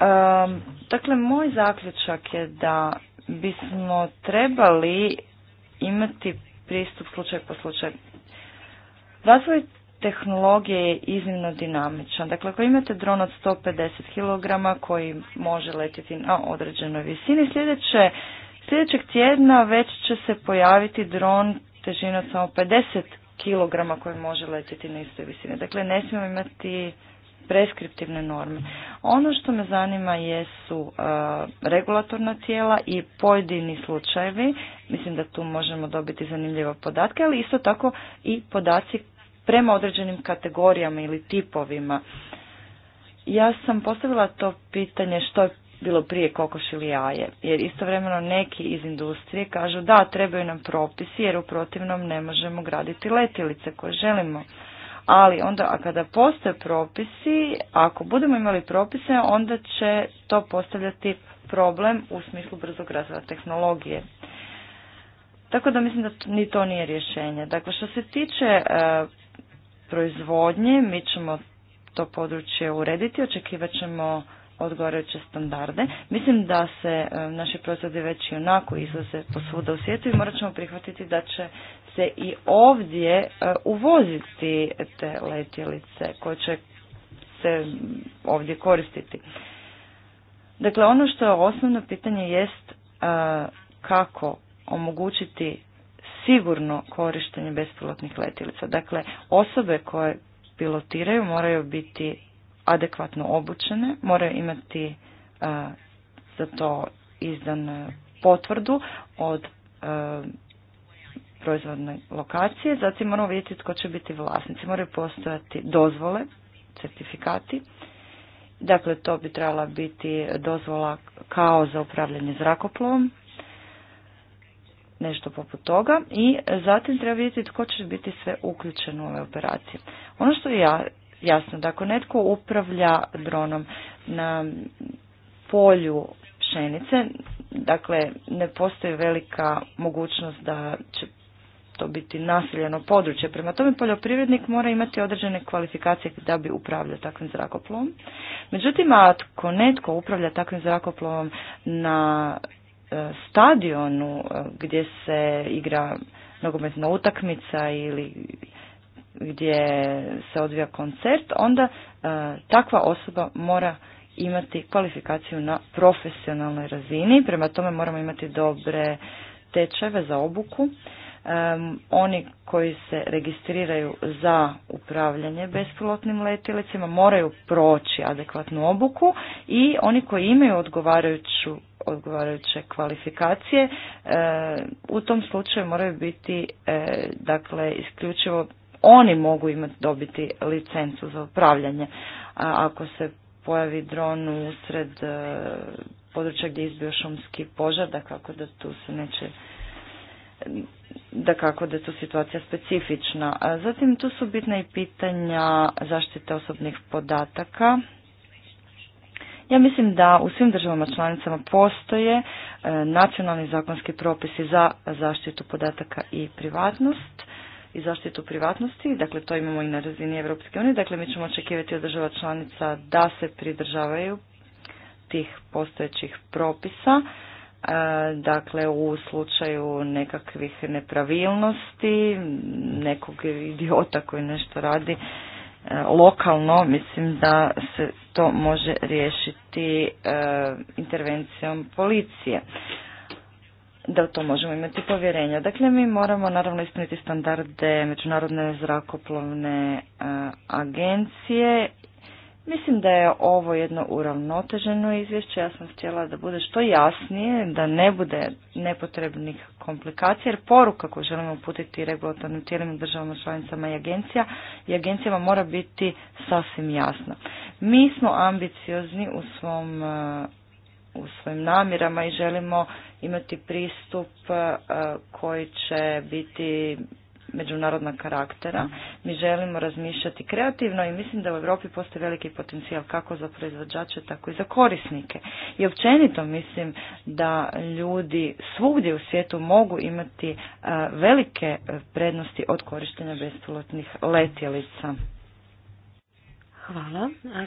Ehm, dakle, moj zaključak je da bismo trebali imati pristup slučaj po slučaj. Razvoj tehnologije je iznimno dinamičan. Dakle, ako imate dron od 150 kg koji može letjeti na određenoj visini, sljedeće, sljedećeg tjedna već će se pojaviti dron težina samo 50 kilograma koje može letjeti na istoj visini. Dakle, ne smijemo imati preskriptivne norme. Ono što me zanima jesu e, regulatorna tijela i pojedini slučajevi. Mislim da tu možemo dobiti zanimljive podatke, ali isto tako i podaci prema određenim kategorijama ili tipovima. Ja sam postavila to pitanje što je bilo prije kokoš ili jaje. Jer istovremeno neki iz industrije kažu da trebaju nam propisi jer u protivnom ne možemo graditi letilice koje želimo. Ali onda a kada postoje propisi, ako budemo imali propise onda će to postavljati problem u smislu brzog razvoja tehnologije. Tako da mislim da ni to nije rješenje. Dakle, što se tiče e, proizvodnje, mi ćemo to područje urediti, očekivat ćemo odgovarajuće standarde. Mislim da se e, naši proizvodi već i onako izlaze posvuda u svijetu i morat ćemo prihvatiti da će se i ovdje e, uvoziti te letjelice koje će se ovdje koristiti. Dakle, ono što je osnovno pitanje jest e, kako omogućiti sigurno korištenje bespilotnih letjelica. Dakle, osobe koje pilotiraju moraju biti adekvatno obučene, moraju imati e, za to izdan potvrdu od e, proizvodne lokacije, zatim moramo vidjeti tko će biti vlasnici, moraju postojati dozvole, certifikati, dakle to bi trebala biti dozvola kao za upravljanje zrakoplovom, nešto poput toga i zatim treba vidjeti tko će biti sve uključeno u ove operacije. Ono što ja jasno da ako netko upravlja dronom na polju pšenice, dakle ne postoji velika mogućnost da će to biti nasiljeno područje. Prema tome poljoprivrednik mora imati određene kvalifikacije da bi upravljao takvim zrakoplovom. Međutim, ako netko upravlja takvim zrakoplovom na e, stadionu e, gdje se igra nogometna utakmica ili gdje se odvija koncert, onda e, takva osoba mora imati kvalifikaciju na profesionalnoj razini. Prema tome moramo imati dobre tečajeve za obuku. E, oni koji se registriraju za upravljanje bespilotnim letjelicima moraju proći adekvatnu obuku i oni koji imaju odgovarajuću odgovarajuće kvalifikacije e, u tom slučaju moraju biti dakle isključivo oni mogu imati dobiti licencu za upravljanje. ako se pojavi dron usred e, područja gdje je izbio šumski požar, da kako da tu se neće da kako da je tu situacija specifična. zatim tu su bitna i pitanja zaštite osobnih podataka. Ja mislim da u svim državama članicama postoje e, nacionalni zakonski propisi za zaštitu podataka i privatnost i zaštitu privatnosti, dakle to imamo i na razini Europske unije, dakle mi ćemo očekivati od država članica da se pridržavaju tih postojećih propisa, e, dakle u slučaju nekakvih nepravilnosti, nekog idiota koji nešto radi e, lokalno, mislim da se to može riješiti e, intervencijom policije da u to možemo imati povjerenja. Dakle, mi moramo naravno ispuniti standarde Međunarodne zrakoplovne e, agencije. Mislim da je ovo jedno uravnoteženo izvješće. Ja sam htjela da bude što jasnije, da ne bude nepotrebnih komplikacija, jer poruka koju želimo uputiti regulatornim tijelima, državama, članicama i agencija i agencijama mora biti sasvim jasna. Mi smo ambiciozni u svom e, u svojim namjerama i želimo imati pristup e, koji će biti međunarodna karaktera. Mi želimo razmišljati kreativno i mislim da u Europi postoji veliki potencijal kako za proizvođače, tako i za korisnike. I općenito mislim da ljudi svugdje u svijetu mogu imati e, velike prednosti od korištenja bespilotnih letjelica. Hvala. A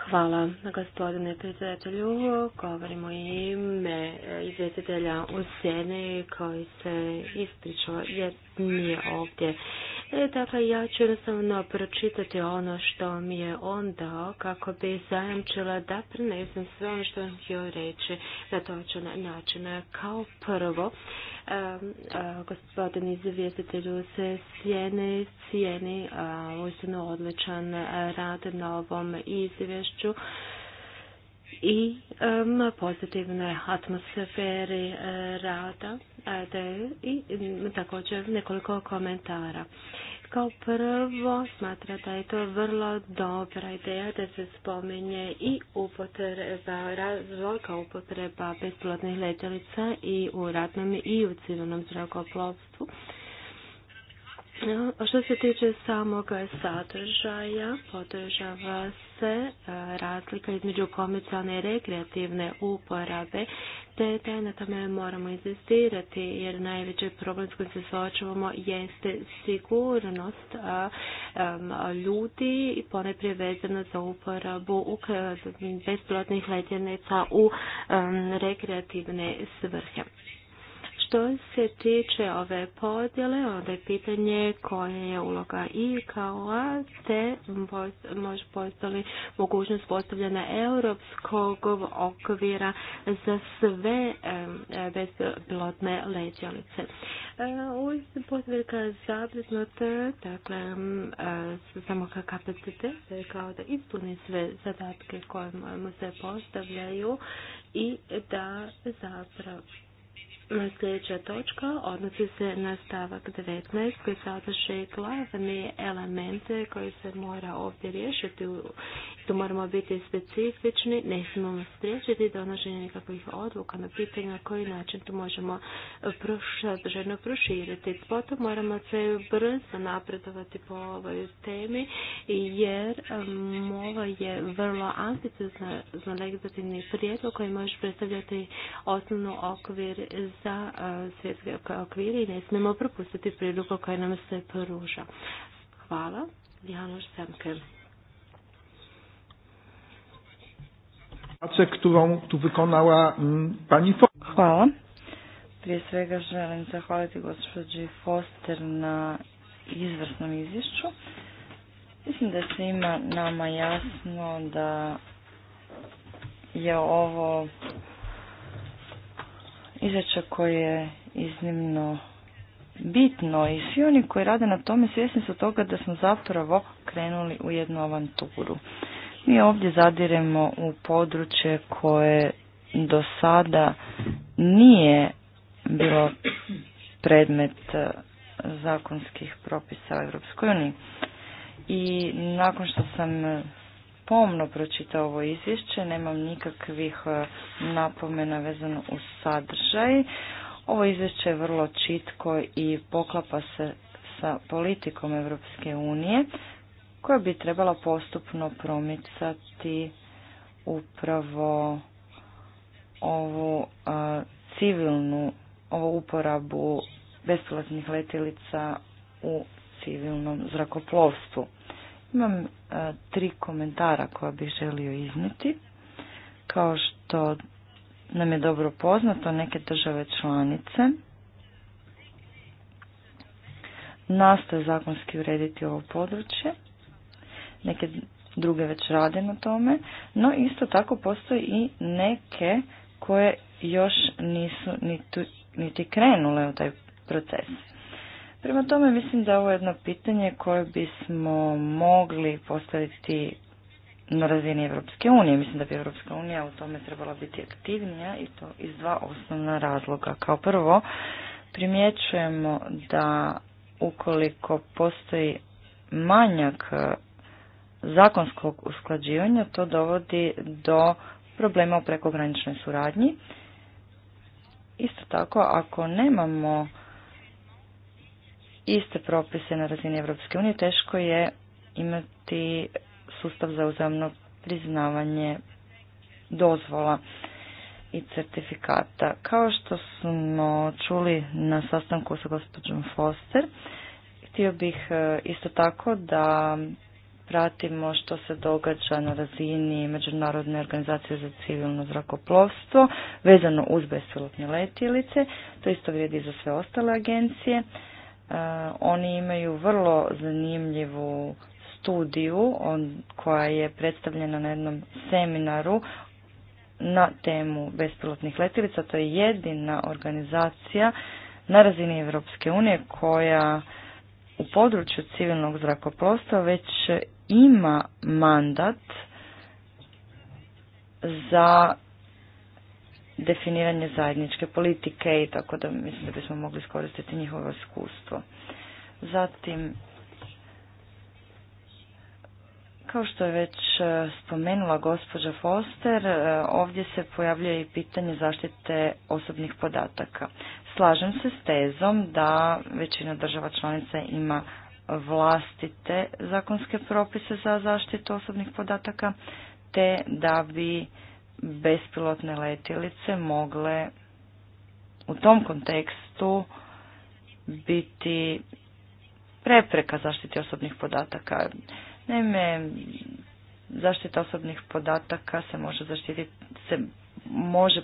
Hvala gospodine predsjedatelju. Govorimo ime e, izvjetitelja u sjeni koji se ispričao jer nije ovdje. E, dakle, ja ću jednostavno pročitati ono što mi je on dao kako bi zajamčila da prenesem sve ono što vam htio reći na točan način. Kao prvo, e, gospodin izvjestitelju se sjene, cijeni uistinu odličan rad na ovom izvješću i um, pozitivnoj atmosferi e, rada e, i također nekoliko komentara. Kao prvo smatra da je to vrlo dobra ideja da se spominje i upotreba, razvoj kao upotreba bezplodnih i u ratnom i u civilnom zrakoplovstvu što se tiče samog sadržaja, podržava se e, razlika između komercijalne i rekreativne uporabe, te da na tome moramo insistirati, jer najveći problem s kojim se suočavamo jeste sigurnost ljudi i ponajprije vezano za uporabu bespilotnih letjenica u rekreativne svrhe. Što se tiče ove podjele, onda je pitanje koja je uloga i kao a, te može postali mogućnost postavljena europskog okvira za sve bezpilotne leđalice. E, uz postavljaka zabrinuta, dakle, e, samo kapacitet, kao da ispuni sve zadatke koje mu se postavljaju i da zapravo Sljedeća točka odnosi se na stavak 19 koji sadrže glavne elemente koji se mora ovdje riješiti. Tu moramo biti specifični, ne smijemo spriječiti donošenje nikakvih odluka na pitanje na koji način tu možemo sadržajno proširiti. Potom moramo se brzo napredovati po ovoj temi jer ovo je vrlo ambiciozna legislativni prijedlog koji može predstavljati osnovnu okvir za e, svjetske okvire i ne smijemo propustiti priliku koja nam se poruža. Hvala. Janoš Semke. Mm, Hvala. Prije svega želim zahvaliti gospođi Foster na izvrsnom izvješću. Mislim da je svima nama jasno da je ovo izreća koje je iznimno bitno i svi oni koji rade na tome svjesni su toga da smo zapravo krenuli u jednu avanturu. Mi ovdje zadiremo u područje koje do sada nije bilo predmet e, zakonskih propisa u Europskoj uniji. I nakon što sam pomno pročitao ovo izvješće, nemam nikakvih e, napomena vezano uz sadržaj. Ovo izvješće je vrlo čitko i poklapa se sa politikom Europske unije koja bi trebala postupno promicati upravo ovu e, civilnu ovu uporabu bespilotnih letjelica u civilnom zrakoplovstvu. Imam e, tri komentara koja bih želio izniti. Kao što nam je dobro poznato, neke države članice nastoje zakonski urediti ovo područje. Neke druge već rade na tome, no isto tako postoji i neke koje još nisu niti, niti krenule u taj proces. Prema tome mislim da ovo jedno pitanje koje bismo mogli postaviti na razini Europske unije. Mislim da bi Europska unija u tome trebala biti aktivnija i to iz dva osnovna razloga. Kao prvo, primjećujemo da ukoliko postoji manjak zakonskog usklađivanja, to dovodi do problema u prekograničnoj suradnji. Isto tako, ako nemamo iste propise na razini Europske unije, teško je imati sustav za uzajamno priznavanje dozvola i certifikata. Kao što smo čuli na sastanku sa gospođom Foster, htio bih e, isto tako da pratimo što se događa na razini Međunarodne organizacije za civilno zrakoplovstvo vezano uz bespilotne letjelice. To isto vrijedi za sve ostale agencije. E, oni imaju vrlo zanimljivu studiju koja je predstavljena na jednom seminaru na temu bespilotnih letilica. To je jedina organizacija na razini Europske unije koja u području civilnog zrakoplovstva već ima mandat za definiranje zajedničke politike i tako da mislim da bismo mogli iskoristiti njihovo iskustvo. Zatim, kao što je već e, spomenula gospođa Foster, e, ovdje se pojavljuje i pitanje zaštite osobnih podataka. Slažem se s tezom da većina država članica ima vlastite zakonske propise za zaštitu osobnih podataka, te da bi bespilotne letjelice mogle u tom kontekstu biti prepreka zaštiti osobnih podataka. Naime, zaštita osobnih podataka se može zaštititi, se može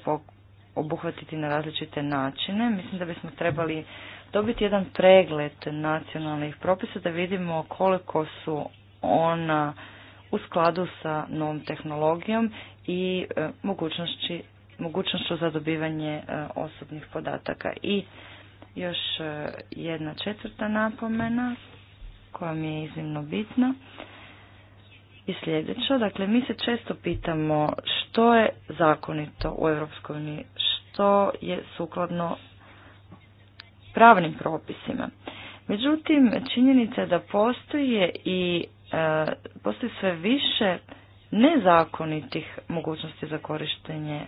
obuhvatiti na različite načine. Mislim da bismo trebali dobiti jedan pregled nacionalnih propisa da vidimo koliko su ona u skladu sa novom tehnologijom i e, mogućnošću, za dobivanje e, osobnih podataka. I još e, jedna četvrta napomena koja mi je iznimno bitna i sljedeća. Dakle, mi se često pitamo što je zakonito u Europskoj uniji, što je sukladno pravnim propisima. Međutim, činjenica je da postoje i postoji sve više nezakonitih mogućnosti za korištenje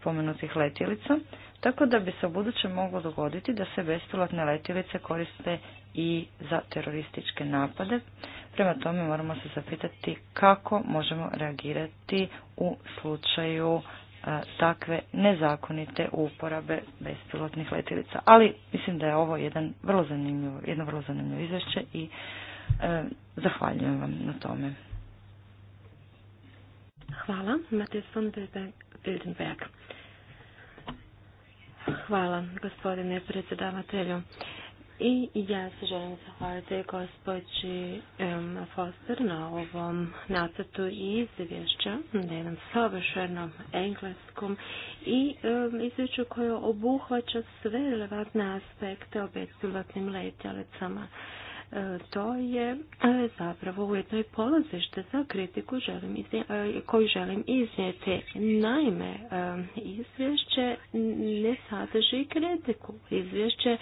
spomenutih letjelica, tako da bi se u budućem moglo dogoditi da se bespilotne letjelice koriste i za terorističke napade. Prema tome moramo se zapitati kako možemo reagirati u slučaju e, takve nezakonite uporabe bespilotnih letjelica. Ali mislim da je ovo jedan vrlo zanimljivo, jedno vrlo zanimljivo izvješće i e, zahvaljujem vam na tome. Hvala. Matej von Wildenberg. Hvala, gospodine predsjedavatelju. I ja se želim zahvaliti gospođi Foster na ovom nacrtu izvješća na jednom savršenom engleskom i izvješću koje obuhvaća sve relevantne aspekte o bespilotnim letjelicama. E, to je e, zapravo ujedno i polazište za kritiku želim e, koju želim iznijeti. Naime, izvješće ne sadrži kritiku. Izvješće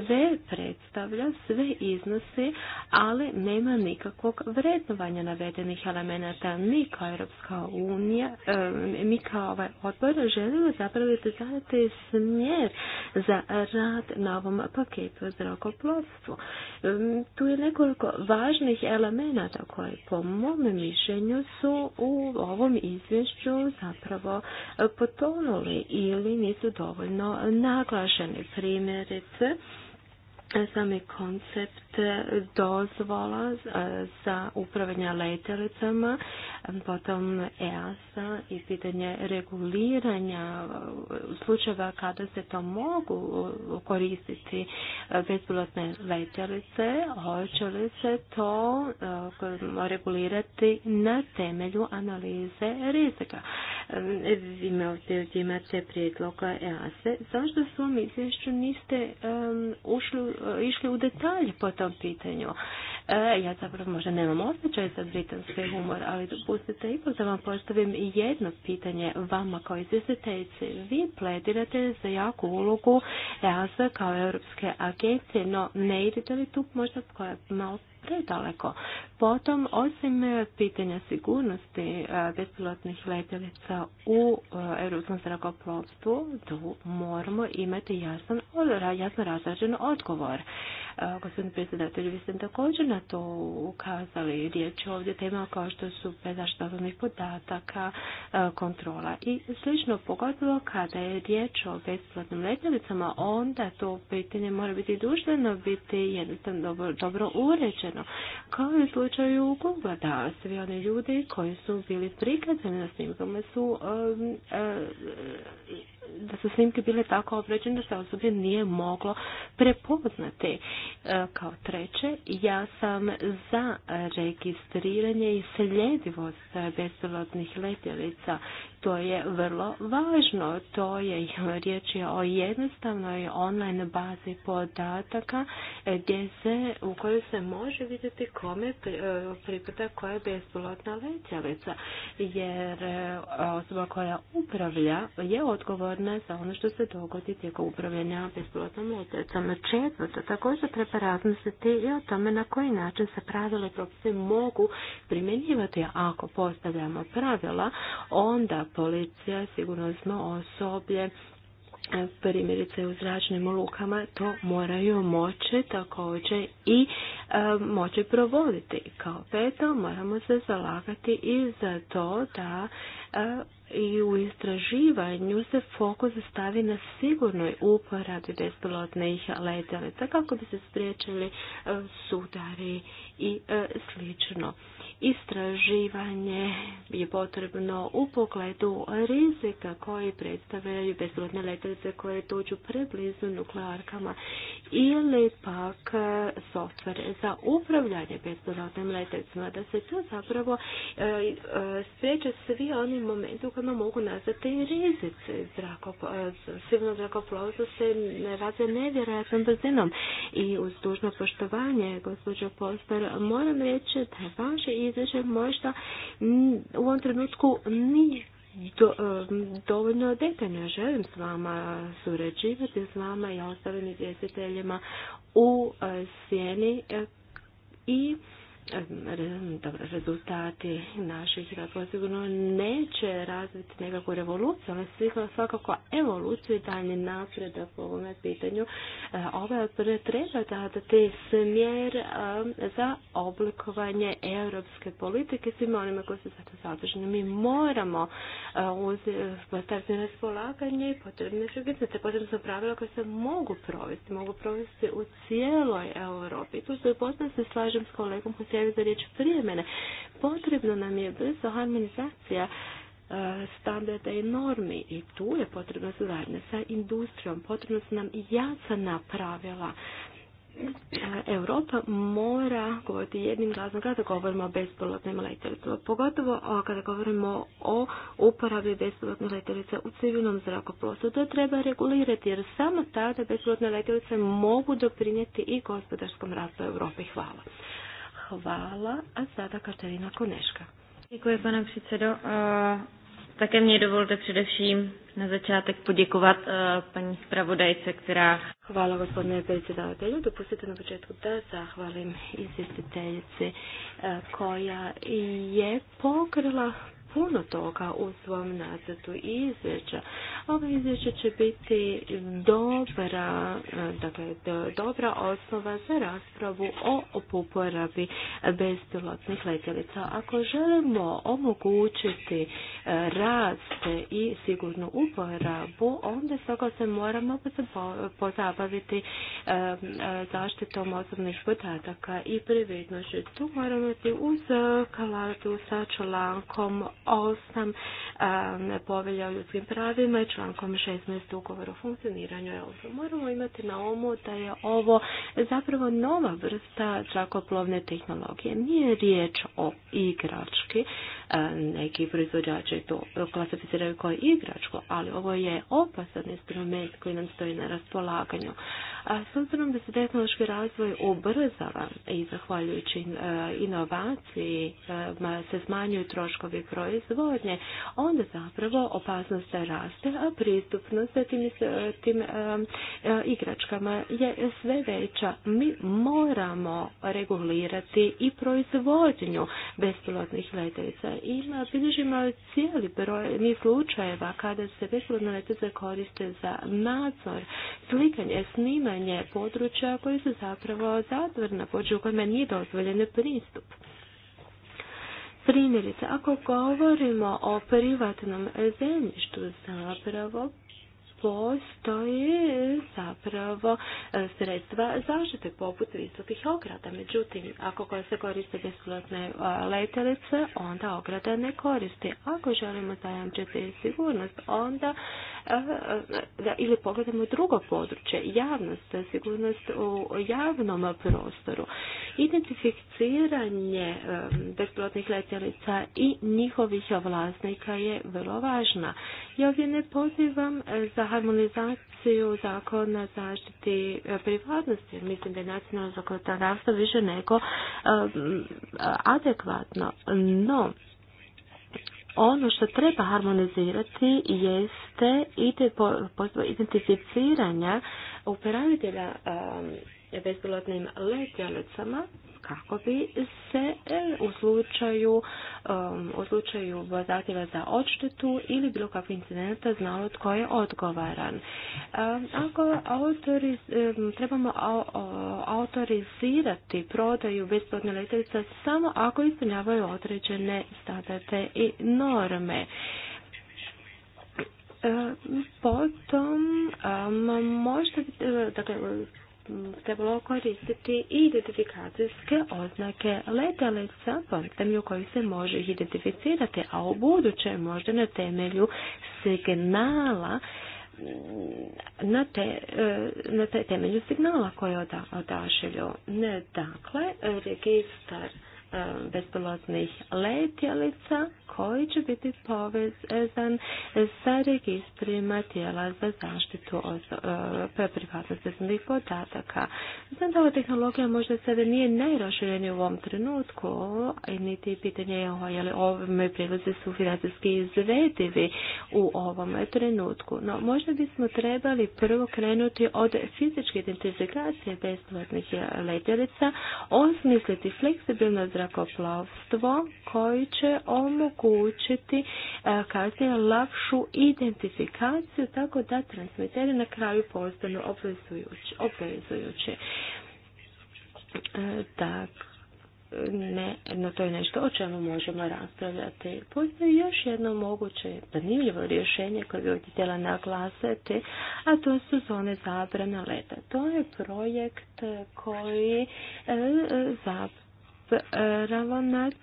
sve predstavlja, sve iznosi, ali nema nikakvog vrednovanja navedenih elemenata. Mi kao Europska unija, e, mi kao ovaj odbor želimo zapravo da smjer za rad na ovom paketu zrakoplovstvu. E, tu je nekoliko važnih elemenata koje po mom mišljenju su u ovom izvješću zapravo potonuli ili nisu dovoljno naglašeni primjerice sami koncept dozvola e, za upravljanje letelicama, potom EASA i pitanje reguliranja e, slučajeva kada se to mogu e, koristiti bezpilotne letjelice, hoće li se to regulirati na temelju analize rizika. Vi imate prijedlog EASE. Zašto su vam izvješću niste išli u detalje po tom pitanju. E, ja zapravo možda nemam osjećaj za britanski humor, ali dopustite ipak da vam postavim jedno pitanje vama kao izvjestiteljice. Vi pledirate za jaku ulogu EASA kao Europske agencije, no ne idete li tu možda koja malo predaleko. Potom, osim e, pitanja sigurnosti e, bespilotnih letjelica u e, europskom zrakoplovstvu, tu moramo imati jasan, jasno razrađen odgovor. Gospodin predsjedatelj, vi ste također na to ukazali. Riječ je ovdje tema kao što su bezaštavnih podataka, kontrola i slično. Pogotovo kada je riječ o besplatnim letjelicama, onda to pitanje mora biti dužljeno, biti jednostavno dobro, dobro uređeno slučajno. Kao i u slučaju Google, da svi oni ljudi koji su bili prikazani na snimkama su um, uh, da su snimke bile tako obrađene da se osobe nije moglo prepoznati. E, kao treće, ja sam za registriranje i sljedivost bespilotnih letjelica. To je vrlo važno. To je riječ o jednostavnoj online bazi podataka e, gdje se, u kojoj se može vidjeti kome e, pripada koja je bespilotna letjelica. Jer osoba koja upravlja je odgovor odgovorna za ono što se dogodi tijekom upravljanja bespilotnom letjelicom. Četvrto, također treba razmisliti i o tome na koji način se pravila i propise mogu primjenjivati. Ako postavljamo pravila, onda policija, sigurnosno osoblje, primjerice u zračnim lukama to moraju moći također i moći provoditi. Kao peto moramo se zalagati i za to da i u istraživanju se fokus stavi na sigurnoj uporabi bespilotnih letelica kako bi se spriječili sudari i slično istraživanje je potrebno u pogledu rizika koji predstavljaju bespilotne letelice koje dođu preblizu nuklearkama ili pak e, software za upravljanje bespilotnim letelicama, da se to zapravo e, e, spriječe svi oni momenti u kojima mogu nastati rizice. civilno zrakoplovstvo se razve nevjerojatnom brzinom i uz dužno poštovanje gospođo Postar moram reći da vaše Znači možda u ovom trenutku nije e, dovoljno detaljno. Želim s vama surađivati, s vama i ostalim izvjestiteljima u e, sjeni e, i dobro, rezultati naših radova sigurno neće razviti nekakvu revoluciju, ali svakako evoluciju i daljnji napredak po ovome pitanju. Eh, Ova treba dati smjer eh, za oblikovanje europske politike svima onima koji su za Mi moramo postaviti eh, na raspolaganje i potrebne te potrebne su pravila koje se mogu provesti, mogu provesti u cijeloj Europi. Tu se u se slažem s kolegom se za riječ prije mene. Potrebno nam je brzo harmonizacija e, standarda i normi i tu je potrebna suradnja sa industrijom, potrebno su nam jasna pravila. E, Europa mora govoriti jednim glasom kada govorimo o bespilotnim letjelicama, pogotovo kada govorimo o uporabi bespilotnih letjelica u civilnom zrakoplovstvu. To treba regulirati jer samo tada bespilotne letjelice mogu doprinijeti i gospodarskom rastu Europe. Hvala. Hvala. A sada Katarina Koneška. Děkuji, pane předsedo. Eh, také mě dovolte především na začátek poděkovat eh, paní zpravodajce, která... Hvala gospodine predsjedavatelju. Dopustite na početku da zahvalim izvjestiteljici eh, koja je pokrila puno toga u svom nacrtu izvješća. Ovo izvješće će biti dobra, e, dakle, dobra osnova za raspravu o uporabi bespilotnih letjelica. Ako želimo omogućiti e, rast i sigurnu uporabu, onda stoga se moramo pozabaviti e, zaštitom osobnih podataka i prividnošću. Tu moramo biti uz kaladu sa člankom Osam um, povelja o ljudskim pravima i člankom 16 ugovor o funkcioniranju EU. Moramo imati na umu da je ovo zapravo nova vrsta zrakoplovne tehnologije. Nije riječ o igrački, um, neki proizvođači to klasificiraju kao igračko, ali ovo je opasan instrument koji nam stoji na raspolaganju. A s obzirom da se tehnološki razvoj ubrzava i zahvaljujući e, inovaciji e, se smanjuju troškovi proizvodnje, onda zapravo opasnost raste, a pristupnost tim, e, tim igračkama je sve veća. Mi moramo regulirati i proizvodnju bespilotnih letelica. Ima, bilježimo cijeli broj ni slučajeva kada se bespilotne letelice koriste za nadzor, slikanje, snimanje, područja koji su zapravo zatvorna područja u kojima nije dozvoljen pristup. Primjerice, ako govorimo o privatnom zemljištu zapravo, postoje zapravo e, sredstva zaštite poput visokih ograda. Međutim, ako koje se koriste besplatne e, letelice, onda ograda ne koristi. Ako želimo zajamčiti sigurnost, onda da, e, ili pogledamo drugo područje, javnost, sigurnost u javnom prostoru, identificiranje besplatnih letjelica i njihovih vlasnika je vrlo važna. Ja ovdje ne pozivam za harmonizaciju zakona zaštiti e, privatnosti. Mislim da je nacionalno zakonodavstvo više nego e, adekvatno. No, ono što treba harmonizirati jeste identificiranja upravitelja bespilotnim letjelicama kako bi se e, u slučaju, um, u slučaju zahtjeva za odštetu ili bilo kakvih incidenta znalo tko je odgovaran. Um, ako um, trebamo autorizirati prodaju besplatne letjelica samo ako ispunjavaju određene standarde i norme. E, potom, možda, e, dakle, trebalo koristiti i identifikacijske oznake letalica, na temelju se može identificirati, a u buduće možda na temelju signala na, te, e, na temelju signala koje odašelju ne Dakle, registar bespilotnih letjelica koji će biti povezan sa registrima tijela za zaštitu od e, privatnosti podataka. Znam da ova tehnologija možda sada nije najraširenija u ovom trenutku, niti pitanje je ovaj, je li ovome prilaze su financijski izvedivi u ovom trenutku. No, možda bismo trebali prvo krenuti od fizičke identifikacije bespilotnih letjelica, osmisliti fleksibilno zdravstvo zrakoplovstvo koji će omogućiti e, kasnije lakšu identifikaciju tako da transmiteri na kraju postanu obvezujući. E, ne, no to je nešto o čemu možemo raspravljati. Postoji još jedno moguće zanimljivo rješenje koje bi ovdje htjela naglasiti, a to su zone zabrana leta. To je projekt koji e, za, ravnat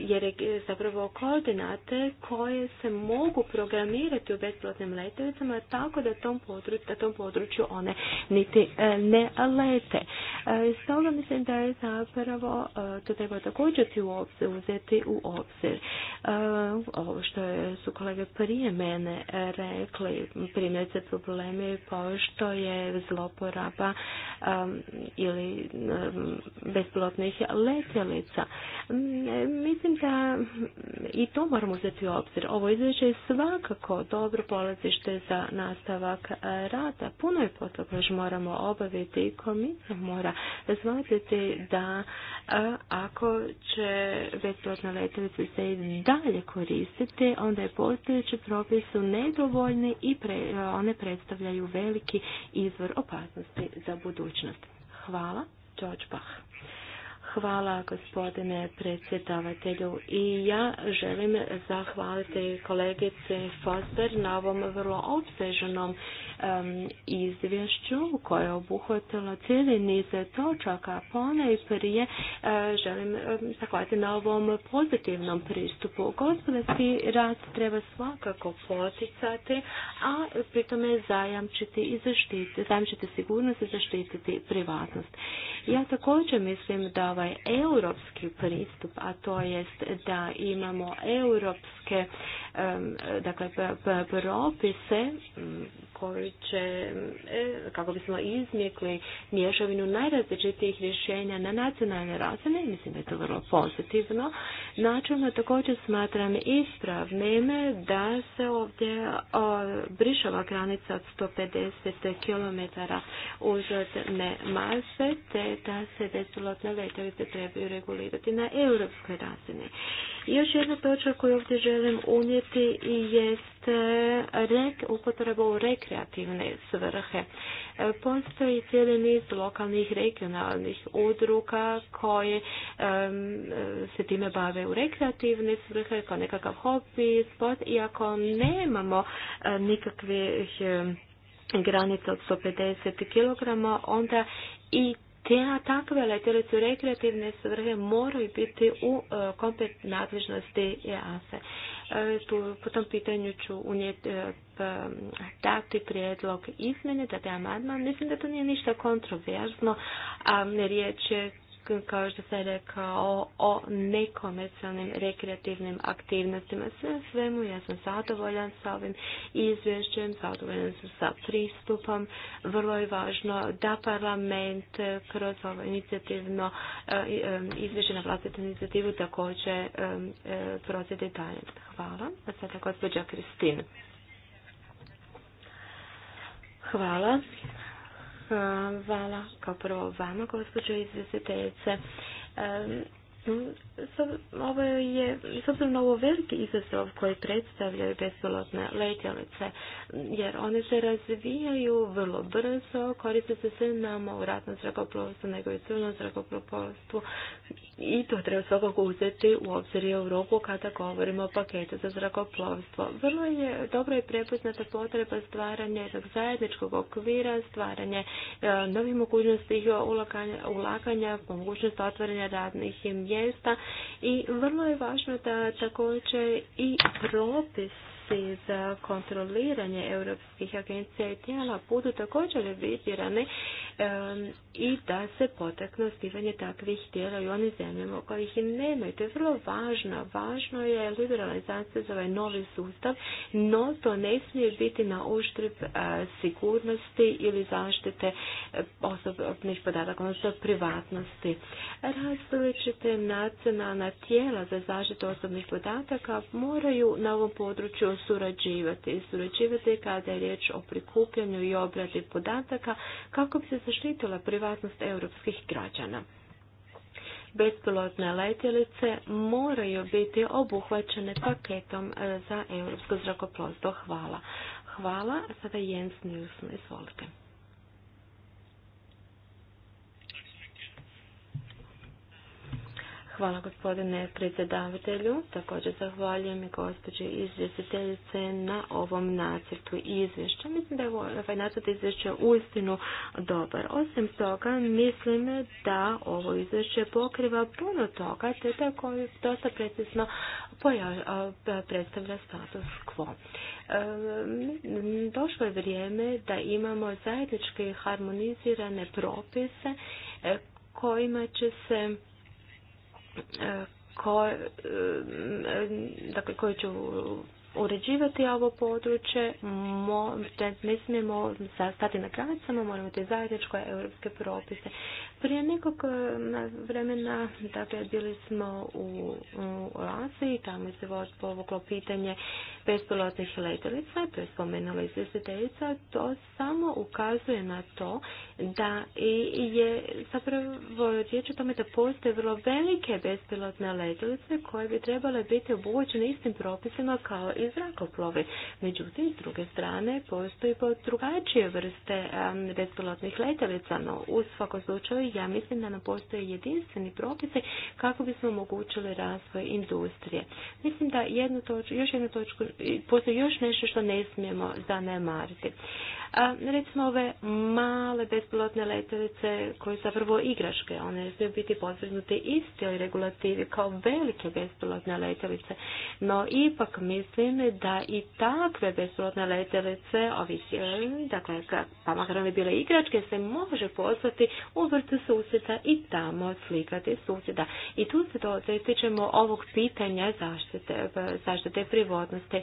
jer zapravo koordinate koje se mogu programirati u besplatnim letovicama tako da tom području, da tom području one niti e, ne lete. E, stoga mislim da je zapravo e, to treba također u obzir, uzeti u obzir. Ovo što su kolege prije mene rekli, primjerice problemi pošto je zloporaba ili besplatnih let Mislim da i to moramo uzeti u obzir. Ovo izvješće je svakako dobro polazište za nastavak e, rada. Puno je posla što moramo obaviti i komisija mora shvatiti da e, ako će besplatna letelica se i dalje koristiti, onda je postojeći propis su nedovoljni i e, one predstavljaju veliki izvor opasnosti za budućnost. Hvala, George Bach. Hvala gospodine predsjedavatelju i ja želim zahvaliti kolegice Foster na ovom vrlo obsežnom izvješću koje je obuhvatilo cijeli niz točaka, pone i prije e, želim e, zahvatiti na ovom pozitivnom pristupu. Gospodarski rad treba svakako poticati, a pritome zajamčiti i zaštiti, zajamčiti sigurnost i zaštititi privatnost. Ja također mislim da ovaj europski pristup, a to jest da imamo europske dakle, propise koji će e, kako bismo izmjekli mješavinu najrazličitijih rješenja na nacionalnoj razine mislim da je to vrlo pozitivno. Načelno također smatram ispravnim da se ovdje brišava granica od 150 km uzvodne mase te da se bespilotne letelice trebaju regulirati na europskoj razini. Još jedna točka koju ovdje želim unijeti jest rek, upotrebu u rekreativne svrhe. E, postoji cijeli niz lokalnih regionalnih udruga koje se time bave u rekreativne svrhe kao nekakav hobby, sport i ako nemamo e, nikakvih granica od 150 kg, onda i te takve letjelice u rekreativne svrhe moraju biti u e, komplet nadležnosti EASA. E, tu, po tom pitanju ću unijeti e, dati prijedlog izmjene, dati amandman. Mislim da to nije ništa kontroverzno, a riječ je kao što sam rekao, o nekomercijalnim rekreativnim aktivnostima. Sve svemu ja sam zadovoljan sa ovim izvješćem, zadovoljan sam sa pristupom. Vrlo je važno da parlament kroz ovo inicijativno e, e, izvješće na vlastitu inicijativu također e, prosjeti dalje. Hvala. A sada gospođa Kristina. Hvala. Hvala kao prvo vama, gospođo izvjestiteljice. Ovo je, s obzirom na ovo veliki izazov koji predstavljaju bespilotne letjelice, jer one se razvijaju vrlo brzo, koriste se sve nama u ratnom zrakoplovstvu, nego i civilnom zrakoplovstvu i to treba svakako uzeti u obzir Europu kada govorimo o paketu za zrakoplovstvo. Vrlo je dobro je prepoznata potreba stvaranja jednog zajedničkog okvira, stvaranje e, novih mogućnosti ulaganja, mogućnost otvaranja radnih mjesta i vrlo je važno da također i propis i za kontroliranje europskih agencija i tijela budu također revizirane i da se potakne osnivanje takvih tijela i onim zemljama u kojih i nemaju. to je vrlo važno. Važno je liberalizacija za ovaj novi sustav, no to ne smije biti na uštrb e, sigurnosti ili zaštite e, osobnih podataka, odnosno privatnosti. Različite nacionalna tijela za zaštitu osobnih podataka moraju na ovom području surađivati. Surađivati kada je riječ o prikupljanju i obradi podataka kako bi se zaštitila privatnost europskih građana. Bespilotne letjelice moraju biti obuhvaćene paketom e, za europsko zrakoplovstvo. Hvala. Hvala. Sada Jens Nilsson, izvolite. Hvala gospodine predsjedavatelju. Također zahvaljujem i gospođi izvjestiteljice na ovom nacrtu izvješća. Mislim da je ovaj nacrt izvješća uistinu dobar. Osim toga, mislim da ovo izvješće pokriva puno toga, te tako dosta precizno predstavlja status quo. E, došlo je vrijeme da imamo zajedničke harmonizirane propise e, kojima će se ko, e, dakle, koji će uređivati ovo područje, mo, ne smijemo stati na granicama, moramo imati zajedničke europske propise. Prije nekog eh, vremena dakle, bili smo u, u i tamo se povuklo pitanje bespilotnih letelica, to je spomenula izvjestiteljica, to samo ukazuje na to da je zapravo riječ o tome da postoje vrlo velike bespilotne letelice koje bi trebale biti obuhvaćene istim propisima kao i zrakoplovi. Međutim, s druge strane, postoji drugačije vrste eh, bespilotnih letelica, no u svakom slučaju ja mislim da nam postoje jedinstveni propisi kako bismo omogućili razvoj industrije. Mislim da jednu još jednu točku, postoji još nešto što ne smijemo zanemariti. A, recimo ove male bespilotne letelice koje su prvo igračke, one smiju biti podvrgnute istoj regulativi kao velike bespilotne letelice, no ipak mislim da i takve bespilotne letelice, ovih, e, dakle, pa makar one bile igračke, se može poslati u vrtu susjeda i tamo slikati susjeda. I tu se dotičemo ovog pitanja zaštite, privodnosti.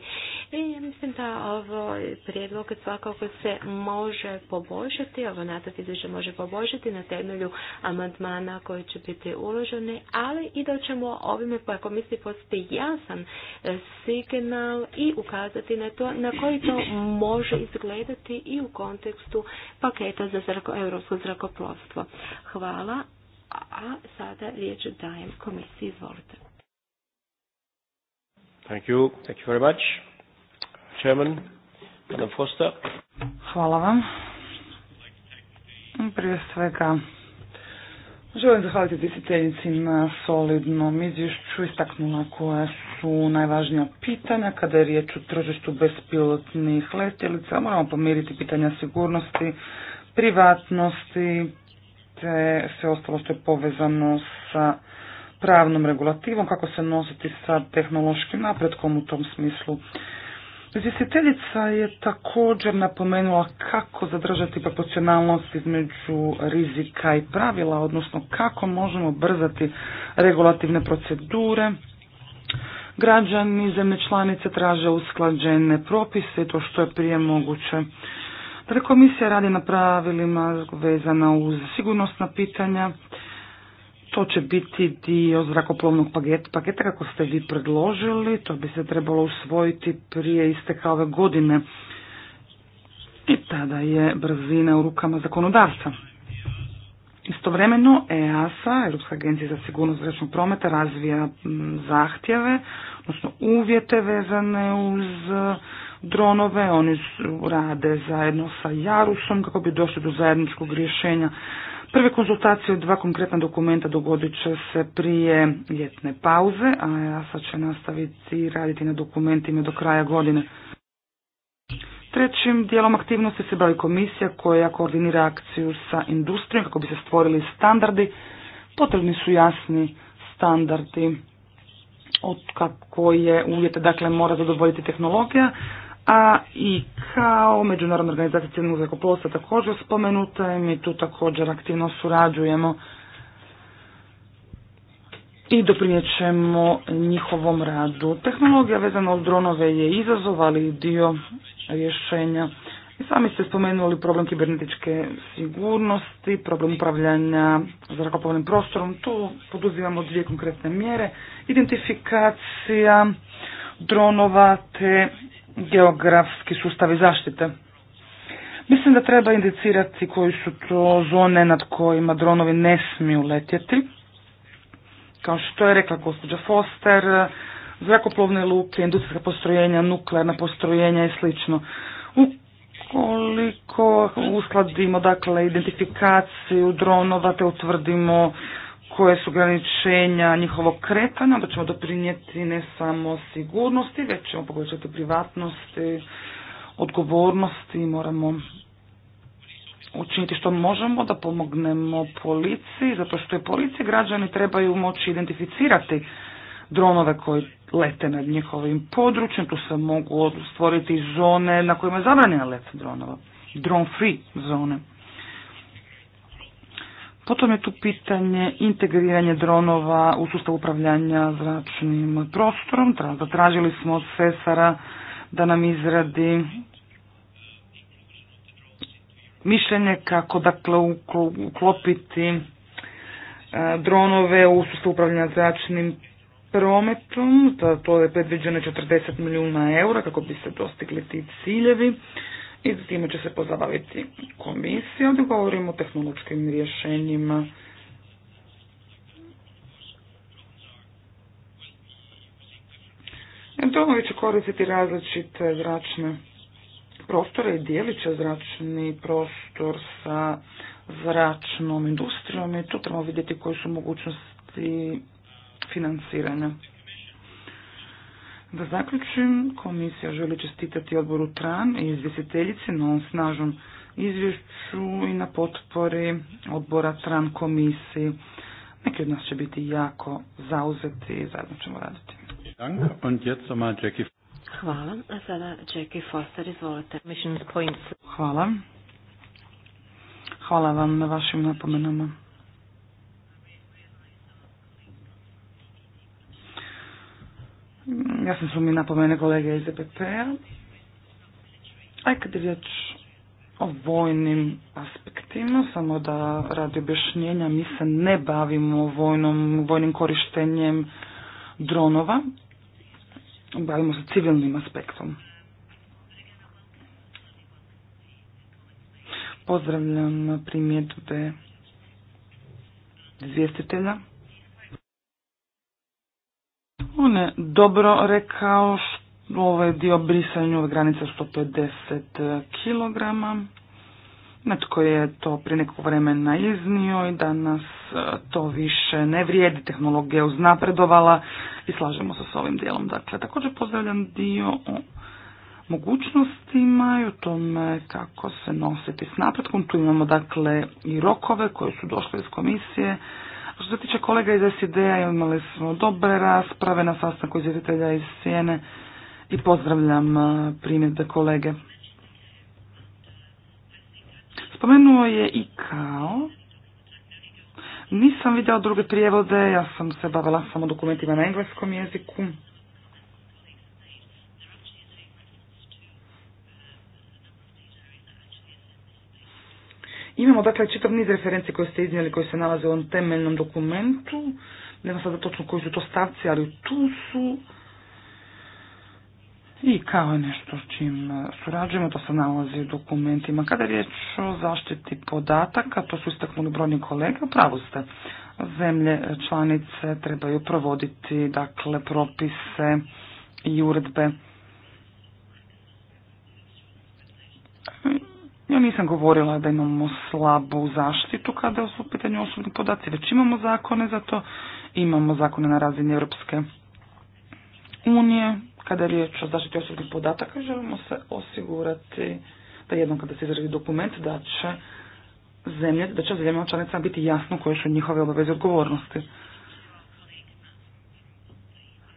I ja mislim da ovo prijedlog svakako se može poboljšati, ovo nacrt izvješće može poboljšati na temelju amandmana koji će biti uloženi, ali i da ćemo ovime po komisiji postoji jasan e, signal i ukazati na to na koji to može izgledati i u kontekstu paketa za zrako, europsko zrakoplovstvo. Hvala. A sada riječ dajem komisiji. Izvolite. Thank you. Thank you very much. Chairman, Madam Foster. Hvala vam. Prije svega, želim zahvaliti visiteljici na solidnom izvješću. Istaknula koja su najvažnija pitanja kada je riječ o tržištu bespilotnih letjelica. Moramo pomiriti pitanja sigurnosti, privatnosti, te sve ostalo što je povezano sa pravnom regulativom, kako se nositi sa tehnološkim napretkom u tom smislu. Izvjestiteljica je također napomenula kako zadržati proporcionalnost između rizika i pravila, odnosno kako možemo brzati regulativne procedure. Građani zemlje članice traže usklađene propise, to što je prije moguće. Dakle, komisija radi na pravilima vezana uz sigurnosna pitanja. To će biti dio zrakoplovnog paketa kako ste vi predložili. To bi se trebalo usvojiti prije isteka ove godine. I tada je brzina u rukama zakonodavca. Istovremeno EASA, Europska agencija za sigurnost zračnog prometa, razvija zahtjeve, odnosno uvjete vezane uz e, dronove. Oni rade zajedno sa Jarusom kako bi došli do zajedničkog rješenja. Prve konzultacije od dva konkretna dokumenta dogodit će se prije ljetne pauze, a EASA će nastaviti raditi na dokumentima do kraja godine. Trećim dijelom aktivnosti se bavi komisija koja koordinira akciju sa industrijom kako bi se stvorili standardi. Potrebni su jasni standardi od kako je uvjete, dakle mora zadovoljiti tehnologija, a i kao Međunarodna organizacija civilnog zrakoplovstva također spomenuta i mi tu također aktivno surađujemo i doprinjećemo njihovom radu. Tehnologija vezana uz dronove je izazov, ali dio rješenja. I sami ste spomenuli problem kibernetičke sigurnosti, problem upravljanja zrakoplovnim prostorom. Tu poduzivamo dvije konkretne mjere. Identifikacija dronova te geografski sustavi zaštite. Mislim da treba indicirati koji su to zone nad kojima dronovi ne smiju letjeti. Kao što je rekla gospođa Foster, zrakoplovne luke, industrijska postrojenja, nuklearna postrojenja i slično. Ukoliko uskladimo dakle identifikaciju dronova te utvrdimo koje su ograničenja njihovog kretanja, onda ćemo doprinijeti ne samo sigurnosti, već ćemo poboljšati privatnosti, odgovornosti, moramo učiniti što možemo da pomognemo policiji, zato što je policija građani trebaju moći identificirati dronove koji lete nad njihovim područjem, tu se mogu stvoriti zone na kojima je zabranjena let dronova, drone free zone. Potom je tu pitanje integriranje dronova u sustav upravljanja zračnim prostorom. Zatražili smo od Cesara da nam izradi mišljenje kako dakle uklopiti e, dronove u sustav upravljanja zračnim prometom, to je predviđeno 40 milijuna eura kako bi se dostigli ti ciljevi i za time će se pozabaviti komisija. Ovdje govorimo o tehnološkim rješenjima. Domovi će koristiti različite zračne prostore i dijelit će zračni prostor sa zračnom industrijom i tu trebamo vidjeti koje su mogućnosti financiranja. Da zaključim, komisija želi čestitati odboru TRAN i izvjestiteljici na ovom snažnom izvješću i na potpori odbora TRAN komisiji. Neki od nas će biti jako zauzeti i zajedno ćemo raditi. Hvala. A sada Jackie Foster, izvolite. Hvala. Hvala vam na vašim napomenama. Mm, Jasno su mi napomene kolege iz EPP-a. Aj kad je o vojnim aspektima, samo da radi objašnjenja, mi se ne bavimo vojnom, vojnim korištenjem dronova, bavimo se civilnim aspektom. Pozdravljam primjedbe izvjestitelja on je dobro rekao ovaj dio brisanju ove granice 150 e, kg. Netko je to prije nekog vremena iznio i danas e, to više ne vrijedi. Tehnologija je uznapredovala i slažemo se s ovim dijelom. Dakle, također pozdravljam dio o mogućnostima i o tome kako se nositi s napretkom. Tu imamo dakle i rokove koje su došle iz komisije što se tiče kolega iz SID-a imali smo dobre rasprave na sastanku izvjetitelja iz Sijene i pozdravljam primjedbe kolege. Spomenuo je i kao. Nisam vidjela druge prijevode, ja sam se bavila samo dokumentima na engleskom jeziku. Imamo dakle čitav niz referenci koje ste iznijeli koji se nalaze u ovom temeljnom dokumentu. Ne znam sada točno koji su to stavci, ali tu su. I kao je nešto s čim e, surađujemo, to se nalazi u dokumentima. Kada je riječ o zaštiti podataka, to su istaknuli brojni kolega, pravo ste. Zemlje članice trebaju provoditi dakle propise i uredbe ja nisam govorila da imamo slabu zaštitu kada su u pitanju osobni podaci, već imamo zakone za to, imamo zakone na razini Europske unije, kada je riječ o zaštiti osobnih podataka, želimo se osigurati da jednom kada se izradi dokument da će zemlje, da će zemljama biti jasno koje su njihove obaveze odgovornosti.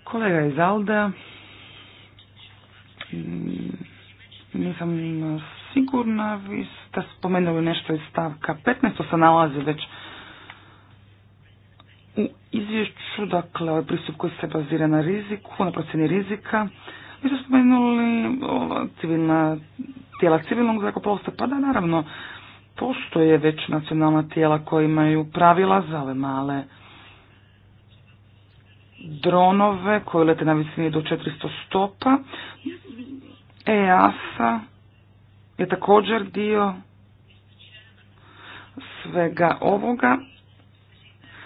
Kolega iz Alde mm, nisam sigurna, vi ste spomenuli nešto iz stavka 15, to se nalazi već u izvješću, dakle ovaj pristup koji se bazira na riziku, na procjeni rizika. Vi ste spomenuli civilna, tijela civilnog zrakoplovstva, pa da naravno postoje već nacionalna tijela koja imaju pravila za ove male dronove koji lete na visini do 400 stopa. EASA je također dio svega ovoga.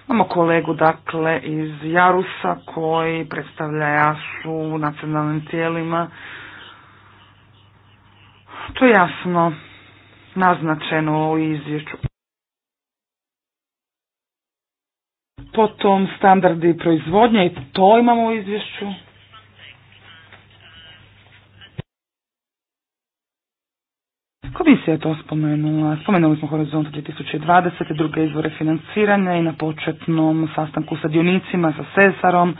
Imamo kolegu dakle iz Jarusa koji predstavlja jasu u nacionalnim tijelima. To je jasno naznačeno u izvješću. Potom standardi proizvodnje i to imamo u izvješću. Komisija je to spomenula. Spomenuli smo Horizont 2020. druge izvore financiranja i na početnom sastanku sa dionicima, sa Cesarom,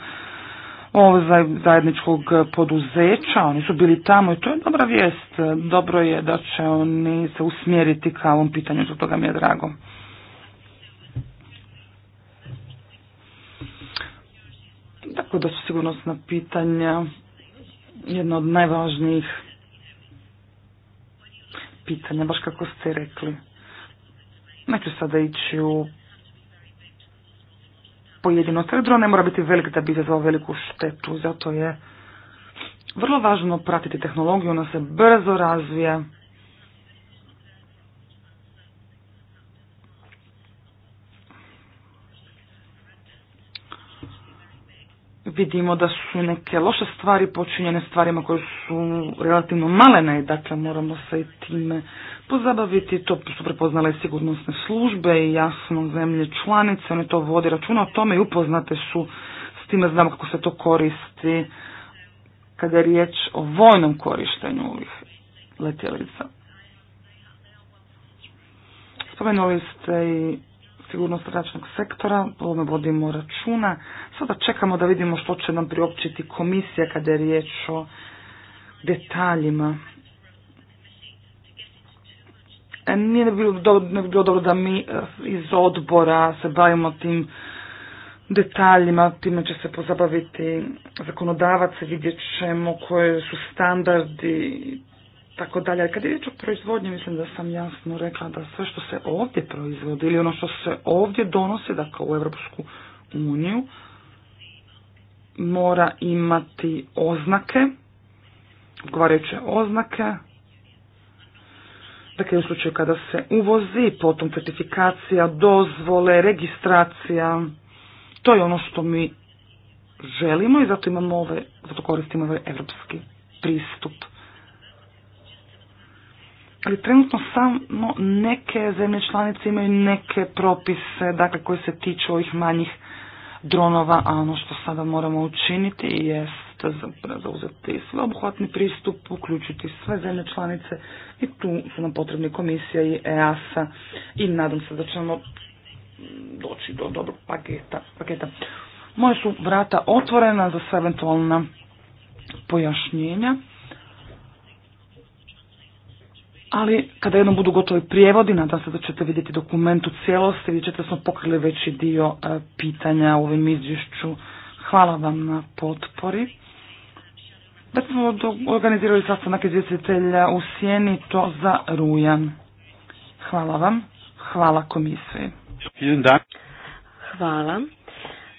ovo zajedničkog poduzeća. Oni su bili tamo i to je dobra vijest. Dobro je da će oni se usmjeriti ka ovom pitanju, zbog toga mi je drago. Tako da su sigurnosna pitanja jedna od najvažnijih pitanja, baš kako ste rekli. Neću sada ići u pojedino sredro, ne mora biti velik da bi izazvao veliku štetu, zato je vrlo važno pratiti tehnologiju, ona se brzo razvija. vidimo da su neke loše stvari počinjene stvarima koje su relativno malene i dakle moramo se i time pozabaviti. To su prepoznale sigurnosne službe i jasno zemlje članice, Oni to vodi računa o tome i upoznate su s time znamo kako se to koristi kada je riječ o vojnom korištenju ovih letjelica. Spomenuli ste i sigurnost zračnog sektora, o ovome vodimo računa. Sada čekamo da vidimo što će nam priopćiti komisija kada je riječ o detaljima. E, nije ne bi, bilo dobro, bilo dobro da mi e, iz odbora se bavimo tim detaljima, time će se pozabaviti zakonodavac, vidjet ćemo koje su standardi tako dalje. Kad je riječ o proizvodnji, mislim da sam jasno rekla da sve što se ovdje proizvodi ili ono što se ovdje donosi, dakle u Europsku uniju, mora imati oznake, odgovarajuće oznake, dakle u slučaju kada se uvozi, potom certifikacija, dozvole, registracija, to je ono što mi želimo i zato imamo ove, zato koristimo ovaj europski pristup ali trenutno samo neke zemlje članice imaju neke propise dakle, koje se tiču ovih manjih dronova, a ono što sada moramo učiniti je zauzeti sveobuhvatni pristup, uključiti sve zemlje članice i tu su nam potrebni komisija i EASA i nadam se da ćemo doći do dobro paketa. paketa. Moje su vrata otvorena za sve eventualna pojašnjenja. Ali kada jednom budu gotovi prijevodi, nadam se da ćete vidjeti dokument u cijelosti, vidjet ćete da smo pokrili veći dio e, pitanja u ovim izvješću. Hvala vam na potpori. Da smo organizirali sastanak izvjestitelja u Sjeni, to za Rujan. Hvala vam. Hvala komisiji. Hvala.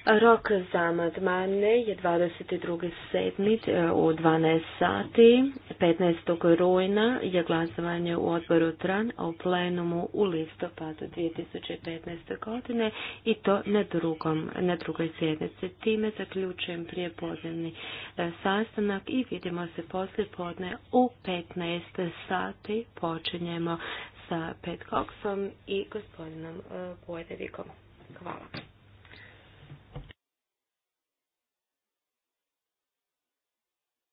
Rok za amandmane je 22.7. E, u 12 sati. 15. rujna je glasovanje u odboru TRAN o plenumu u listopadu 2015. godine i to na, drugoj sjednici. Time zaključujem podnevni e, sastanak i vidimo se poslije podne u 15 sati. Počinjemo sa Pet Koksom i gospodinom Pojedevikom. E, Hvala.